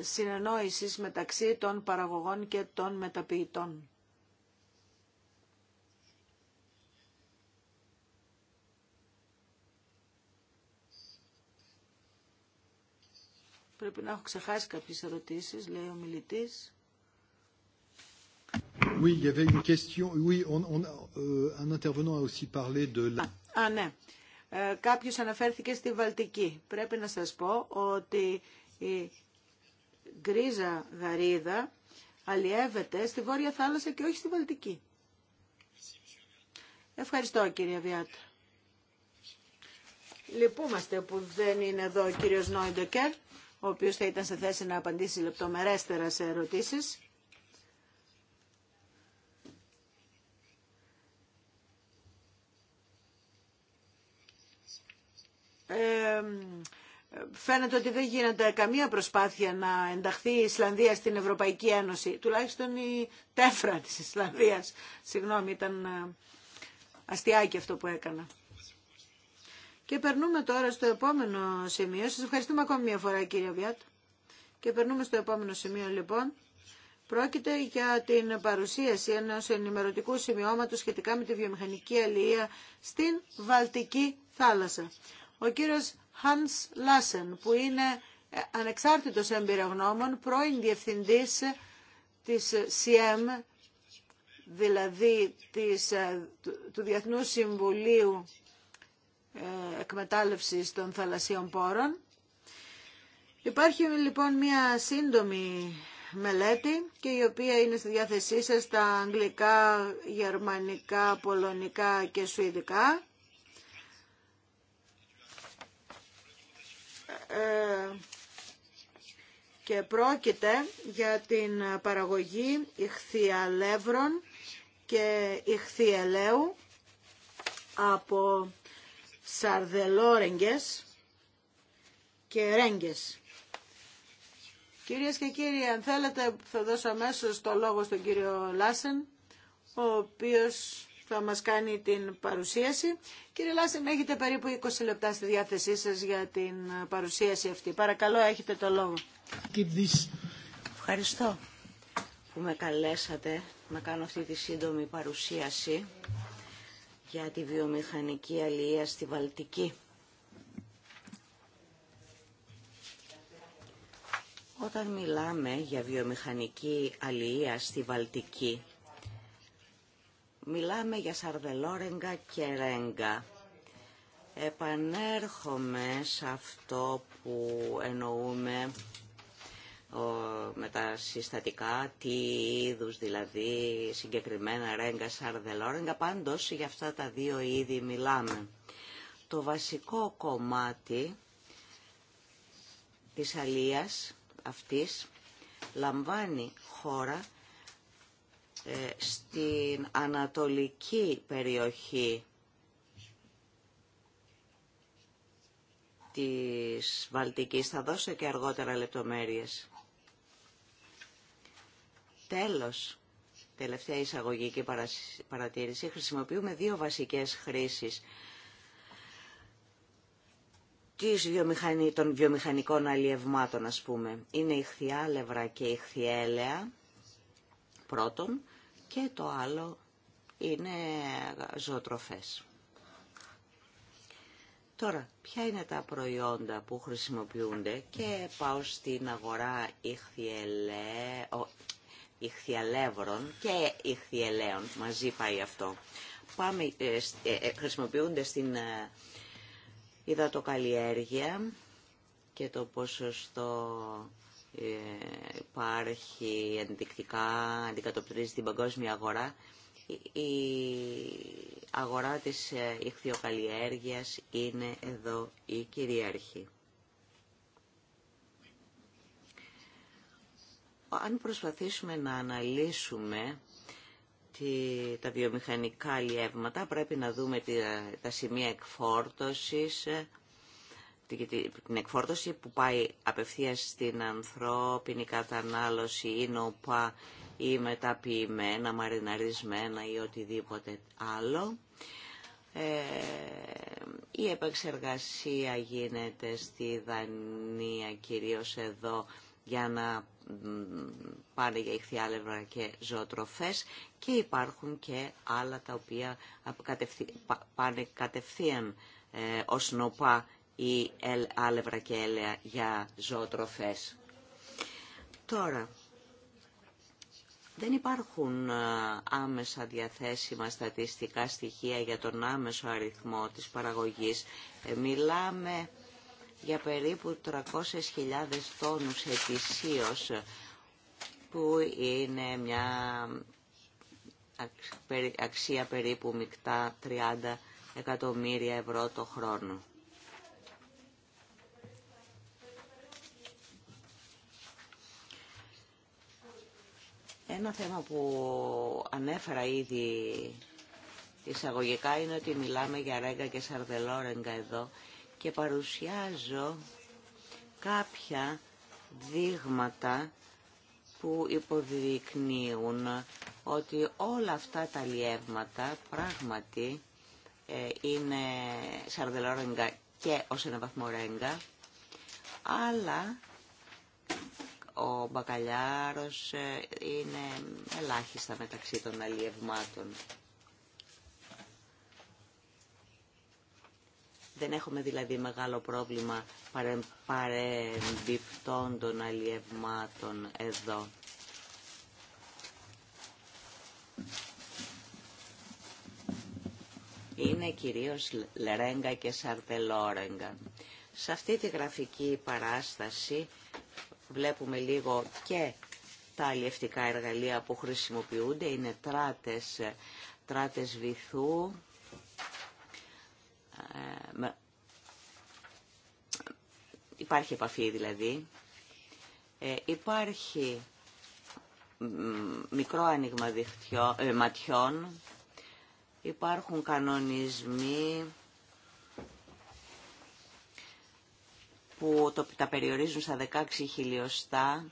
συνεννόησης μεταξύ των παραγωγών και των μεταποιητών. Πρέπει να έχω ξεχάσει κάποιες ερωτήσεις, λέει ο μιλητής. Oui, il y avait une question. Oui, on, on, euh, un intervenant a aussi parlé de la... Α, ναι. Ε, κάποιος αναφέρθηκε στη Βαλτική. Πρέπει να σας πω ότι η γκρίζα γαρίδα αλλιεύεται στη Βόρεια Θάλασσα και όχι στη Βαλτική. Ευχαριστώ κύριε Βιάτα. Λυπούμαστε που δεν είναι εδώ ο κύριος Νόιντεκερ ο οποίος θα ήταν σε θέση να απαντήσει λεπτομερέστερα σε ερωτήσεις. φαίνεται ότι δεν γίνεται καμία προσπάθεια να ενταχθεί η Ισλανδία στην Ευρωπαϊκή Ένωση. Τουλάχιστον η τέφρα της Ισλανδίας. Συγγνώμη, ήταν ε, αστιάκι αυτό που έκανα. Και περνούμε τώρα στο επόμενο σημείο. Σας ευχαριστούμε ακόμη μια φορά κύριε Βιάτ. Και περνούμε στο επόμενο σημείο λοιπόν. Πρόκειται για την παρουσίαση ενός ενημερωτικού σημειώματος σχετικά με τη βιομηχανική αλληλεία στην Βαλτική θάλασσα. Ο κύριος Hans Lassen που είναι ε, ανεξάρτητος εμπειρογνώμων, πρώην διευθυντής της CM, δηλαδή της, ε, του Διεθνού Συμβουλίου ε, εκμετάλλευσης των θαλασσίων πόρων. Υπάρχει λοιπόν μια σύντομη μελέτη και η οποία είναι στη διάθεσή σας στα αγγλικά, γερμανικά, πολωνικά και σουηδικά. Ε, και πρόκειται για την παραγωγή ηχθιαλεύρων και ηχθιελαίου από σαρδελόρεγγες και ρέγγες. Κυρίες και κύριοι, αν θέλετε θα δώσω αμέσω το λόγο στον κύριο Λάσεν, ο οποίος θα μας κάνει την παρουσίαση. Κύριε Λάσεν, έχετε περίπου 20 λεπτά στη διάθεσή σας για την παρουσίαση αυτή. Παρακαλώ, έχετε το λόγο. Ευχαριστώ που με καλέσατε να κάνω αυτή τη σύντομη παρουσίαση για τη βιομηχανική αλληλεία στη Βαλτική. Όταν μιλάμε για βιομηχανική αλληλεία στη Βαλτική, μιλάμε για σαρδελόρεγγα και ρέγγα. Επανέρχομαι σε αυτό που εννοούμε με τα συστατικά, τι είδους δηλαδή συγκεκριμένα ρέγγα, σαρδελόρεγγα, πάντως για αυτά τα δύο είδη μιλάμε. Το βασικό κομμάτι της αλίας αυτής λαμβάνει χώρα ε, στην ανατολική περιοχή της Βαλτικής. Θα δώσω και αργότερα λεπτομέρειες. Τέλος, τελευταία και παρατήρηση, χρησιμοποιούμε δύο βασικές χρήσεις των βιομηχανικών αλλιευμάτων, ας πούμε. Είναι η χθιάλευρα και η χθιέλεα πρώτον, και το άλλο είναι ζωοτροφές. Τώρα, ποια είναι τα προϊόντα που χρησιμοποιούνται και πάω στην αγορά ηχθιελέ, ηχθιαλεύρων και ηχθιελαίων. Μαζί πάει αυτό. Πάμε, ε, ε, ε, χρησιμοποιούνται στην ε, υδατοκαλλιέργεια και το ποσοστό ε, υπάρχει ενδεικτικά, αντικατοπτρίζει την παγκόσμια αγορά. Η, αγορά της ε, ηχθιοκαλλιέργειας είναι εδώ η κυρίαρχη. Αν προσπαθήσουμε να αναλύσουμε τα βιομηχανικά λιεύματα, πρέπει να δούμε τα σημεία εκφόρτωσης, ε, την εκφόρτωση που πάει απευθείας στην ανθρώπινη κατανάλωση ή νοπά ή μεταποιημένα, μαριναρισμένα ή οτιδήποτε άλλο. Ε, η επεξεργασία γίνεται στη Δανία κυρίως εδώ για να πάνε για ηχθιάλευρα και ζωοτροφές και υπάρχουν και άλλα τα οποία πάνε κατευθείαν ε, ως νοπά ή άλευρα και έλαια για ζωοτροφές. Τώρα, δεν υπάρχουν ε, άμεσα διαθέσιμα στατιστικά στοιχεία για τον άμεσο αριθμό της παραγωγής. Ε, μιλάμε για περίπου 300.000 τόνους ετησίως που είναι μια αξία περίπου μεικτά 30 εκατομμύρια ευρώ το χρόνο. Ένα θέμα που ανέφερα ήδη εισαγωγικά είναι ότι μιλάμε για ρέγγα και σαρδελόρεγγα εδώ και παρουσιάζω κάποια δείγματα που υποδεικνύουν ότι όλα αυτά τα λιεύματα πράγματι ε, είναι σαρδελόρεγγα και ως ένα βαθμό αλλά ο μπακαλιάρος ε, είναι ελάχιστα μεταξύ των αλλιευμάτων. Δεν έχουμε δηλαδή μεγάλο πρόβλημα παρε, παρεμπιπτών των αλλιευμάτων εδώ. Είναι κυρίως Λερέγκα και Σαρτελόρεγκα. Σε αυτή τη γραφική παράσταση βλέπουμε λίγο και τα αλλιευτικά εργαλεία που χρησιμοποιούνται. Είναι τράτες, ε, τράτες βυθού, ε, υπάρχει επαφή δηλαδή, ε, υπάρχει μικρό άνοιγμα ε, ματιών, υπάρχουν κανονισμοί που το, τα περιορίζουν στα 16 χιλιοστά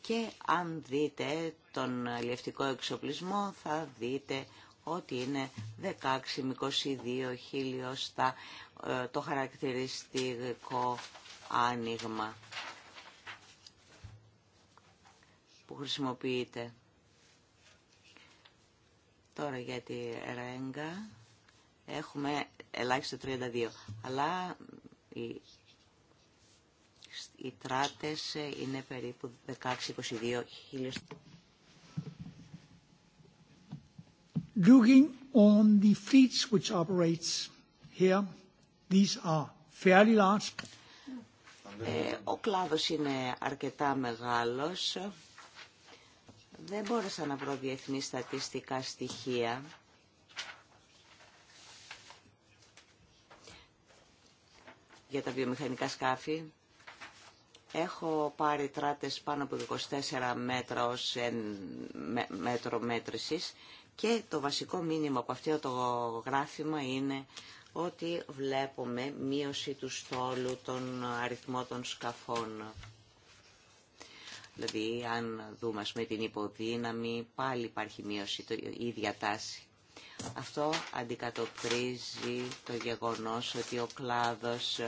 και αν δείτε τον αλλιευτικό εξοπλισμό θα δείτε ότι είναι 16 22 χιλιοστά το χαρακτηριστικό άνοιγμα που χρησιμοποιείται. Τώρα για τη ρέγγα έχουμε ελάχιστο 32, αλλά οι, οι τράτες είναι περίπου 16-22 χιλιοστά. Looking on the fleets which operates here, ε, Ο κλάδος είναι αρκετά μεγάλος. Δεν μπόρεσα να βρω διεθνή στατιστικά στοιχεία. για τα βιομηχανικά σκάφη. Έχω πάρει τράτες πάνω από 24 μέτρα ως μέτρο μέτρησης και το βασικό μήνυμα από αυτό το γράφημα είναι ότι βλέπουμε μείωση του στόλου των αριθμών των σκαφών. Δηλαδή, αν δούμε με την υποδύναμη, πάλι υπάρχει μείωση, η ίδια τάση. Αυτό αντικατοπτρίζει το γεγονός ότι ο κλάδος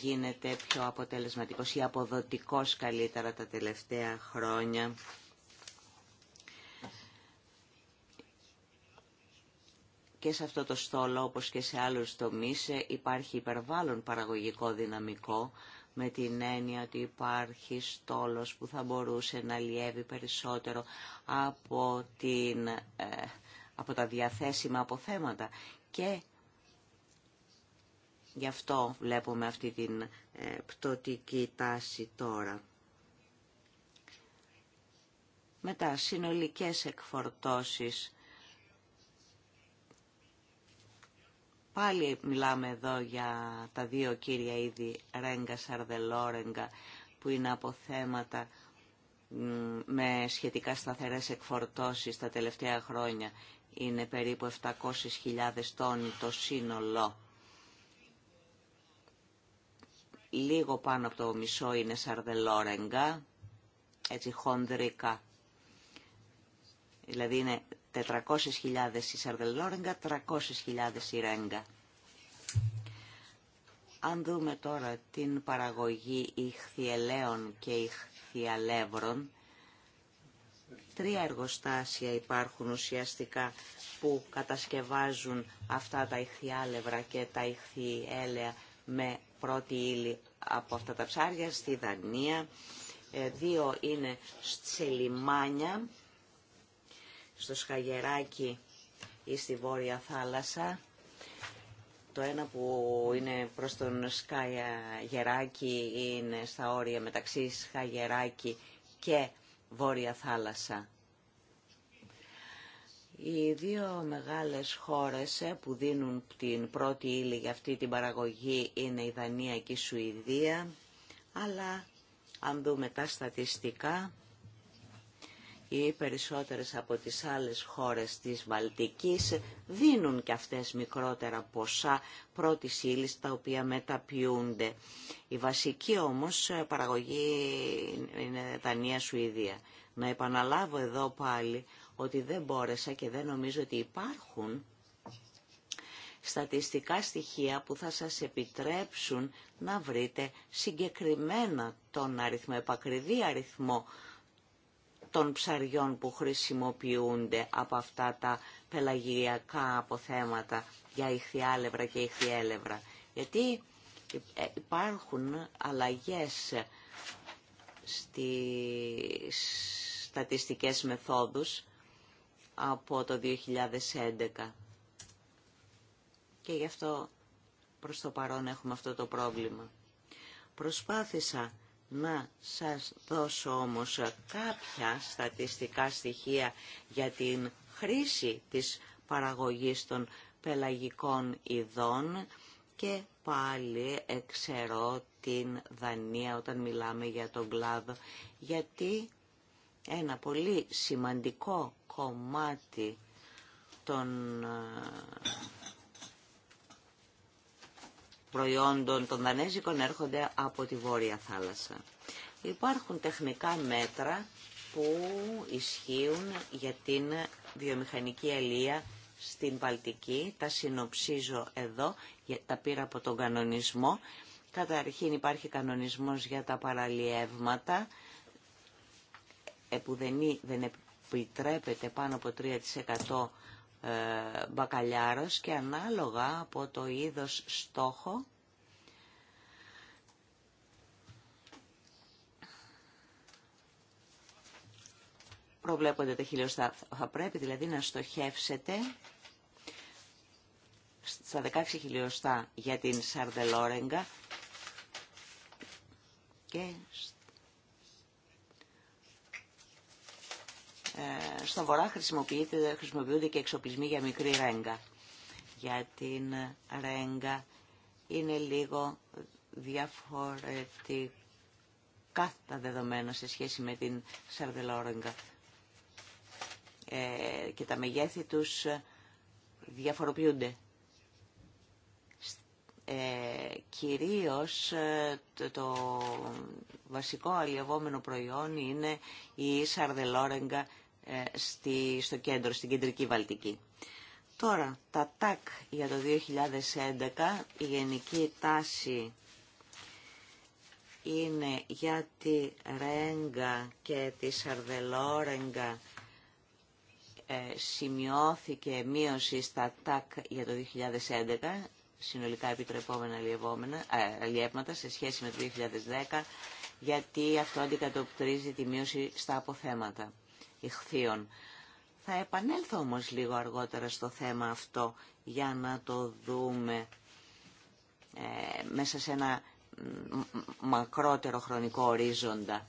γίνεται πιο αποτελεσματικός ή αποδοτικός καλύτερα τα τελευταία χρόνια και σε αυτό το στόλο όπως και σε άλλους τομείς ε, υπάρχει υπερβάλλον παραγωγικό δυναμικό με την έννοια ότι υπάρχει στόλος που θα μπορούσε να λιεύει περισσότερο από, ε, από τα διαθέσιμα αποθέματα και γι' αυτό βλέπουμε αυτή την ε, πτωτική τάση τώρα. Μετά συνολικές εκφορτώσεις Πάλι μιλάμε εδώ για τα δύο κύρια είδη ρέγγα, Σαρδελόρεγκα, που είναι από θέματα με σχετικά σταθερές εκφορτώσεις τα τελευταία χρόνια. Είναι περίπου 700.000 τόνοι το σύνολο. Λίγο πάνω από το μισό είναι Σαρδελόρεγκα, έτσι χονδρικά. Δηλαδή είναι 400.000 η Σαρδελόρεγγα, 300.000 η Ρέγγα. Αν δούμε τώρα την παραγωγή ηχθιελαίων και ηχθιαλεύρων, τρία εργοστάσια υπάρχουν ουσιαστικά που κατασκευάζουν αυτά τα ηχθιάλευρα και τα ηχθιέλεα με πρώτη ύλη από αυτά τα ψάρια στη Δανία. Ε, δύο είναι σε λιμάνια στο Σκαγεράκι ή στη Βόρεια Θάλασσα. Το ένα που είναι προς τον Σκαγεράκι είναι στα όρια μεταξύ Σκαγεράκι και Βόρεια Θάλασσα. Οι δύο μεγάλες χώρες που δίνουν την πρώτη ύλη για αυτή την παραγωγή είναι η Δανία και η Σουηδία, αλλά αν δούμε τα στατιστικά οι περισσότερες από τις άλλες χώρες της Βαλτικής δίνουν και αυτές μικρότερα ποσά πρώτης ύλη τα οποία μεταποιούνται. Η βασική όμως παραγωγή είναι Δανία-Σουηδία. Να επαναλάβω εδώ πάλι ότι δεν μπόρεσα και δεν νομίζω ότι υπάρχουν στατιστικά στοιχεία που θα σας επιτρέψουν να βρείτε συγκεκριμένα τον αριθμό, επακριβή αριθμό των ψαριών που χρησιμοποιούνται από αυτά τα πελαγιακά αποθέματα για ηχθιάλευρα και ηχθιέλευρα. Γιατί ε, υπάρχουν αλλαγές στις στατιστικές μεθόδους από το 2011 και γι' αυτό προς το παρόν έχουμε αυτό το πρόβλημα. Προσπάθησα να σας δώσω όμως κάποια στατιστικά στοιχεία για την χρήση της παραγωγής των πελαγικών ειδών και πάλι εξαιρώ την Δανία όταν μιλάμε για τον κλάδο γιατί ένα πολύ σημαντικό κομμάτι των προϊόντων των Δανέζικων έρχονται από τη Βόρεια Θάλασσα. Υπάρχουν τεχνικά μέτρα που ισχύουν για την βιομηχανική αλία στην Παλτική. Τα συνοψίζω εδώ, τα πήρα από τον κανονισμό. Καταρχήν υπάρχει κανονισμός για τα παραλιεύματα, ε, που δεν επιτρέπεται πάνω από 3% ε, μπακαλιάρος και ανάλογα από το είδος στόχο προβλέπονται τα χιλιοστά. Θα πρέπει δηλαδή να στοχεύσετε στα 16 χιλιοστά για την Σαρδελόρεγγα και Ε, στον βορρά χρησιμοποιείται, χρησιμοποιούνται και εξοπλισμοί για μικρή ρέγγα. Για την ρέγγα είναι λίγο διαφορετικά τα δεδομένα σε σχέση με την σαρδελόρεγγα. Ε, και τα μεγέθη τους διαφοροποιούνται. Ε, κυρίως ε, το, το βασικό αλλιευόμενο προϊόν είναι η σαρδελόρεγγα ε, στη, στο κέντρο, στην κεντρική Βαλτική. Τώρα, τα ΤΑΚ για το 2011, η γενική τάση είναι για τη Ρέγγα και τη Σαρδελόρεγγα ε, σημειώθηκε μείωση στα ΤΑΚ για το 2011, συνολικά επιτρεπόμενα ε, αλλιεύματα σε σχέση με το 2010, γιατί αυτό αντικατοπτρίζει τη μείωση στα αποθέματα. Θα επανέλθω όμως λίγο αργότερα στο θέμα αυτό για να το δούμε ε, μέσα σε ένα μακρότερο χρονικό ορίζοντα.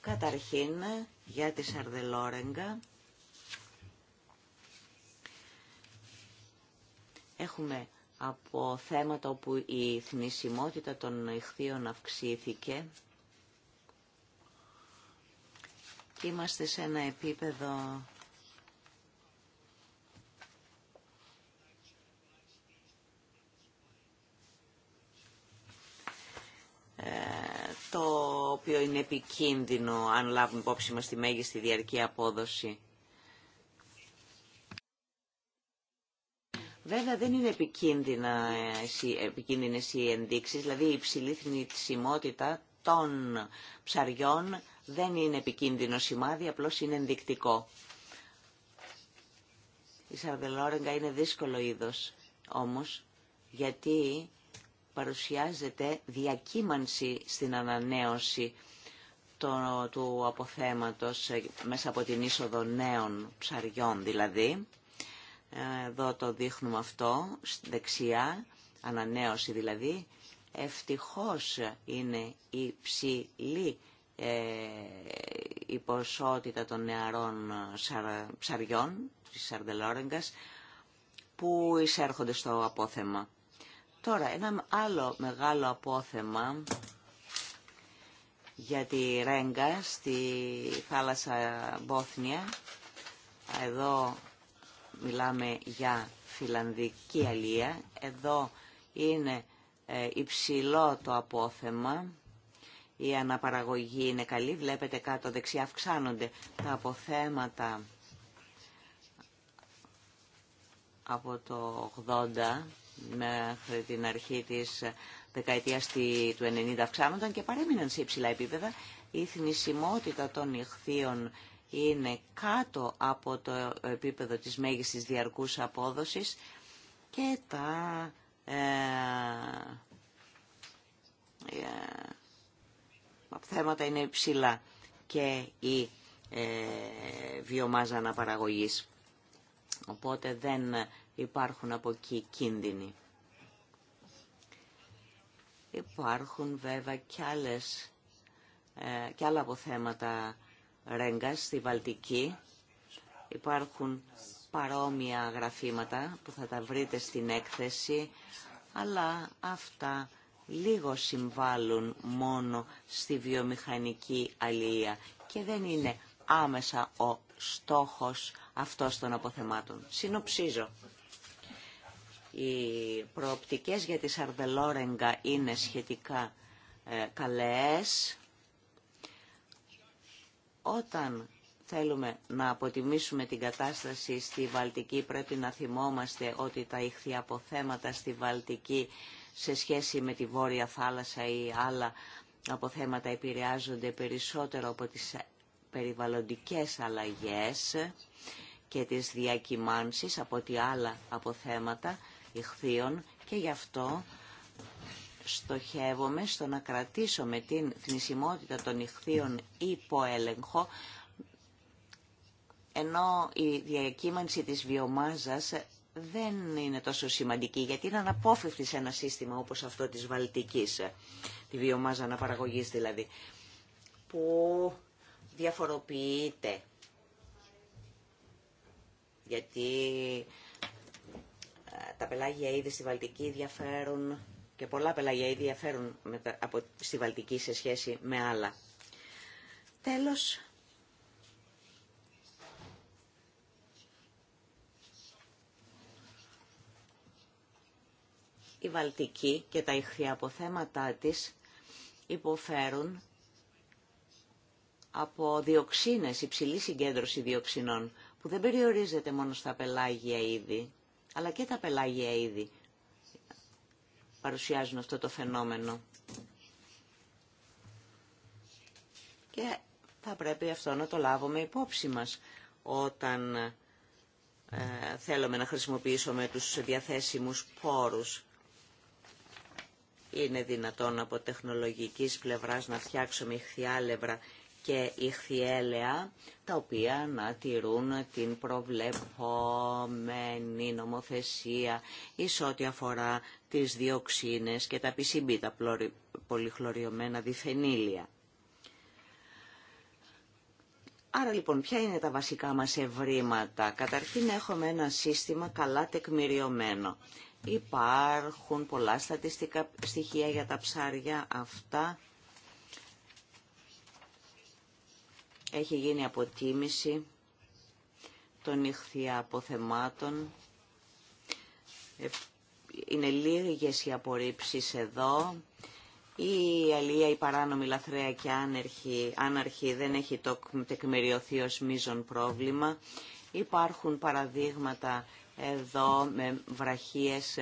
Καταρχήν για τη Σαρδελόρεγγα έχουμε από θέματα όπου η θνησιμότητα των ηχθείων αυξήθηκε Είμαστε σε ένα επίπεδο ε, το οποίο είναι επικίνδυνο αν λάβουμε υπόψη μας τη μέγιστη διαρκή απόδοση. Βέβαια δεν είναι επικίνδυνα, ε, επικίνδυνες οι ενδείξεις, δηλαδή η υψηλή θνησιμότητα των ψαριών δεν είναι επικίνδυνο σημάδι, απλώς είναι ενδεικτικό. Η σαρδελόρεγγα είναι δύσκολο είδος όμως, γιατί παρουσιάζεται διακύμανση στην ανανέωση του αποθέματος ε, μέσα από την είσοδο νέων ψαριών δηλαδή. Εδώ το δείχνουμε αυτό, δεξιά, ανανέωση δηλαδή. Ευτυχώς είναι υψηλή ε, η ποσότητα των νεαρών ψαριών της Σαρντελόρεγκας που εισέρχονται στο απόθεμα. Τώρα, ένα άλλο μεγάλο απόθεμα για τη Ρέγκα στη θάλασσα Μπόθνια. Εδώ μιλάμε για φιλανδική αλία. Εδώ είναι ε, υψηλό το απόθεμα η αναπαραγωγή είναι καλή. Βλέπετε κάτω δεξιά αυξάνονται τα αποθέματα από το 80 μέχρι την αρχή της δεκαετίας του 90 αυξάνονταν και παρέμειναν σε υψηλά επίπεδα. Η θνησιμότητα των ηχθείων είναι κάτω από το επίπεδο της μέγιστης διαρκούς απόδοσης και τα ε, ε, θέματα είναι υψηλά και η ε, βιομάζα αναπαραγωγής. Οπότε δεν υπάρχουν από εκεί κίνδυνοι. Υπάρχουν βέβαια και, άλλες, ε, και άλλα αποθέματα ρέγγας στη Βαλτική. Υπάρχουν παρόμοια γραφήματα που θα τα βρείτε στην έκθεση, αλλά αυτά λίγο συμβάλλουν μόνο στη βιομηχανική αλληλεία και δεν είναι άμεσα ο στόχος αυτός των αποθεμάτων. Συνοψίζω. Οι προοπτικές για τη Σαρδελόρεγγα είναι σχετικά ε, καλές. Όταν θέλουμε να αποτιμήσουμε την κατάσταση στη Βαλτική πρέπει να θυμόμαστε ότι τα αποθέματα στη Βαλτική σε σχέση με τη Βόρεια Θάλασσα ή άλλα αποθέματα επηρεάζονται περισσότερο από τις περιβαλλοντικές αλλαγές και τις διακυμάνσεις από τι άλλα αποθέματα ηχθείων και γι' αυτό στοχεύομαι στο να κρατήσουμε την θνησιμότητα των ηχθείων έλεγχο, ενώ η διακύμανση της βιομάζας δεν είναι τόσο σημαντική γιατί είναι αναπόφευκτη σε ένα σύστημα όπως αυτό της βαλτικής, ε, τη βιομάζα αναπαραγωγής δηλαδή, που διαφοροποιείται. Γιατί ε, τα πελάγια είδη στη Βαλτική διαφέρουν και πολλά πελάγια είδη διαφέρουν από, στη Βαλτική σε σχέση με άλλα. Τέλος, Η Βαλτική και τα αποθέματά της υποφέρουν από διοξίνες, υψηλή συγκέντρωση διοξινών, που δεν περιορίζεται μόνο στα πελάγια είδη, αλλά και τα πελάγια είδη παρουσιάζουν αυτό το φαινόμενο. Και θα πρέπει αυτό να το λάβουμε υπόψη μας όταν ε, θέλουμε να χρησιμοποιήσουμε τους διαθέσιμους πόρους είναι δυνατόν από τεχνολογικής πλευράς να φτιάξουμε ηχθιάλευρα και ηχθιέλεα, τα οποία να τηρούν την προβλεπόμενη νομοθεσία εις ό,τι αφορά τις διοξίνες και τα PCB, τα πολυχλωριωμένα διφενήλια. Άρα λοιπόν, ποια είναι τα βασικά μας ευρήματα. Καταρχήν έχουμε ένα σύστημα καλά τεκμηριωμένο. Υπάρχουν πολλά στατιστικά στοιχεία για τα ψάρια αυτά. Έχει γίνει αποτίμηση των αποθεμάτων. Ε, είναι λίγες οι απορρίψεις εδώ. Η αλία, η παράνομη, λαθρέα και άνερχη, άναρχη δεν έχει το τεκμηριωθεί ως μείζον πρόβλημα. Υπάρχουν παραδείγματα εδώ με βραχίες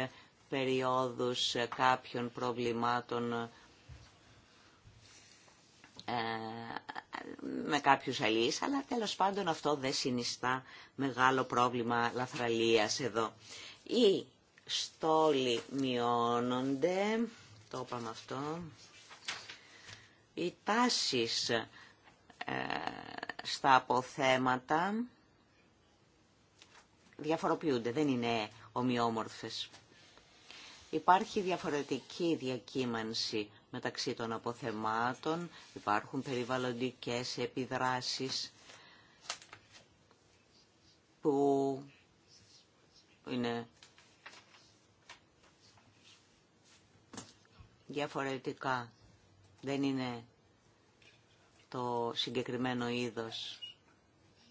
περιόδους κάποιων προβλημάτων ε, με κάποιους αλληλείς, αλλά τέλος πάντων αυτό δεν συνιστά μεγάλο πρόβλημα λαθραλίας εδώ. Οι στόλοι μειώνονται, το είπαμε αυτό, οι τάσεις ε, στα αποθέματα διαφοροποιούνται, δεν είναι ομοιόμορφες. Υπάρχει διαφορετική διακύμανση μεταξύ των αποθεμάτων, υπάρχουν περιβαλλοντικές επιδράσεις που είναι διαφορετικά. Δεν είναι το συγκεκριμένο είδος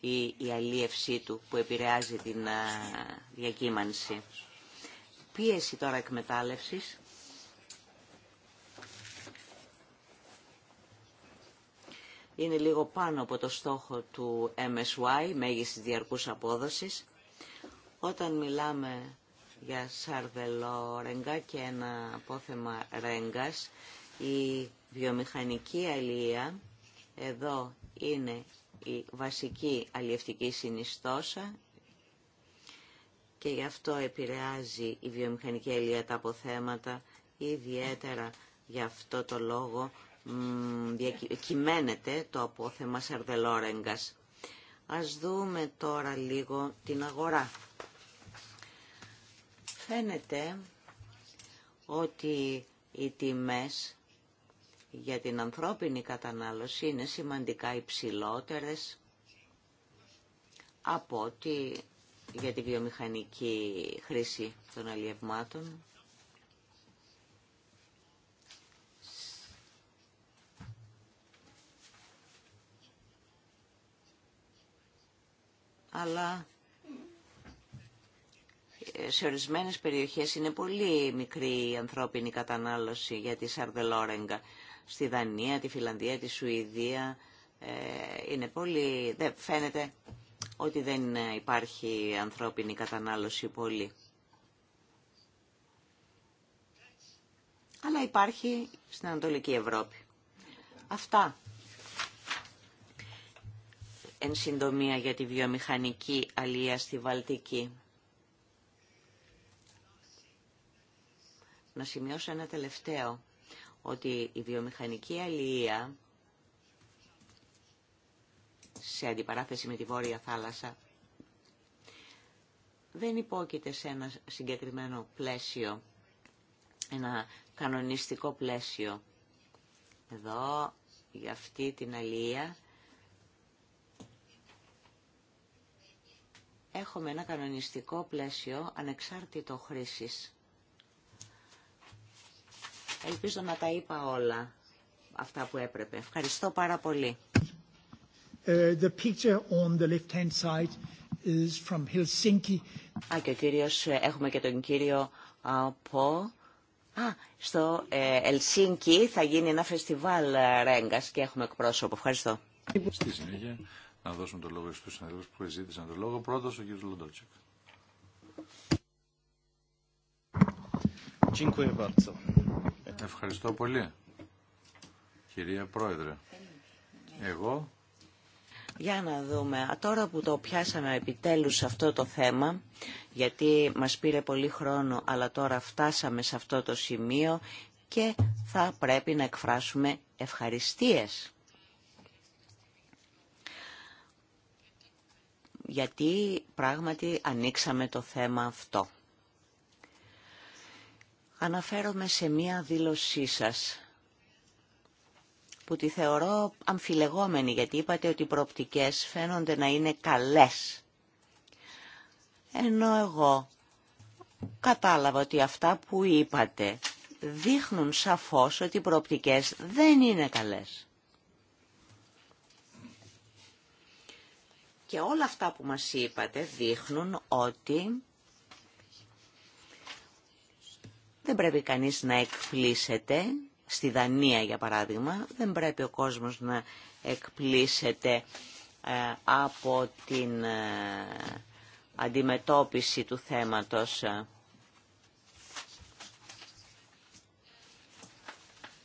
η, η αλίευσή του που επηρεάζει την διακύμανση. Πίεση τώρα εκμετάλλευσης. Είναι λίγο πάνω από το στόχο του MSY, μέγιστη διαρκούς απόδοσης. Όταν μιλάμε για σαρδελό και ένα απόθεμα ρέγγας, η βιομηχανική αλία εδώ είναι η βασική αλλιευτική συνιστόσα και γι' αυτό επηρεάζει η βιομηχανική αλληλεία τα αποθέματα ιδιαίτερα γι' αυτό το λόγο κυμαίνεται το απόθεμα Σαρδελόρεγκας. Ας δούμε τώρα λίγο την αγορά. Φαίνεται ότι οι τιμές για την ανθρώπινη κατανάλωση είναι σημαντικά υψηλότερες από ότι για τη βιομηχανική χρήση των αλλιευμάτων. Αλλά σε ορισμένες περιοχές είναι πολύ μικρή η ανθρώπινη κατανάλωση για τη σαρδελόρεγγα στη Δανία, τη Φιλανδία, τη Σουηδία. Ε, είναι πολύ... Δεν φαίνεται ότι δεν υπάρχει ανθρώπινη κατανάλωση πολύ. Αλλά υπάρχει στην Ανατολική Ευρώπη. Αυτά εν συντομία για τη βιομηχανική αλία στη Βαλτική. Να σημειώσω ένα τελευταίο ότι η βιομηχανική αλληλεία σε αντιπαράθεση με τη Βόρεια Θάλασσα δεν υπόκειται σε ένα συγκεκριμένο πλαίσιο, ένα κανονιστικό πλαίσιο. Εδώ, για αυτή την αλληλεία, έχουμε ένα κανονιστικό πλαίσιο ανεξάρτητο χρήσης. Ελπίζω να τα είπα όλα αυτά που έπρεπε. Ευχαριστώ πάρα πολύ. Ε, the picture on the left hand side is from Helsinki. Α, και ο κύριος, ε, έχουμε και τον κύριο από... Α, στο ε, Ελσίνκι θα γίνει ένα φεστιβάλ Ρέγκας και έχουμε εκπρόσωπο. Ευχαριστώ. Στη συνέχεια να δώσουμε το λόγο στους συναδέλφους που ζήτησαν το λόγο. Πρώτος ο κύριος Λοντότσικ. Dziękuję bardzo. Ευχαριστώ πολύ, κυρία Πρόεδρε. Εγώ... Για να δούμε. Τώρα που το πιάσαμε επιτέλους αυτό το θέμα, γιατί μας πήρε πολύ χρόνο, αλλά τώρα φτάσαμε σε αυτό το σημείο και θα πρέπει να εκφράσουμε ευχαριστίες. Γιατί πράγματι ανοίξαμε το θέμα αυτό. Αναφέρομαι σε μία δήλωσή σας που τη θεωρώ αμφιλεγόμενη γιατί είπατε ότι οι προοπτικές φαίνονται να είναι καλές. Ενώ εγώ κατάλαβα ότι αυτά που είπατε δείχνουν σαφώς ότι οι προοπτικές δεν είναι καλές. Και όλα αυτά που μας είπατε δείχνουν ότι Δεν πρέπει κανείς να εκπλήσεται, στη Δανία για παράδειγμα, δεν πρέπει ο κόσμος να εκπλήσεται ε, από την ε, αντιμετώπιση του θέματος.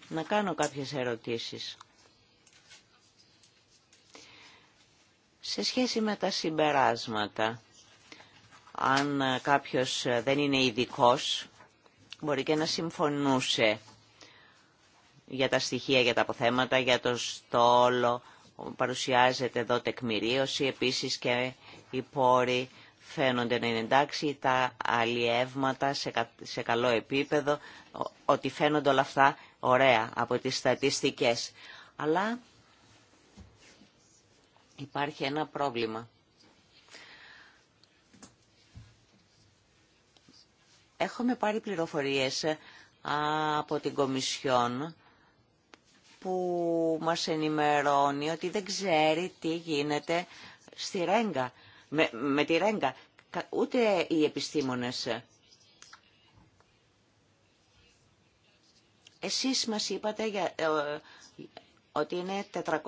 Να κάνω κάποιες ερωτήσεις. Σε σχέση με τα συμπεράσματα, αν κάποιος δεν είναι ειδικός μπορεί και να συμφωνούσε για τα στοιχεία, για τα αποθέματα, για το στόλο, παρουσιάζεται εδώ τεκμηρίωση, επίσης και οι πόροι φαίνονται να είναι εντάξει, τα αλλιεύματα σε καλό επίπεδο, ότι φαίνονται όλα αυτά ωραία από τις στατιστικές. Αλλά υπάρχει ένα πρόβλημα. Έχουμε πάρει πληροφορίες ε, από την Κομισιόν που μας ενημερώνει ότι δεν ξέρει τι γίνεται στη με, τη Ρέγκα, ούτε οι επιστήμονες. Εσείς μας είπατε ε, ότι είναι 400.000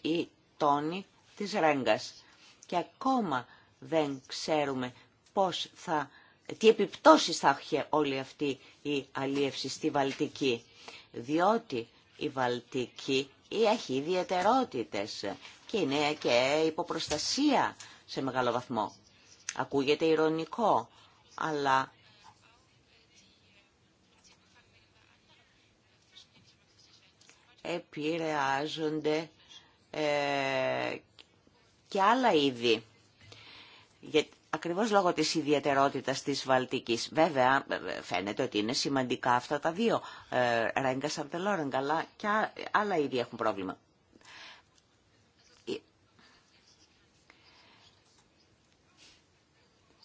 οι τόνοι της Ρέγκας και ακόμα δεν ξέρουμε πώς θα τι επιπτώσεις θα έχει όλη αυτή η αλίευση στη Βαλτική. Διότι η Βαλτική έχει ιδιαιτερότητες και είναι και υποπροστασία σε μεγάλο βαθμό. Ακούγεται ηρωνικό, αλλά επηρεάζονται ε, και άλλα είδη. Γιατί ακριβώς λόγω της ιδιαιτερότητας της Βαλτικής. Βέβαια, ε, ε, φαίνεται ότι είναι σημαντικά αυτά τα δύο, ε, Ρέγκα Σαρτελόρεγκα, αλλά και άλλα ήδη έχουν πρόβλημα.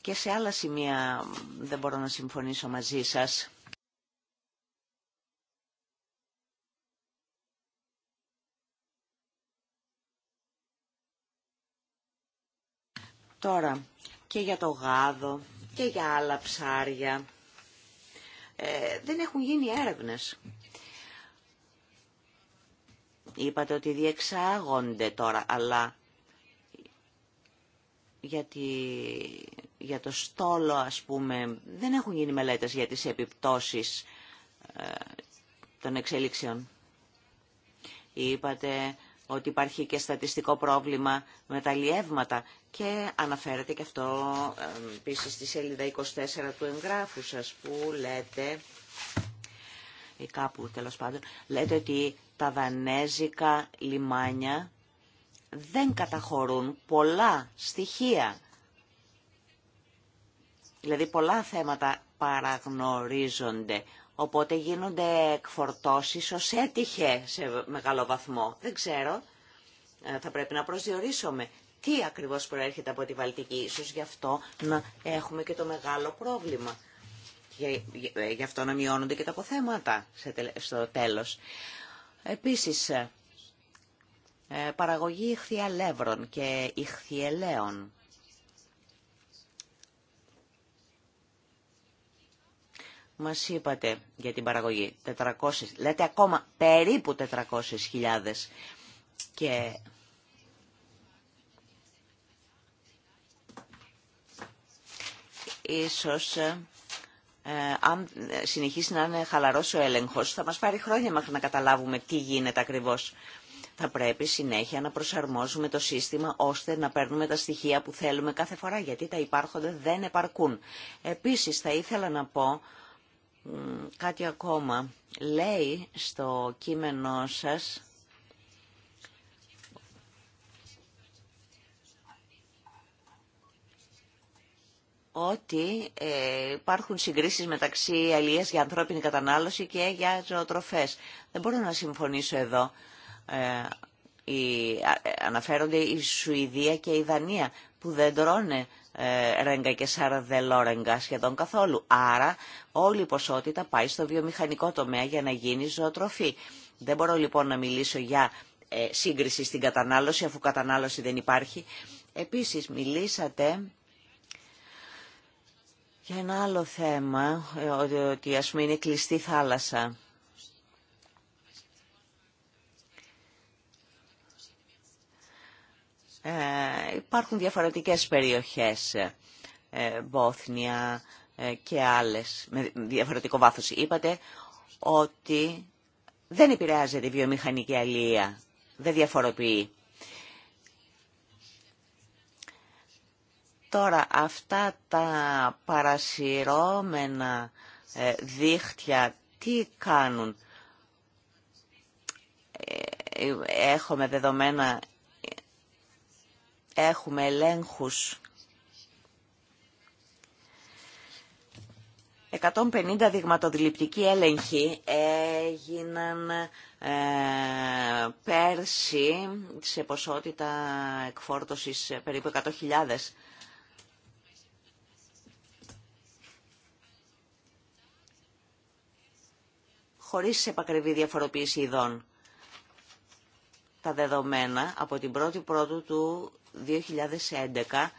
Και σε άλλα σημεία δεν μπορώ να συμφωνήσω μαζί σας. Τώρα, και για το γάδο και για άλλα ψάρια. Ε, δεν έχουν γίνει έρευνες. Είπατε ότι διεξάγονται τώρα, αλλά γιατί για το στόλο, ας πούμε, δεν έχουν γίνει μελέτες για τις επιπτώσεις ε, των εξελίξεων. Είπατε ότι υπάρχει και στατιστικό πρόβλημα με τα λιεύματα και αναφέρεται και αυτό επίση στη σελίδα 24 του εγγράφου σας που λέτε ή κάπου πάντων λέτε ότι τα δανέζικα λιμάνια δεν καταχωρούν πολλά στοιχεία δηλαδή πολλά θέματα παραγνωρίζονται Οπότε γίνονται εκφορτώσεις ως έτυχε σε μεγάλο βαθμό. Δεν ξέρω, ε, θα πρέπει να προσδιορίσουμε τι ακριβώς προέρχεται από τη Βαλτική. Ίσως γι' αυτό να έχουμε και το μεγάλο πρόβλημα. Γι' ε, αυτό να μειώνονται και τα αποθέματα στο τέλος. Επίσης, ε, παραγωγή ηχθιαλεύρων και ηχθιελαίων. μας είπατε για την παραγωγή. 400, λέτε ακόμα περίπου 400.000 και ίσως ε, αν συνεχίσει να είναι χαλαρός ο έλεγχος θα μας πάρει χρόνια μέχρι να καταλάβουμε τι γίνεται ακριβώς. Θα πρέπει συνέχεια να προσαρμόζουμε το σύστημα ώστε να παίρνουμε τα στοιχεία που θέλουμε κάθε φορά γιατί τα υπάρχονται δεν επαρκούν. Επίσης θα ήθελα να πω Κάτι ακόμα. Λέει στο κείμενό σας ότι ε, υπάρχουν συγκρίσεις μεταξύ αλλιές για ανθρώπινη κατανάλωση και για ζωοτροφές. Δεν μπορώ να συμφωνήσω εδώ. Ε, ε, αναφέρονται η Σουηδία και η Δανία που δεν τρώνε ε, ρέγγα και σαραδελό ρέγγα σχεδόν καθόλου. Άρα όλη η ποσότητα πάει στο βιομηχανικό τομέα για να γίνει ζωοτροφή. Δεν μπορώ λοιπόν να μιλήσω για ε, σύγκριση στην κατανάλωση αφού κατανάλωση δεν υπάρχει. Επίσης μιλήσατε για ένα άλλο θέμα, ότι ας πούμε είναι κλειστή θάλασσα. Ε, υπάρχουν διαφορετικές περιοχές, Μπόθνια ε, ε, και άλλες, με διαφορετικό βάθος. Είπατε ότι δεν επηρεάζεται η βιομηχανική αλληλεία, δεν διαφοροποιεί. Τώρα αυτά τα παρασυρώμενα δίχτυα τι κάνουν. Έχουμε δεδομένα έχουμε ελέγχους 150 δειγματοδηληπτικοί έλεγχοι έγιναν ε, πέρσι σε ποσότητα εκφόρτωσης περίπου 100.000. χωρίς επακριβή διαφοροποίηση ειδών. Τα δεδομένα από την 1η Πρώτου του 2011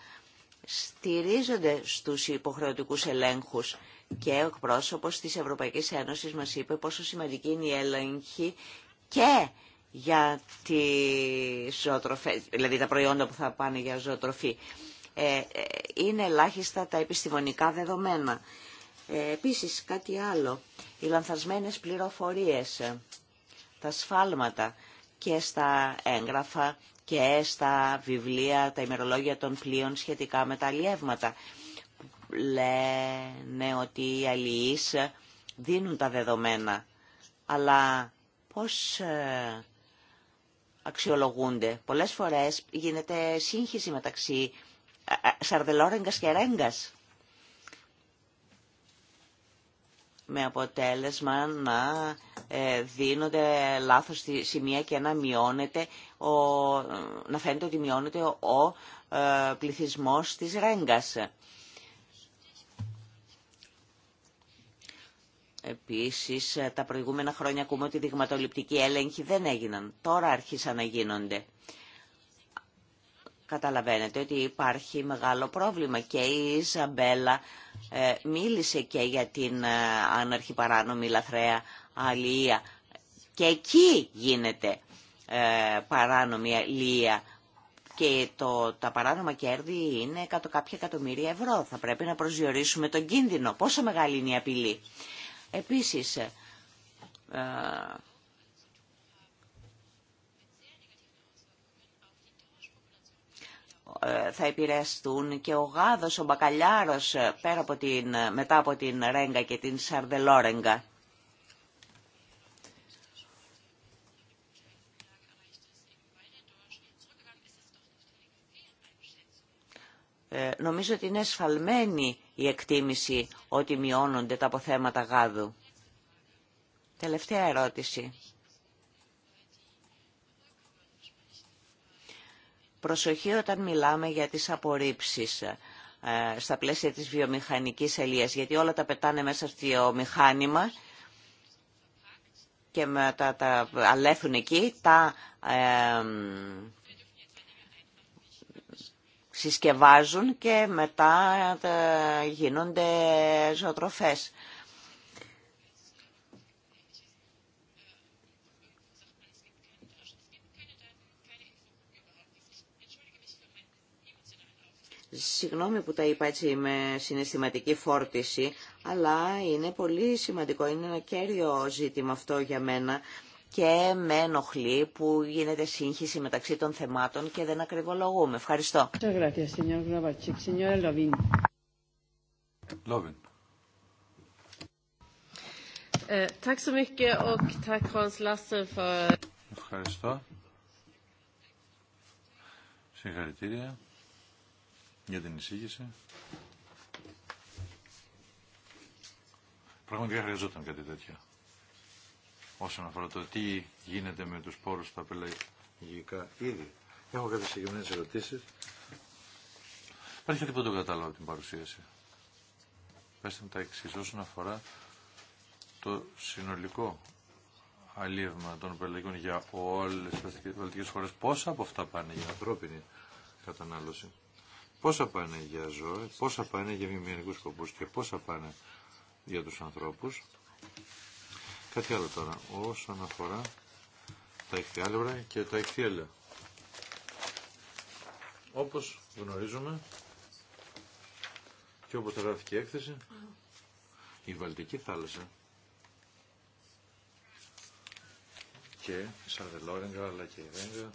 στηρίζονται στους υποχρεωτικούς ελέγχους και ο εκπρόσωπος της Ευρωπαϊκής Ένωσης μας είπε πόσο σημαντική είναι η έλεγχη και για τη ζωοτροφή, δηλαδή τα προϊόντα που θα πάνε για ζωοτροφή. Ε, ε, είναι ελάχιστα τα επιστημονικά δεδομένα. Ε, επίσης κάτι άλλο, οι λανθασμένες πληροφορίες, τα σφάλματα και στα έγγραφα και στα βιβλία, τα ημερολόγια των πλοίων σχετικά με τα αλλιεύματα. Λένε ότι οι αλληλείς δίνουν τα δεδομένα, αλλά πώς ε, αξιολογούνται. Πολλές φορές γίνεται σύγχυση μεταξύ ε, ε, σαρδελόρεγκας και ρέγκας. με αποτέλεσμα να ε, δίνονται λάθος σημεία και να μειώνεται ο, να φαίνεται ότι μειώνεται ο ε, πληθυσμός της Ρέγκας. Επίσης, ε, τα προηγούμενα χρόνια ακούμε ότι οι δειγματοληπτικοί έλεγχοι δεν έγιναν. Τώρα άρχισαν να γίνονται. Καταλαβαίνετε ότι υπάρχει μεγάλο πρόβλημα και η Ιζαμπέλα ε, μίλησε και για την ε, άναρχη παράνομη λαθρέα αλία. Και εκεί γίνεται ε, παράνομη αλία και το, τα παράνομα κέρδη είναι κάτω κάποια εκατομμύρια ευρώ. Θα πρέπει να προσδιορίσουμε τον κίνδυνο. Πόσο μεγάλη είναι η απειλή. Επίσης, Ε, θα επηρεαστούν και ο γάδος, ο μπακαλιάρος ε, πέρα από την, ε, μετά από την Ρέγκα και την Σαρδελόρεγκα. νομίζω ότι είναι εσφαλμένη η εκτίμηση ότι μειώνονται τα αποθέματα γάδου. Τελευταία ερώτηση. Προσοχή όταν μιλάμε για τις απορρίψεις ε, στα πλαίσια της βιομηχανικής ελίας, γιατί όλα τα πετάνε μέσα στο μηχάνημα και μετά τα αλέθουν εκεί, τα συσκευάζουν και μετά ε, γίνονται ζωοτροφές. Συγγνώμη που τα είπα έτσι με συναισθηματική φόρτιση, αλλά είναι πολύ σημαντικό, είναι ένα κέριο ζήτημα αυτό για μένα και με ενοχλεί που γίνεται σύγχυση μεταξύ των θεμάτων και δεν ακριβολογούμε. Ευχαριστώ. Ευχαριστώ. Συγχαρητήρια για την εισήγηση. Πραγματικά χρειαζόταν κάτι τέτοιο. Όσον αφορά το τι γίνεται με τους πόρους στα πελαγικά ήδη. Έχω κάποιες συγκεκριμένες ερωτήσεις. Υπάρχει τίποτα το κατάλαβα την παρουσίαση. Πέστε μου τα εξής όσον αφορά το συνολικό αλίευμα των πελαγικών για όλες τις βαλτικές χώρες. Πόσα από αυτά πάνε για ανθρώπινη κατανάλωση πόσα πάνε για ζώα, πόσα πάνε για μηχανικούς σκοπούς και πόσα πάνε για τους ανθρώπους. Κάτι άλλο τώρα, όσον αφορά τα ηχθιάλευρα και τα ηχθιέλαια. Όπως γνωρίζουμε και όπως γράφει η έκθεση, η Βαλτική θάλασσα και Σαρδελόρεγγα αλλά και η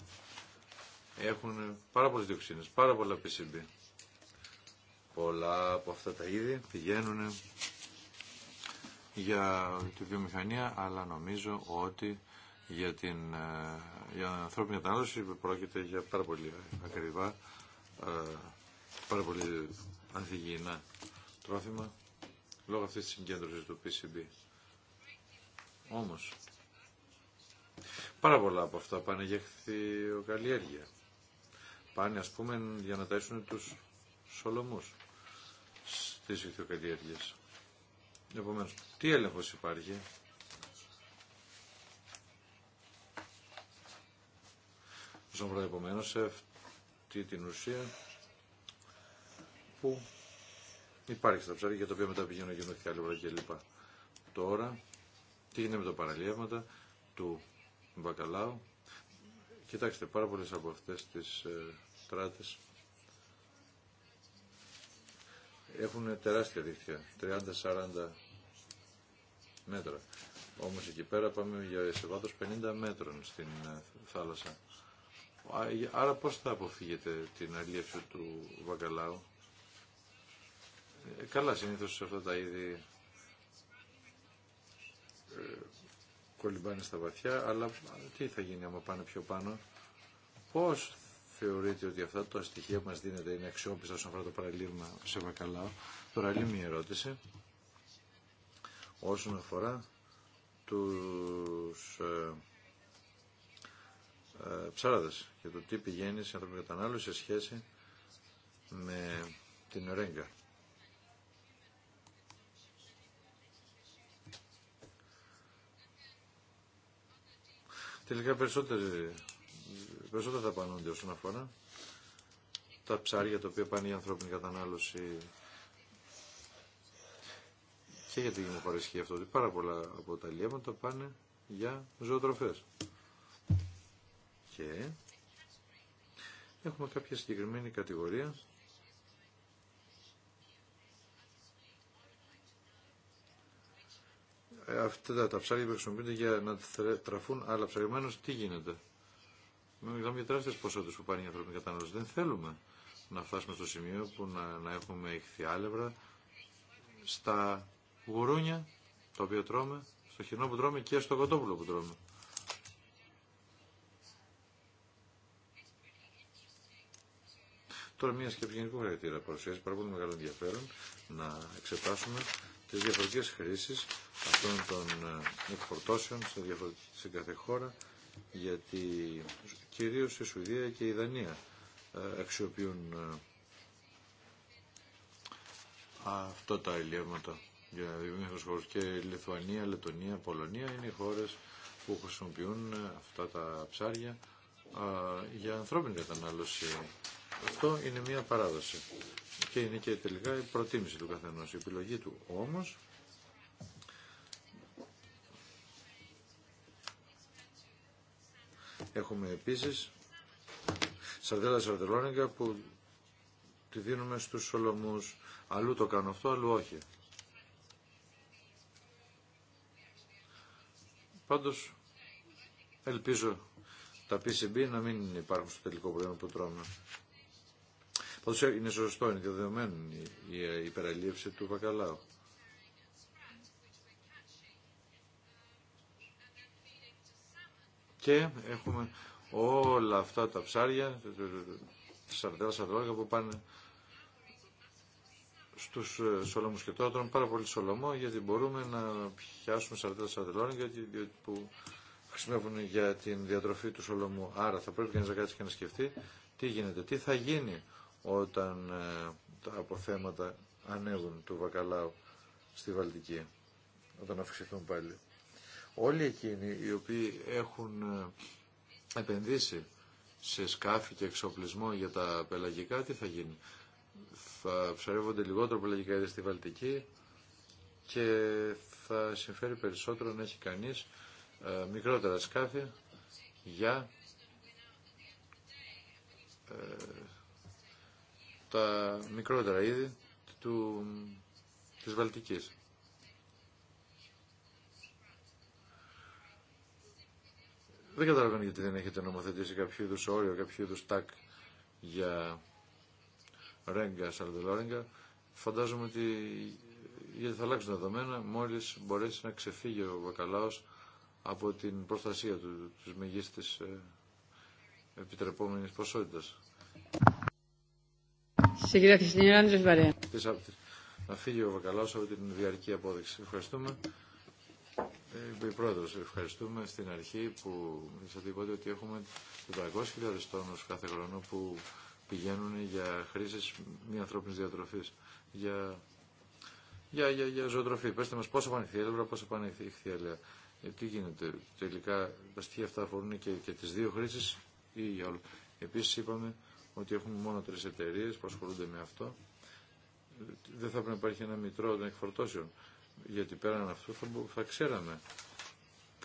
έχουν πάρα πολλές διοξίνες, πάρα πολλά PCB πολλά από αυτά τα είδη πηγαίνουν για τη βιομηχανία, αλλά νομίζω ότι για την, ε, για την ανθρώπινη κατανάλωση πρόκειται για πάρα πολύ ακριβά, ε, πάρα πολύ ανθυγιεινά τρόφιμα λόγω αυτής της συγκέντρωσης του PCB. Όμως, πάρα πολλά από αυτά πάνε για χθιοκαλλιέργεια. Πάνε, ας πούμε, για να ταΐσουν τους σολομούς τη ηθοκαλλιέργειας. Επομένω, τι έλεγχο υπάρχει. Όσον αφορά σε αυτή την ουσία που υπάρχει στα ψάρια για τα οποία μετά πηγαίνουν γίνονται κάλυβρα κλπ. Τώρα, τι γίνεται με τα παραλίευματα του μπακαλάου. Κοιτάξτε, πάρα πολλέ από αυτέ τι ε, τράτες έχουν τεράστια δίκτυα, 30-40 μέτρα. Όμως εκεί πέρα πάμε για σε βάθος 50 μέτρων στην ε, θάλασσα. Ε, άρα πώς θα αποφύγετε την αλίευση του βακαλάου. Ε, καλά συνήθως σε αυτά τα είδη κολυμπάνε στα βαθιά, αλλά τι θα γίνει άμα πάνε πιο πάνω. Πώς θεωρείτε ότι αυτά τα στοιχεία που μας δίνετε είναι αξιόπιστα όσον αφορά το παραλίμμα σε Βακαλάο. Τώρα άλλη μια ερώτηση όσον αφορά τους ε, ε, ψάραδες και το τι πηγαίνει σε ανθρώπινη κατανάλωση σε σχέση με την ρέγγα. Τελικά περισσότεροι περισσότερα πανούνται όσον αφορά τα ψάρια τα οποία πάνε η ανθρώπινη κατανάλωση και γιατί γίνεται παρεσχή αυτό, ότι πάρα πολλά από τα λιέματα πάνε για ζωοτροφές. Και έχουμε κάποια συγκεκριμένη κατηγορία ε, αυτά τα ψάρια που χρησιμοποιούνται για να τραφούν άλλα ψαριμένως, τι γίνεται με Μιλάμε για τεράστιε ποσότητε που πάνε οι ανθρώπινη κατανάλωση. Δεν θέλουμε να φτάσουμε στο σημείο που να, να έχουμε ηχθιάλευρα στα γουρούνια τα οποία τρώμε, στο χοινό που τρώμε και στο κοτόπουλο που τρώμε. Τώρα μια σκέψη γενικού χαρακτήρα παρουσιάζει πάρα πολύ μεγάλο ενδιαφέρον να εξετάσουμε τι διαφορετικέ χρήσει αυτών των ε, εκφορτώσεων σε, σε κάθε χώρα γιατί κυρίως η Σουηδία και η Δανία ε, αξιοποιούν ε, αυτά τα ελλείμματα για δημιουργημένους χώρους και Λιθουανία, Λετωνία, Πολωνία είναι οι χώρες που χρησιμοποιούν ε, αυτά τα ψάρια για ανθρώπινη κατανάλωση. Αυτό είναι μια παράδοση και είναι και τελικά η προτίμηση του καθενός, η επιλογή του. Όμως Έχουμε επίσης σαρδέλα σαρδελόνικα που τη δίνουμε στους Σολομούς. Αλλού το κάνω αυτό, αλλού όχι. Πάντως, ελπίζω τα PCB να μην υπάρχουν στο τελικό προϊόν που τρώμε. Πάντως είναι σωστό, είναι δεδομένη η υπεραλίευση του βακαλάου. Και έχουμε όλα αυτά τα ψάρια, σαρδέλα, σαρδελόγια που πάνε στους ε, σολομούς και τώρα πάρα πολύ σολομό γιατί μπορούμε να πιάσουμε σαρδέλα, Σαρδελόνικα γιατί, που χρησιμεύουν για την διατροφή του σολομού. Άρα θα πρέπει κανείς να κάτσει και να σκεφτεί τι γίνεται, τι θα γίνει όταν ε, τα αποθέματα ανέβουν του βακαλάου στη Βαλτική, όταν αυξηθούν πάλι όλοι εκείνοι οι οποίοι έχουν ε, επενδύσει σε σκάφη και εξοπλισμό για τα πελαγικά, τι θα γίνει. Θα ψαρεύονται λιγότερο πελαγικά είδη στη Βαλτική και θα συμφέρει περισσότερο να έχει κανείς ε, μικρότερα σκάφη για ε, τα μικρότερα είδη του, της Βαλτικής. Δεν καταλαβαίνω γιατί δεν έχετε νομοθετήσει κάποιο είδου όριο, κάποιο είδου τάκ για ρέγγα, σαρδελόρεγγα. Φαντάζομαι ότι γιατί θα αλλάξουν τα δεδομένα μόλι μπορέσει να ξεφύγει ο βακαλάος από την προστασία του, της μεγίστης ε, επιτρεπόμενης ποσότητας. Να φύγει ο βακαλάο από την διαρκή απόδειξη. Ευχαριστούμε. Ε, πρόεδρο. ευχαριστούμε στην αρχή που σας είπατε ότι έχουμε 400.000 τόνους κάθε χρόνο που πηγαίνουν για χρήσεις μη ανθρώπινης διατροφής, για, για, για, για ζωοτροφή. Πέστε μας πόσο πάνε η πόσο πάνε η τι γίνεται, τελικά τα στοιχεία αυτά αφορούν και, και τις δύο χρήσεις ή για όλο. Επίσης είπαμε ότι έχουμε μόνο τρεις εταιρείε που ασχολούνται με αυτό. Ε, δεν θα πρέπει να υπάρχει ένα μητρό των εκφορτώσεων γιατί πέραν αυτού θα, ξέραμε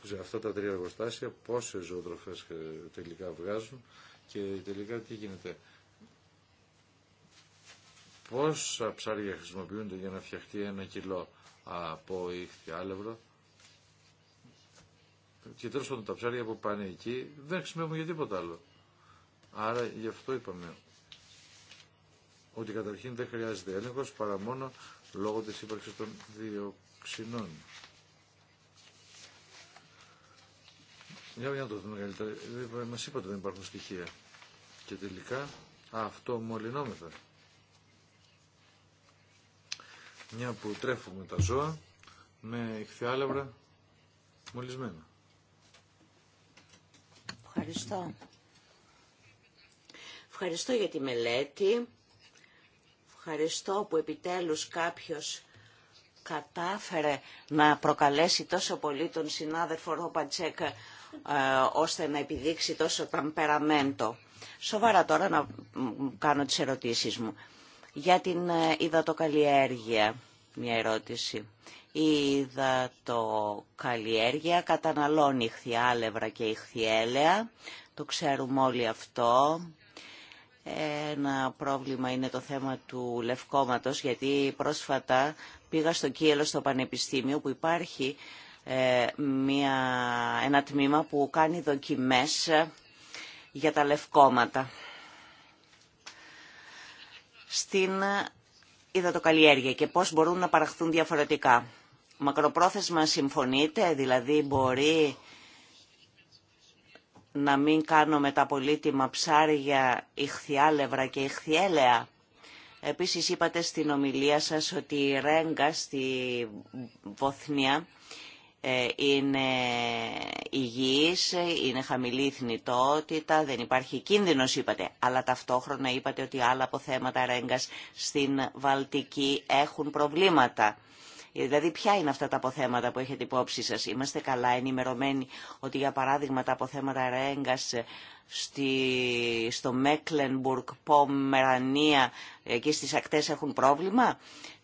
σε αυτά τα τρία εργοστάσια πόσε ζωοτροφές ε, τελικά βγάζουν και τελικά τι γίνεται. Πόσα ψάρια χρησιμοποιούνται για να φτιαχτεί ένα κιλό από ήχθη άλευρο και τέλο πάντων τα ψάρια που πάνε εκεί δεν χρησιμεύουν για τίποτα άλλο. Άρα γι' αυτό είπαμε ότι καταρχήν δεν χρειάζεται έλεγχο παρά μόνο λόγω της ύπαρξης των διοξινών. Για να το δούμε καλύτερα. Ε, ε, μας είπατε δεν υπάρχουν στοιχεία. Και τελικά αυτό μολυνόμεθα. Μια που τρέφουμε τα ζώα με ηχθιάλευρα μολυσμένα. Ευχαριστώ. Ευχαριστώ για τη μελέτη. Ευχαριστώ που επιτέλους κάποιος κατάφερε να προκαλέσει τόσο πολύ τον συνάδελφο Ροπατσέκ ε, ώστε να επιδείξει τόσο ταμπεραμέντο. Σοβαρά τώρα να κάνω τις ερωτήσεις μου. Για την ε, υδατοκαλλιέργεια, μια ερώτηση. Η υδατοκαλλιέργεια καταναλώνει ηχθιάλευρα και ηχθιέλαια. Το ξέρουμε όλοι αυτό. Ένα πρόβλημα είναι το θέμα του λευκόματος, γιατί πρόσφατα πήγα στο Κίελο στο Πανεπιστήμιο που υπάρχει ε, μια, ένα τμήμα που κάνει δοκιμές για τα λευκόματα. Στην υδατοκαλλιέργεια και πώς μπορούν να παραχθούν διαφορετικά. Μακροπρόθεσμα συμφωνείτε, δηλαδή μπορεί να μην κάνουμε τα πολύτιμα ψάρια ηχθιάλευρα και ηχθιέλεα. Επίσης είπατε στην ομιλία σας ότι η Ρέγκα στη Βοθνία ε, είναι υγιής, είναι χαμηλή θνητότητα, δεν υπάρχει κίνδυνος είπατε. Αλλά ταυτόχρονα είπατε ότι άλλα αποθέματα Ρέγκας στην Βαλτική έχουν προβλήματα. Δηλαδή ποια είναι αυτά τα αποθέματα που έχετε υπόψη σα. Είμαστε καλά ενημερωμένοι ότι για παράδειγμα τα αποθέματα ρέγκα στη, στο Μέκλενμπουργκ, Πομερανία, εκεί στις ακτές έχουν πρόβλημα.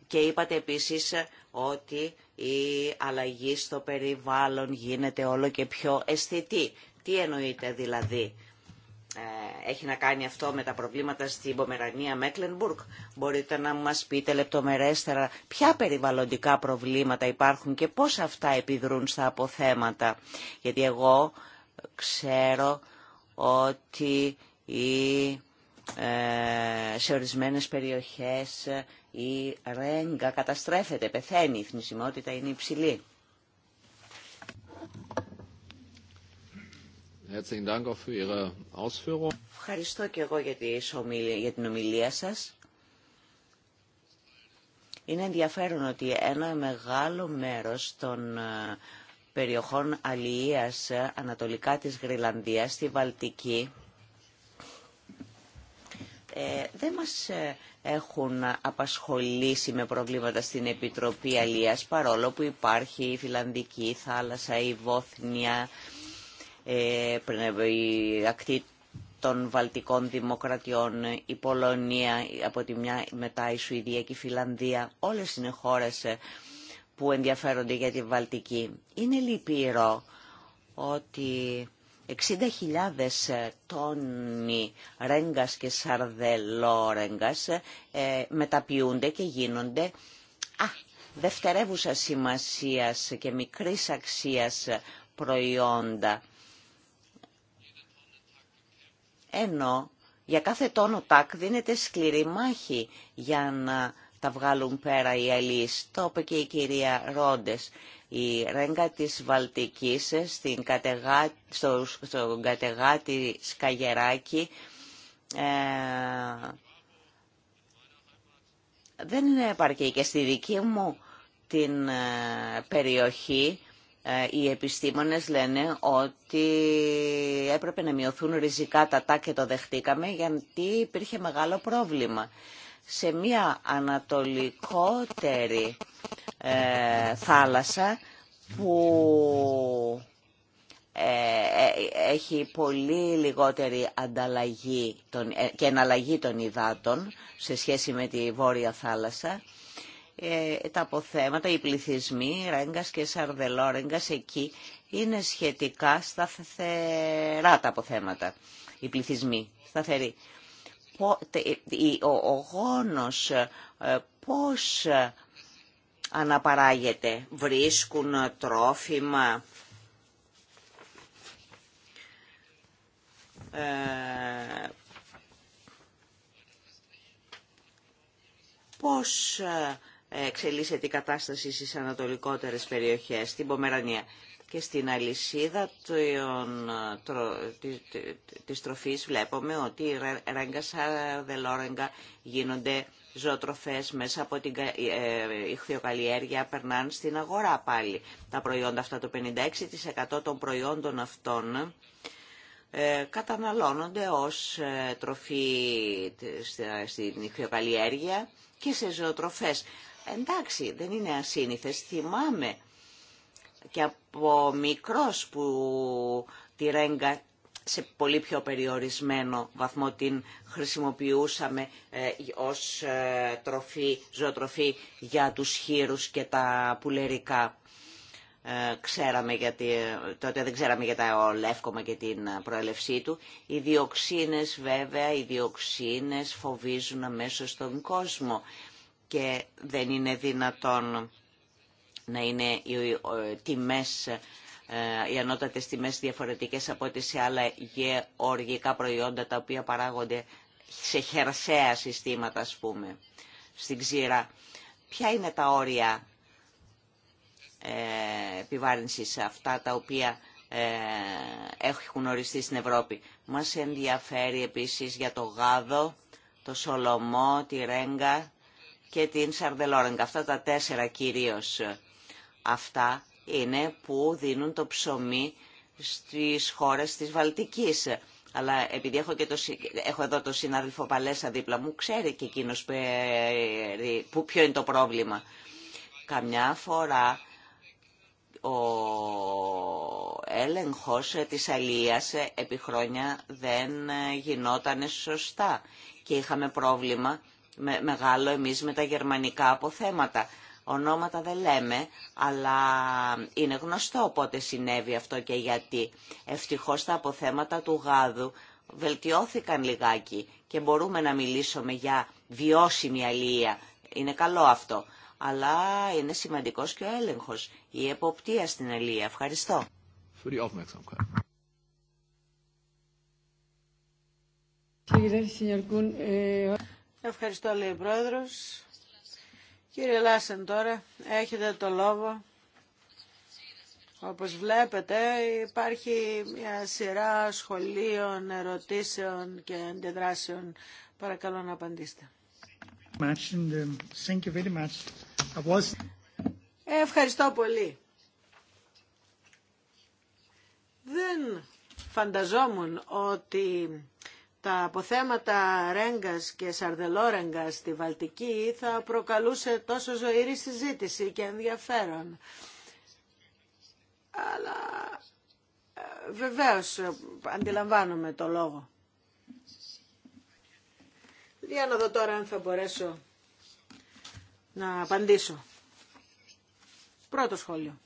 Και είπατε επίσης ότι η αλλαγή στο περιβάλλον γίνεται όλο και πιο αισθητή. Τι εννοείτε δηλαδή ε, έχει να κάνει αυτό με τα προβλήματα στην Πομερανία Μέκλενμπουργκ. Μπορείτε να μας πείτε λεπτομερέστερα ποια περιβαλλοντικά προβλήματα υπάρχουν και πώς αυτά επιδρούν στα αποθέματα. Γιατί εγώ ξέρω ότι οι ε, σε ορισμένες περιοχές η ρέγγα καταστρέφεται, πεθαίνει, η θνησιμότητα είναι υψηλή. Ευχαριστώ και εγώ για την ομιλία σας. Είναι ενδιαφέρον ότι ένα μεγάλο μέρος των ε, περιοχών αλληλείας ε, ανατολικά της Γρυλανδίας, στη Βαλτική, ε, δεν μας έχουν απασχολήσει με προβλήματα στην Επιτροπή Αλίας παρόλο που υπάρχει η Φιλανδική θάλασσα, η Βόθνια, ε, η ακτή των βαλτικών δημοκρατιών, η Πολωνία από τη μια, μετά η Σουηδία και η Φιλανδία, όλες είναι χώρες ε, που ενδιαφέρονται για τη Βαλτική. Είναι λυπηρό ότι 60.000 ε, τόνοι ρέγγας και σαρδελόρέγγας ε, μεταποιούνται και γίνονται α, δευτερεύουσα σημασίας και μικρής αξίας προϊόντα ενώ για κάθε τόνο τάκ δίνεται σκληρή μάχη για να τα βγάλουν πέρα οι αλλοίς. Το είπε και η κυρία Ρόντες. Η ρέγγα της Βαλτικής στην κατεγά, στο, στον κατεγάτη Σκαγεράκη ε, δεν είναι επαρκή και στη δική μου την ε, περιοχή ε, οι επιστήμονες λένε ότι έπρεπε να μειωθούν ριζικά τα τάκ και το δεχτήκαμε γιατί υπήρχε μεγάλο πρόβλημα. Σε μια ανατολικότερη ε, θάλασσα που ε, έχει πολύ λιγότερη ανταλλαγή των, και εναλλαγή των υδάτων σε σχέση με τη Βόρεια Θάλασσα ε, τα αποθέματα, οι πληθυσμοί Ρέγκας και Σαρδελόρεγκας εκεί είναι σχετικά σταθερά τα αποθέματα, οι πληθυσμοί σταθεροί. Ε, ο γόνος ε, πώς αναπαράγεται, βρίσκουν τρόφιμα, πώς εξελίσσεται η κατάσταση στις ανατολικότερες περιοχές, στην Πομερανία και στην αλυσίδα της τροφής βλέπουμε ότι ρέγγα σαρδελόρεγγα γίνονται ζωοτροφές μέσα από την ε, ε, ηχθειοκαλλιέργεια περνάνε στην αγορά πάλι τα προϊόντα αυτά. Το 56% των προϊόντων αυτών ε, καταναλώνονται ως τροφή στην ηχθειοκαλλιέργεια και σε ζωοτροφές. Εντάξει, δεν είναι ασύνηθες. Θυμάμαι και από μικρός που τη ρέγγα σε πολύ πιο περιορισμένο βαθμό την χρησιμοποιούσαμε ε, ως ε, τροφή, ζωοτροφή για τους χείρους και τα πουλερικά. Ε, ξέραμε γιατί, τότε δεν ξέραμε για τα ολεύκομα και την προέλευσή του. Οι διοξίνες βέβαια, οι διοξίνες φοβίζουν αμέσως τον κόσμο και δεν είναι δυνατόν να είναι οι ε, τιμές ε, οι ανώτατες τιμές διαφορετικές από ό,τι σε άλλα γεωργικά προϊόντα τα οποία παράγονται σε χερσαία συστήματα ας πούμε, στην ξύρα. Ποια είναι τα όρια ε, επιβάρυνσης αυτά τα οποία ε, έχουν οριστεί στην Ευρώπη. Μας ενδιαφέρει επίσης για το γάδο, το σολομό, τη ρέγγα και την Σαρδελόρεγκα. Αυτά τα τέσσερα κυρίως ε, αυτά είναι που δίνουν το ψωμί στις χώρες της Βαλτικής. Αλλά επειδή έχω, και το, έχω εδώ το συνάδελφο Παλέσα δίπλα μου, ξέρει και εκείνος ε, που, ποιο είναι το πρόβλημα. Καμιά φορά ο έλεγχος της αλίας επί χρόνια δεν γινόταν σωστά και είχαμε πρόβλημα με, μεγάλο εμείς με τα γερμανικά αποθέματα. Ονόματα δεν λέμε, αλλά είναι γνωστό πότε συνέβη αυτό και γιατί. Ευτυχώς τα αποθέματα του γάδου βελτιώθηκαν λιγάκι και μπορούμε να μιλήσουμε για βιώσιμη αλληλεία. Είναι καλό αυτό. Αλλά είναι σημαντικός και ο έλεγχος, η εποπτεία στην αλληλεία. Ευχαριστώ. Ευχαριστώ, λέει ο Πρόεδρος. Κύριε Λάσεν, τώρα έχετε το λόγο. Όπως βλέπετε υπάρχει μια σειρά σχολείων, ερωτήσεων και αντιδράσεων. Παρακαλώ να απαντήσετε. Um, ε, ευχαριστώ πολύ. Δεν φανταζόμουν ότι τα αποθέματα Ρέγκας και Σαρδελόρεγγας στη Βαλτική θα προκαλούσε τόσο ζωηρή συζήτηση και ενδιαφέρον. Αλλά ε, βεβαίως αντιλαμβάνομαι το λόγο. Για να δω τώρα αν θα μπορέσω να απαντήσω. Πρώτο σχόλιο.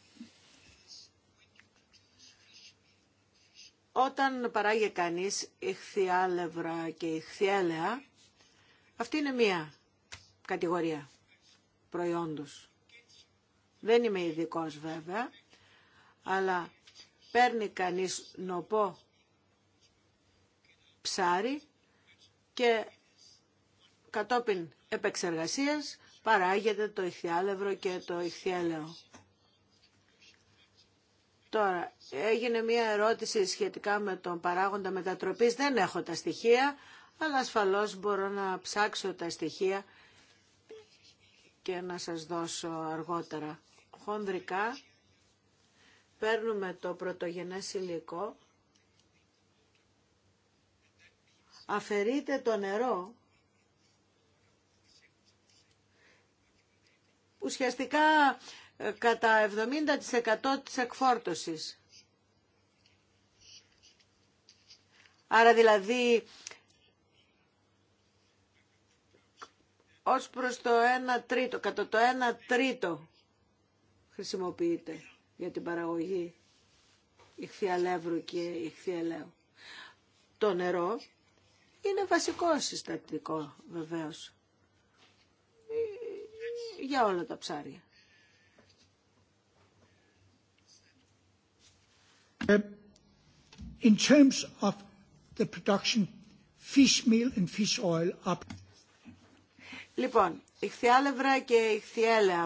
Όταν παράγει κανείς ηχθιάλευρα και ηχθιέλεα, αυτή είναι μία κατηγορία προϊόντος. Δεν είμαι ειδικό βέβαια, αλλά παίρνει κανείς νοπό ψάρι και κατόπιν επεξεργασίας παράγεται το ηχθιάλευρο και το ηχθιέλεο. Τώρα, έγινε μία ερώτηση σχετικά με τον παράγοντα μετατροπής. Δεν έχω τα στοιχεία, αλλά ασφαλώς μπορώ να ψάξω τα στοιχεία και να σας δώσω αργότερα. Χονδρικά, παίρνουμε το πρωτογενές υλικό, αφαιρείτε το νερό, ουσιαστικά κατά 70% της εκφόρτωσης. Άρα δηλαδή ως προς το 1 τρίτο, κατά το 1 τρίτο χρησιμοποιείται για την παραγωγή ηχθιαλεύρου και ηχθιαλέου. Το νερό είναι βασικό συστατικό βεβαίως για όλα τα ψάρια. Uh, in terms of the production, fish meal and Λοιπόν, ηχθιάλευρα και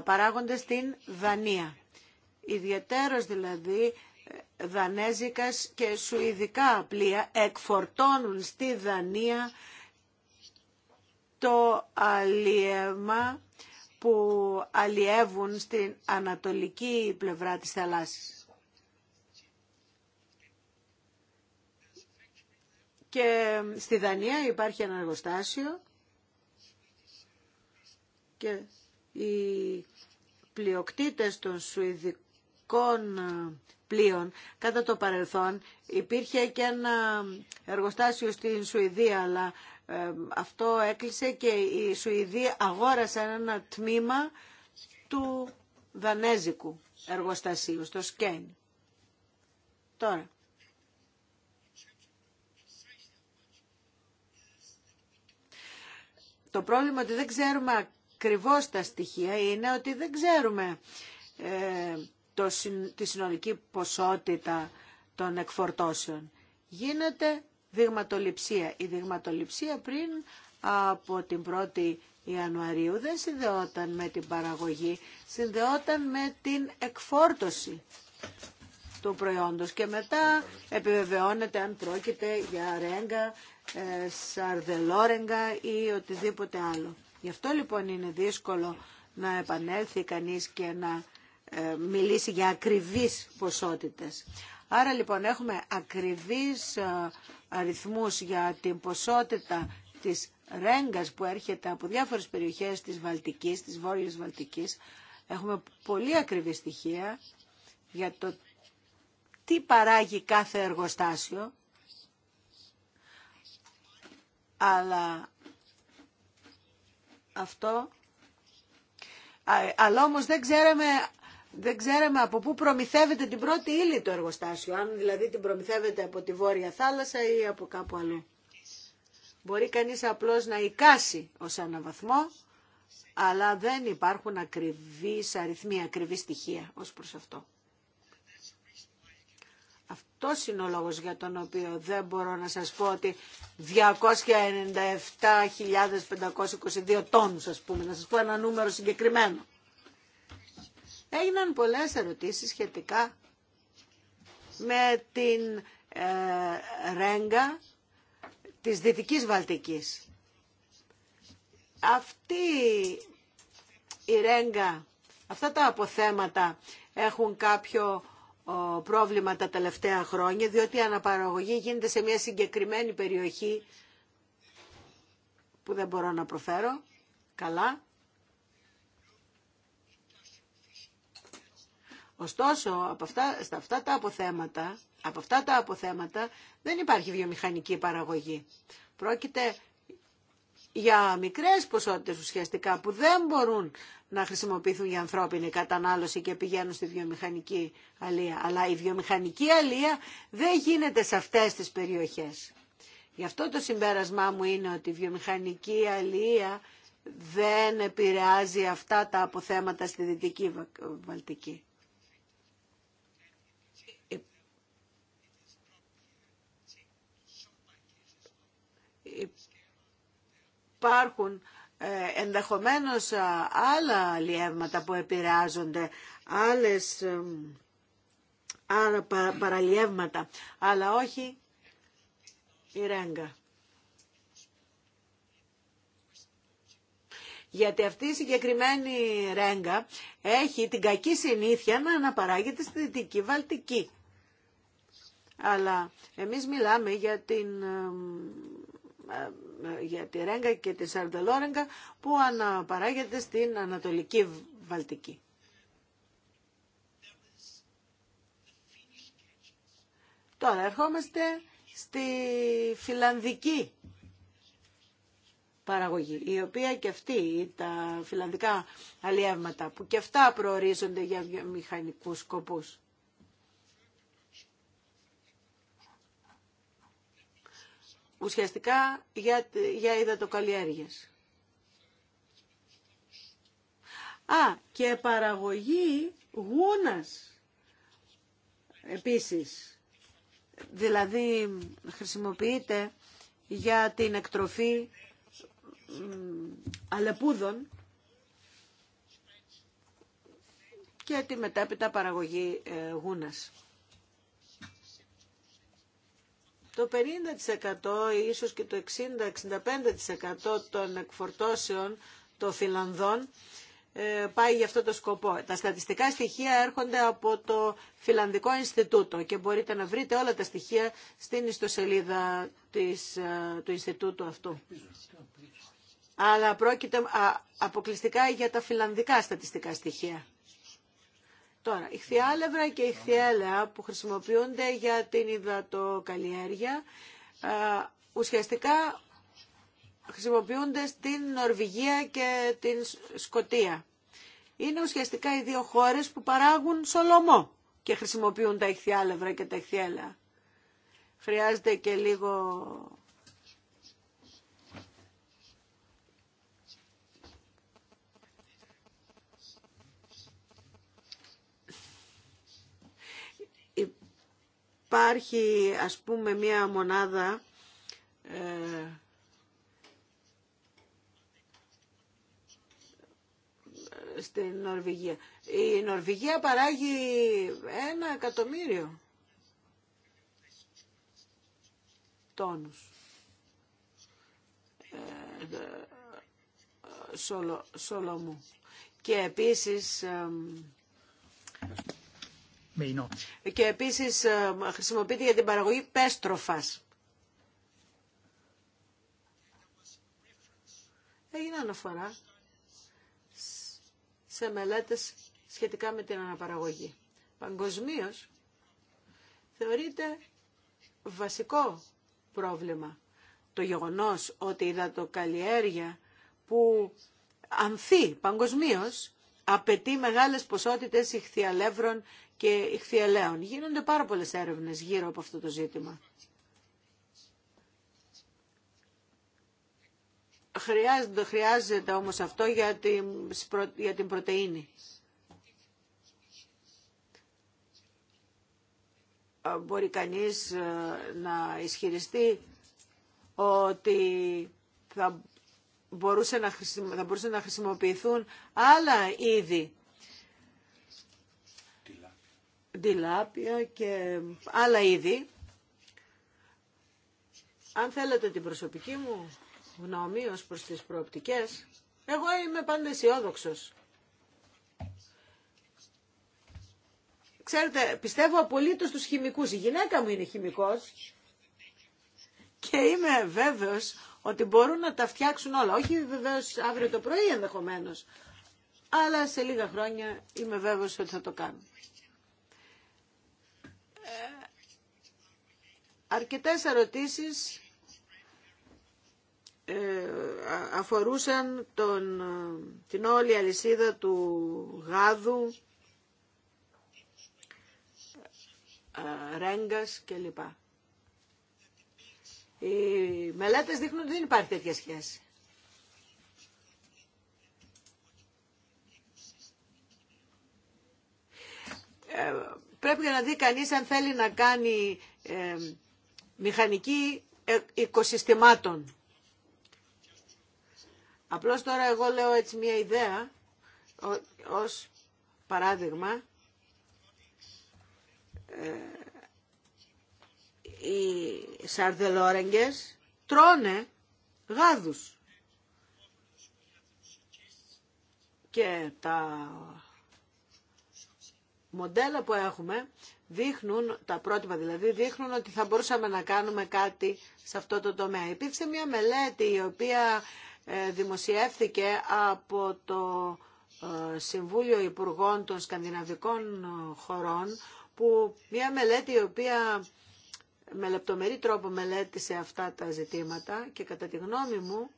παράγονται στην Δανία. Ιδιαίτερος δηλαδή ε, δανέζικας και σουηδικά πλοία εκφορτώνουν στη Δανία το αλιεύμα που αλλιεύουν στην ανατολική πλευρά της θαλάσσης. Και στη Δανία υπάρχει ένα εργοστάσιο και οι πλειοκτήτες των σουηδικών ε, πλοίων κατά το παρελθόν υπήρχε και ένα εργοστάσιο στην Σουηδία αλλά ε, αυτό έκλεισε και οι Σουηδοί αγόρασαν ένα τμήμα του δανέζικου εργοστασίου στο Σκέν. Τώρα, Το πρόβλημα ότι δεν ξέρουμε ακριβώς τα στοιχεία είναι ότι δεν ξέρουμε ε, το, τη συνολική ποσότητα των εκφορτώσεων. Γίνεται δειγματοληψία. Η δειγματοληψία πριν από την 1η Ιανουαρίου δεν συνδεόταν με την παραγωγή, συνδεόταν με την εκφόρτωση του προϊόντος και μετά επιβεβαιώνεται αν πρόκειται για ρέγγα, ε, σαρδελόρεγγα ή οτιδήποτε άλλο. Γι' αυτό λοιπόν είναι δύσκολο να επανέλθει κανείς και να ε, μιλήσει για ακριβείς ποσότητες. Άρα λοιπόν έχουμε ακριβείς ε, αριθμούς για την ποσότητα της ρέγγας που έρχεται από διάφορες περιοχές της Βαλτικής, της Βόρειας Βαλτικής. Έχουμε πολύ ακριβή στοιχεία για το τι παράγει κάθε εργοστάσιο, αλλά αυτό, αλλά όμως δεν ξέραμε, δεν ξέραμε από πού προμηθεύεται την πρώτη ύλη το εργοστάσιο, αν δηλαδή την προμηθεύεται από τη Βόρεια Θάλασσα ή από κάπου αλλού. Μπορεί κανείς απλώς να εικάσει ως ένα βαθμό, αλλά δεν υπάρχουν ακριβείς αριθμοί, ακριβείς στοιχεία ως προς αυτό. Αυτό είναι ο για τον οποίο δεν μπορώ να σας πω ότι 297.522 τόνους, α πούμε, να σας πω ένα νούμερο συγκεκριμένο. Έγιναν πολλές ερωτήσεις σχετικά με την ε, ρέγγα της Δυτικής Βαλτικής. Αυτή η ρέγγα, αυτά τα αποθέματα έχουν κάποιο πρόβλημα τα τελευταία χρόνια, διότι η αναπαραγωγή γίνεται σε μια συγκεκριμένη περιοχή που δεν μπορώ να προφέρω καλά. Ωστόσο, από αυτά, στα αυτά τα αποθέματα, από αυτά τα αποθέματα δεν υπάρχει βιομηχανική παραγωγή. Πρόκειται για μικρές ποσότητες ουσιαστικά που δεν μπορούν να χρησιμοποιηθούν για ανθρώπινη κατανάλωση και πηγαίνουν στη βιομηχανική αλεία. Αλλά η βιομηχανική αλεία δεν γίνεται σε αυτές τις περιοχές. Γι' αυτό το συμπέρασμά μου είναι ότι η βιομηχανική αλεία δεν επηρεάζει αυτά τα αποθέματα στη Δυτική Βαλτική. Ε, υπάρχουν ε, ενδεχομένως ε, άλλα λιεύματα που επηρεάζονται, άλλες ε, άλλα παραλιεύματα, αλλά όχι η ρέγγα. Γιατί αυτή η συγκεκριμένη ρέγγα έχει την κακή συνήθεια να αναπαράγεται στη Δυτική Βαλτική. Αλλά εμείς μιλάμε για την για τη Ρέγκα και τη Σαρντελόρεγκα που αναπαράγεται στην Ανατολική Βαλτική. Τώρα ερχόμαστε στη φιλανδική παραγωγή, η οποία και αυτή, τα φιλανδικά αλλιεύματα, που και αυτά προορίζονται για μηχανικούς σκοπούς. ουσιαστικά για, για υδατοκαλλιέργειες. Α, και παραγωγή γούνας επίσης. Δηλαδή χρησιμοποιείται για την εκτροφή αλεπούδων και τη μετέπειτα παραγωγή ε, γούνας. Το 50% ή ίσως και το 60-65% των εκφορτώσεων των Φιλανδών ε, πάει για αυτό το σκοπό. Τα στατιστικά στοιχεία έρχονται από το Φιλανδικό Ινστιτούτο και μπορείτε να βρείτε όλα τα στοιχεία στην ιστοσελίδα της, ε, του Ινστιτούτου αυτού. Αλλά πρόκειται αποκλειστικά για τα φιλανδικά στατιστικά στοιχεία. Τώρα, ηχθιάλευρα και ηχθιέλεα που χρησιμοποιούνται για την υδατοκαλλιέργεια ε, ουσιαστικά χρησιμοποιούνται στην Νορβηγία και την Σκοτία. Είναι ουσιαστικά οι δύο χώρες που παράγουν σολομό και χρησιμοποιούν τα ηχθιάλευρα και τα ηχθιέλεα. Χρειάζεται και λίγο υπάρχει ας πούμε μια μονάδα ε, στην Νορβηγία. Η Νορβηγία παράγει ένα εκατομμύριο τόνους ε, ε, ε, σολο, σολομού. Και επίσης... Και επίσης ε, χρησιμοποιείται για την παραγωγή πέστροφας. Έγινε αναφορά σε μελέτες σχετικά με την αναπαραγωγή. Παγκοσμίω θεωρείται βασικό πρόβλημα το γεγονός ότι η δατοκαλλιέργεια που ανθεί παγκοσμίω απαιτεί μεγάλες ποσότητες ηχθιαλεύρων και ηχθιελαίων. Γίνονται πάρα πολλές έρευνες γύρω από αυτό το ζήτημα. Χρειάζεται, χρειάζεται όμως αυτό για την, για την πρωτεΐνη. Ε, μπορεί κανείς ε, να ισχυριστεί ότι θα μπορούσε να, να χρησιμοποιηθούν άλλα είδη ντιλάπια και άλλα είδη. Αν θέλετε την προσωπική μου γνώμη ως προς τις προοπτικές, εγώ είμαι πάντα αισιόδοξο. Ξέρετε, πιστεύω απολύτως τους χημικούς. Η γυναίκα μου είναι χημικός και είμαι βέβαιος ότι μπορούν να τα φτιάξουν όλα. Όχι βεβαίως αύριο το πρωί ενδεχομένως, αλλά σε λίγα χρόνια είμαι βέβαιος ότι θα το κάνουν. Ε, αρκετές ερωτήσεις ε, αφορούσαν τον, ε, την όλη αλυσίδα του γάδου, ρέγγας κλπ. Οι μελέτες δείχνουν ότι δεν υπάρχει τέτοια σχέση πρέπει να δει κανείς αν θέλει να κάνει ε, μηχανική ε, οικοσυστημάτων. Απλώς τώρα εγώ λέω έτσι μια ιδέα ως παράδειγμα ε, οι σαρδελόρεγγες τρώνε γάδους και τα μοντέλα που έχουμε δείχνουν, τα πρότυπα δηλαδή, δείχνουν ότι θα μπορούσαμε να κάνουμε κάτι σε αυτό το τομέα. Υπήρξε μια μελέτη η οποία ε, δημοσιεύθηκε από το ε, Συμβούλιο Υπουργών των Σκανδιναβικών ε, χωρών, που μια μελέτη η οποία με λεπτομερή τρόπο μελέτησε αυτά τα ζητήματα και κατά τη γνώμη μου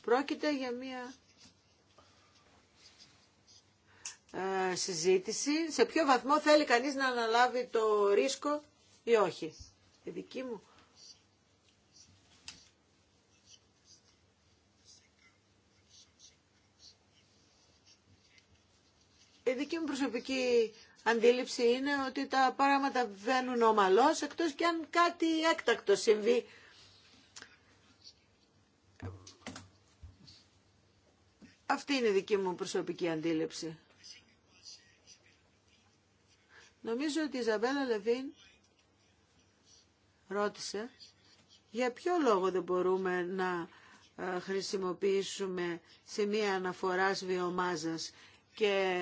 πρόκειται για μια Ε, συζήτηση σε ποιο βαθμό θέλει κανείς να αναλάβει το ρίσκο ή όχι. Η δική μου. Η δική μου προσωπική αντίληψη είναι ότι τα πράγματα βαίνουν ομαλώς, εκτός και αν κάτι έκτακτο συμβεί. Αυτή είναι η δική μου προσωπική αντίληψη. Νομίζω ότι η Ζαμπέλα Λεβίν ρώτησε για ποιο λόγο δεν μπορούμε να ε, χρησιμοποιήσουμε σημεία αναφοράς βιομάζας και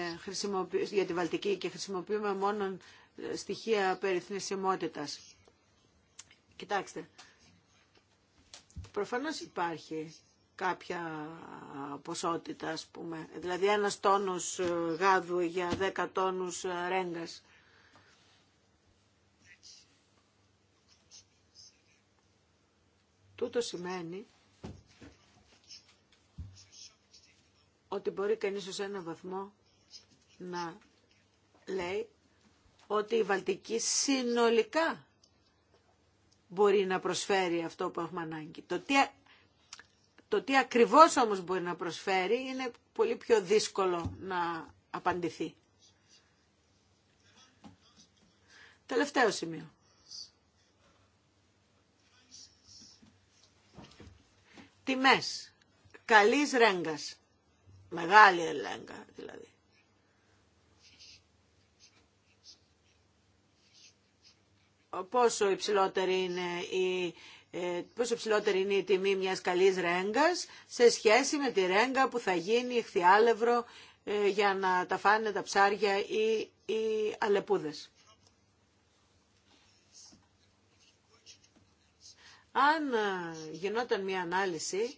για τη Βαλτική και χρησιμοποιούμε μόνο ε, στοιχεία περιθνησιμότητας. Κοιτάξτε, προφανώς υπάρχει κάποια ποσότητα, πούμε. Δηλαδή ένας τόνος ε, γάδου για δέκα τόνους ρέγγας. Τούτο σημαίνει ότι μπορεί κανείς σε έναν βαθμό να λέει ότι η Βαλτική συνολικά μπορεί να προσφέρει αυτό που έχουμε ανάγκη. Το τι, το τι ακριβώς όμως μπορεί να προσφέρει είναι πολύ πιο δύσκολο να απαντηθεί. Τελευταίο σημείο. τιμές. Καλής ρέγγας. Μεγάλη ελέγγα δηλαδή. Πόσο υψηλότερη είναι η, ε, πόσο υψηλότερη είναι η τιμή μιας καλής ρέγγας σε σχέση με τη ρέγγα που θα γίνει χθιάλευρο ε, για να τα φάνε τα ψάρια ή οι αλεπούδες. Αν ε, γινόταν μια ανάλυση,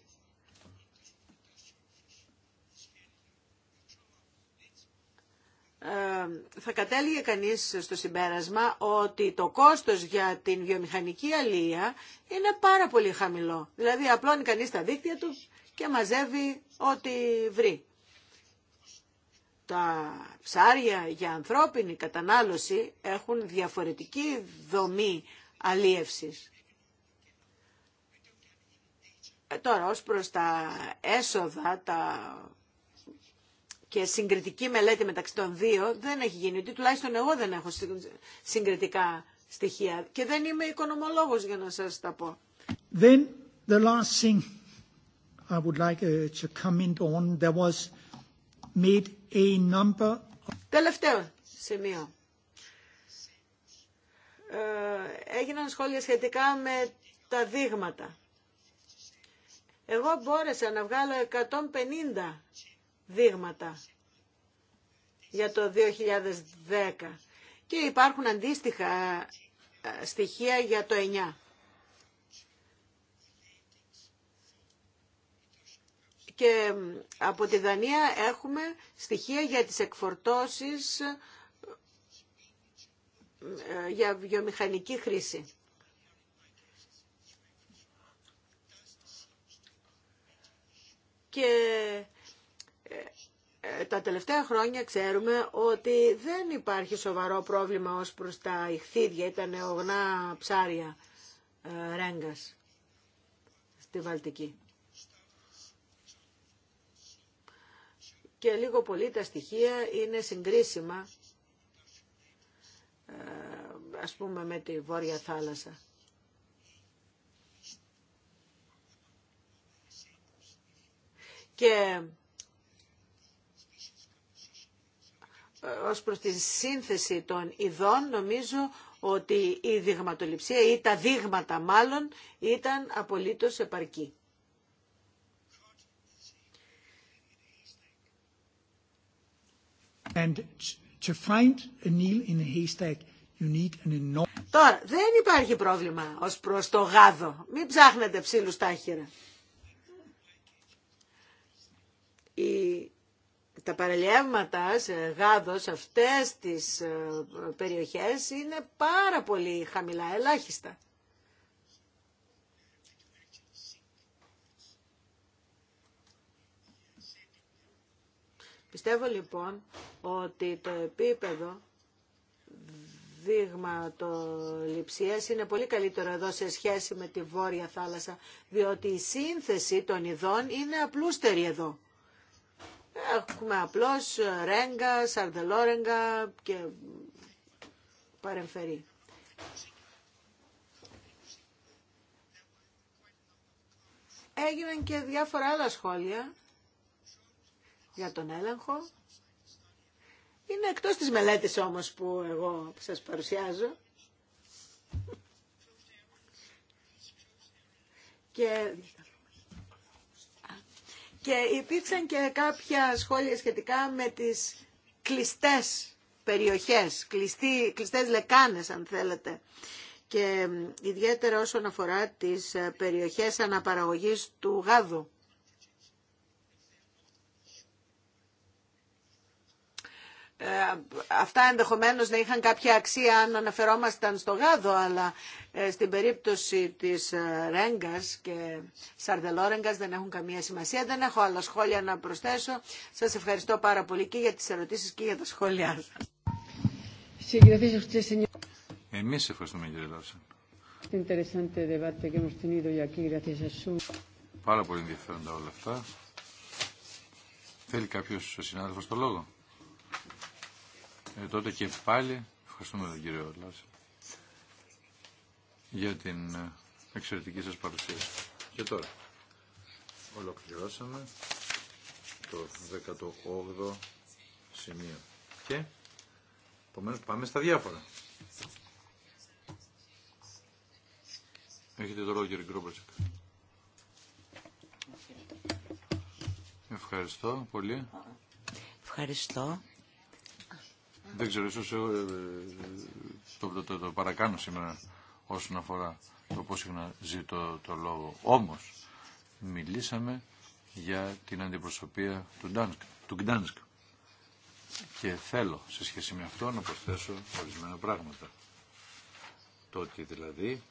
ε, θα κατέληγε κανείς στο συμπέρασμα ότι το κόστος για την βιομηχανική αλία είναι πάρα πολύ χαμηλό. Δηλαδή απλώνει κανείς τα δίκτυα του και μαζεύει ό,τι βρει. Τα ψάρια για ανθρώπινη κατανάλωση έχουν διαφορετική δομή αλίευσης. Ε, τώρα, ως προς τα έσοδα τα... και συγκριτική μελέτη μεταξύ των δύο, δεν έχει γίνει. Ότι τουλάχιστον εγώ δεν έχω συγκριτικά στοιχεία και δεν είμαι οικονομολόγος για να σας τα πω. Then the Τελευταίο σημείο. Ε, έγιναν σχόλια σχετικά με τα δείγματα. Εγώ μπόρεσα να βγάλω 150 δείγματα για το 2010 και υπάρχουν αντίστοιχα ε, στοιχεία για το 9. Και από τη Δανία έχουμε στοιχεία για τις εκφορτώσεις ε, για βιομηχανική χρήση. και ε, ε, τα τελευταία χρόνια ξέρουμε ότι δεν υπάρχει σοβαρό πρόβλημα ως προς τα ηχθίδια ή τα νεογνά ψάρια ε, ρέγγας στη Βαλτική. Και λίγο πολύ τα στοιχεία είναι συγκρίσιμα ας πούμε με τη Βόρεια Θάλασσα. και ε, ως προς τη σύνθεση των ειδών νομίζω ότι η δειγματοληψία ή τα δείγματα μάλλον ήταν απολύτως επαρκή. And Τώρα, δεν υπάρχει πρόβλημα ως προς το γάδο. Μην ψάχνετε ψήλους τάχυρα. τα παραλιεύματα σε γάδος αυτές τις ε, περιοχές είναι πάρα πολύ χαμηλά, ελάχιστα. Πιστεύω λοιπόν ότι το επίπεδο δειγματοληψίας είναι πολύ καλύτερο εδώ σε σχέση με τη Βόρεια Θάλασσα, διότι η σύνθεση των ειδών είναι απλούστερη εδώ. Έχουμε απλώς ρέγγα, σαρδελόρεγγα και παρεμφερή. Έγιναν και διάφορα άλλα σχόλια για τον έλεγχο. Είναι εκτός της μελέτης όμως που εγώ σας παρουσιάζω. Και και υπήρξαν και κάποια σχόλια σχετικά με τις κλειστές περιοχές, κλειστοί, κλειστές λεκάνες αν θέλετε και ιδιαίτερα όσον αφορά τις ε, περιοχές αναπαραγωγής του γάδου. Ε, αυτά ενδεχομένως να είχαν κάποια αξία αν αναφερόμασταν στο γάδο, αλλά ε, στην περίπτωση της ε, Ρέγκας και Σαρδελόρεγκας δεν έχουν καμία σημασία. Δεν έχω άλλα σχόλια να προσθέσω. Σας ευχαριστώ πάρα πολύ και για τις ερωτήσεις και για τα σχόλιά σας. Εμείς ευχαριστούμε κύριε Λάρσεν. Πάρα πολύ ενδιαφέροντα όλα αυτά. Θέλει κάποιος ο συνάδελφος το λόγο. Ε, τότε και πάλι ευχαριστούμε τον κύριο Λάση για την ε, εξαιρετική σας παρουσία. Και τώρα ολοκληρώσαμε το 18ο σημείο. Και επομένω πάμε στα διάφορα. Έχετε το λόγο κύριε Γκρόμπατσεκ. Ευχαριστώ πολύ. Ευχαριστώ. Δεν ξέρω, ίσως ε, το, το, το, παρακάνω σήμερα όσον αφορά το πώς συχνά ζητώ το λόγο. Όμως, μιλήσαμε για την αντιπροσωπεία του Γκτάνσκ. Του Και θέλω σε σχέση με αυτό να προσθέσω ορισμένα πράγματα. Το ότι δηλαδή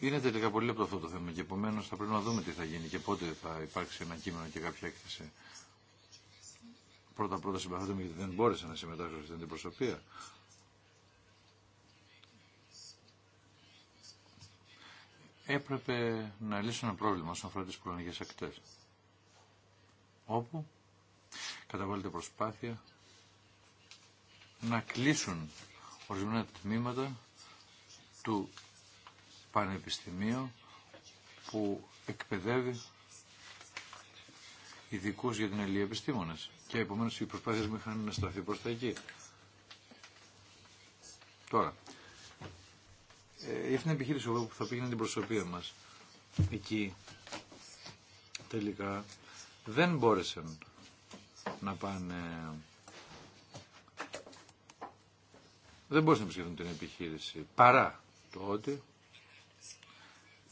Είναι τελικά πολύ λεπτό αυτό το θέμα και επομένω θα πρέπει να δούμε τι θα γίνει και πότε θα υπάρξει ένα κείμενο και κάποια έκθεση. Πρώτα-πρώτα συμπαθούμε γιατί δεν μπόρεσα να συμμετάσχω στην αντιπροσωπεία. Έπρεπε να λύσω ένα πρόβλημα όσον αφορά τι πολωνικέ ακτέ. Όπου καταβάλλεται προσπάθεια να κλείσουν ορισμένα τμήματα του πανεπιστημίο που εκπαιδεύει ειδικού για την αλληλεία επιστήμονες. Και επομένως οι προσπάθειες μου είχαν στραφεί προς τα εκεί. Τώρα, ε, αυτή την επιχείρηση που θα πήγαινε την προσωπία μας. Εκεί τελικά δεν μπόρεσαν να πάνε δεν μπορούσαν να επισκεφθούν την επιχείρηση παρά το ότι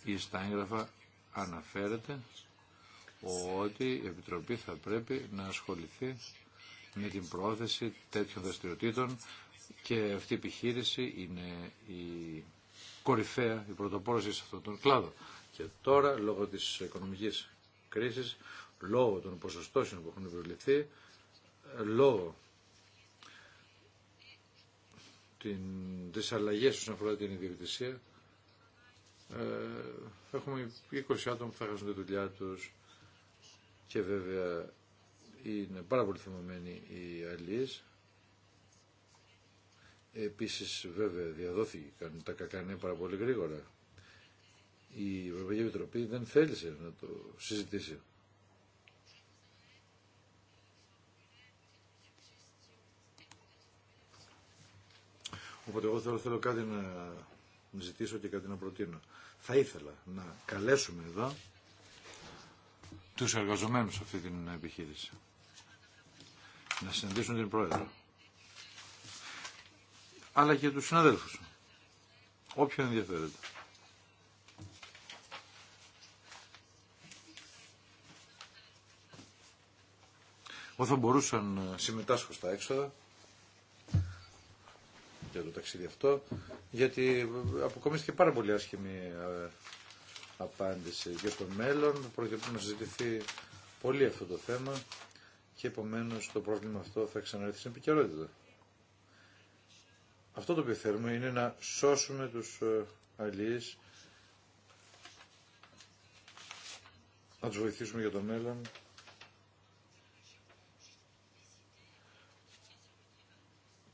ή στα έγγραφα αναφέρεται ότι η Επιτροπή θα πρέπει να ασχοληθεί με την πρόθεση τέτοιων δραστηριοτήτων και αυτή η επιχείρηση είναι η κορυφαία, η πρωτοπόρωση σε αυτόν τον κλάδο. Και τώρα, λόγω της οικονομικής κρίσης, λόγω των ποσοστώσεων που έχουν επιβληθεί, λόγω την, αλλαγής όσον αφορά την ιδιοκτησία, θα ε, έχουμε 20 άτομα που θα χάσουν τη δουλειά τους και βέβαια είναι πάρα πολύ θυμωμένοι οι αλλοί Επίσης βέβαια διαδόθηκαν τα κακανέ πάρα πολύ γρήγορα. Η Ευρωπαϊκή Επιτροπή δεν θέλησε να το συζητήσει. Οπότε εγώ θέλω, θέλω κάτι να να ζητήσω και κάτι να προτείνω. Θα ήθελα να καλέσουμε εδώ τους εργαζομένους σε αυτή την επιχείρηση. Να συναντήσουν την πρόεδρο. Αλλά και τους συναδέλφους. Όποιον ενδιαφέρεται. Όταν μπορούσαν να συμμετάσχω στα έξοδα για το ταξίδι αυτό, γιατί αποκομίστηκε πάρα πολύ άσχημη ε, απάντηση για το μέλλον. προκειμένου να συζητηθεί πολύ αυτό το θέμα και επομένω το πρόβλημα αυτό θα ξαναρθεί στην επικαιρότητα. Αυτό το οποίο θέλουμε είναι να σώσουμε τους ε, αλληλείς, να τους βοηθήσουμε για το μέλλον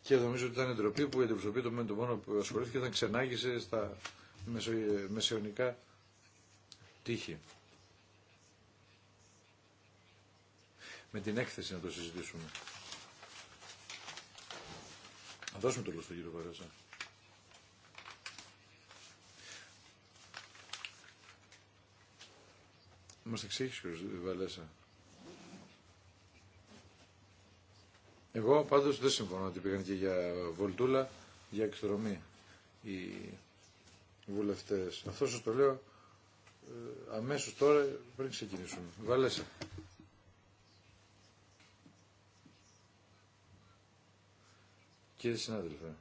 Και νομίζω ότι ήταν ντροπή που η αντιπροσωπή του το μόνο που ασχολήθηκε ήταν ξενάγησε στα μεσαιωνικά τείχη. Με την έκθεση να το συζητήσουμε. Να δώσουμε το λόγο στον κύριο Βαρέσα. Μας εξήγησε ο Βαλέσα Εγώ πάντως δεν συμφωνώ ότι πήγαν και για βολτούλα, για εκστρομή οι βουλευτές. Αυτό σα το λέω ε, αμέσω τώρα πριν ξεκινήσουμε. Βαλέσα. Κύριε συνάδελφε,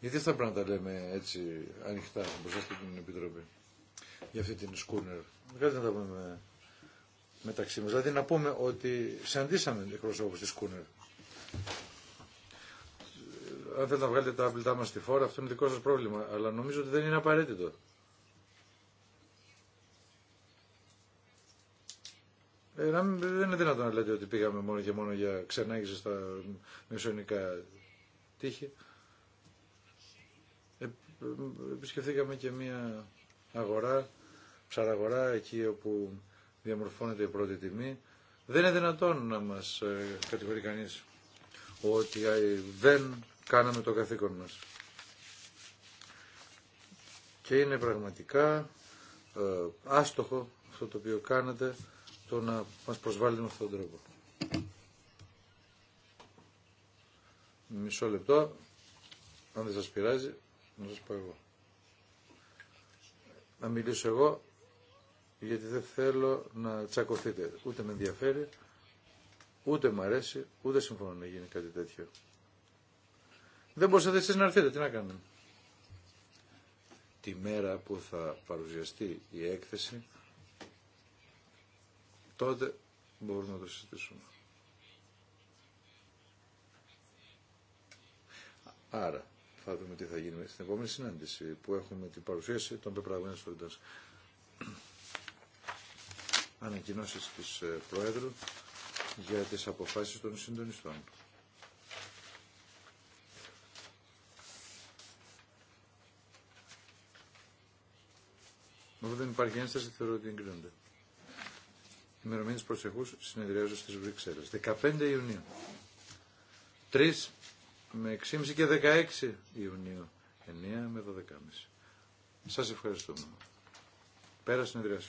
γιατί θα πρέπει να τα λέμε έτσι ανοιχτά μπροστά στην Επιτροπή για αυτή την σκούνερ. Κάτι να τα πούμε μεταξύ μας. Δηλαδή να πούμε ότι συναντήσαμε εκπροσώπους της Κούνερ. Αν θέλετε να βγάλετε τα άπλητά μας στη φόρα, αυτό είναι δικό σας πρόβλημα. Αλλά νομίζω ότι δεν είναι απαραίτητο. Ε, δεν είναι δυνατόν να λέτε ότι πήγαμε μόνο και μόνο για ξενάγηση στα μεσονικά τείχη. Ε, ε, επισκεφθήκαμε και μία αγορά, ψαραγορά, εκεί όπου διαμορφώνεται η πρώτη τιμή. Δεν είναι δυνατόν να μας ε, κατηγορεί κανείς ότι ε, δεν κάναμε το καθήκον μας. Και είναι πραγματικά ε, άστοχο αυτό το οποίο κάνατε το να μας προσβάλλει με αυτόν τον τρόπο. Μισό λεπτό, αν δεν σας πειράζει, να σας πω εγώ. Να μιλήσω εγώ γιατί δεν θέλω να τσακωθείτε. Ούτε με ενδιαφέρει, ούτε μ' αρέσει, ούτε συμφωνώ να γίνει κάτι τέτοιο. Δεν μπορούσατε εσείς να έρθετε, τι να κάνουμε. Τη μέρα που θα παρουσιαστεί η έκθεση, τότε μπορούμε να το συζητήσουμε. Άρα, θα δούμε τι θα γίνει στην επόμενη συνάντηση που έχουμε την παρουσίαση των πεπραγμένων στο ανακοινώσεις της ε, Προέδρου για τις αποφάσεις των συντονιστών. Όπου δεν υπάρχει ένσταση, θεωρώ ότι εγκρίνονται. Ημερομηνία τη προσεχού συνεδριάζω στι Βρυξέλλε. 15 Ιουνίου. 3 με 6,5 και 16 Ιουνίου. 9 με 12,5. Σα ευχαριστούμε. Πέρα συνεδριάζω.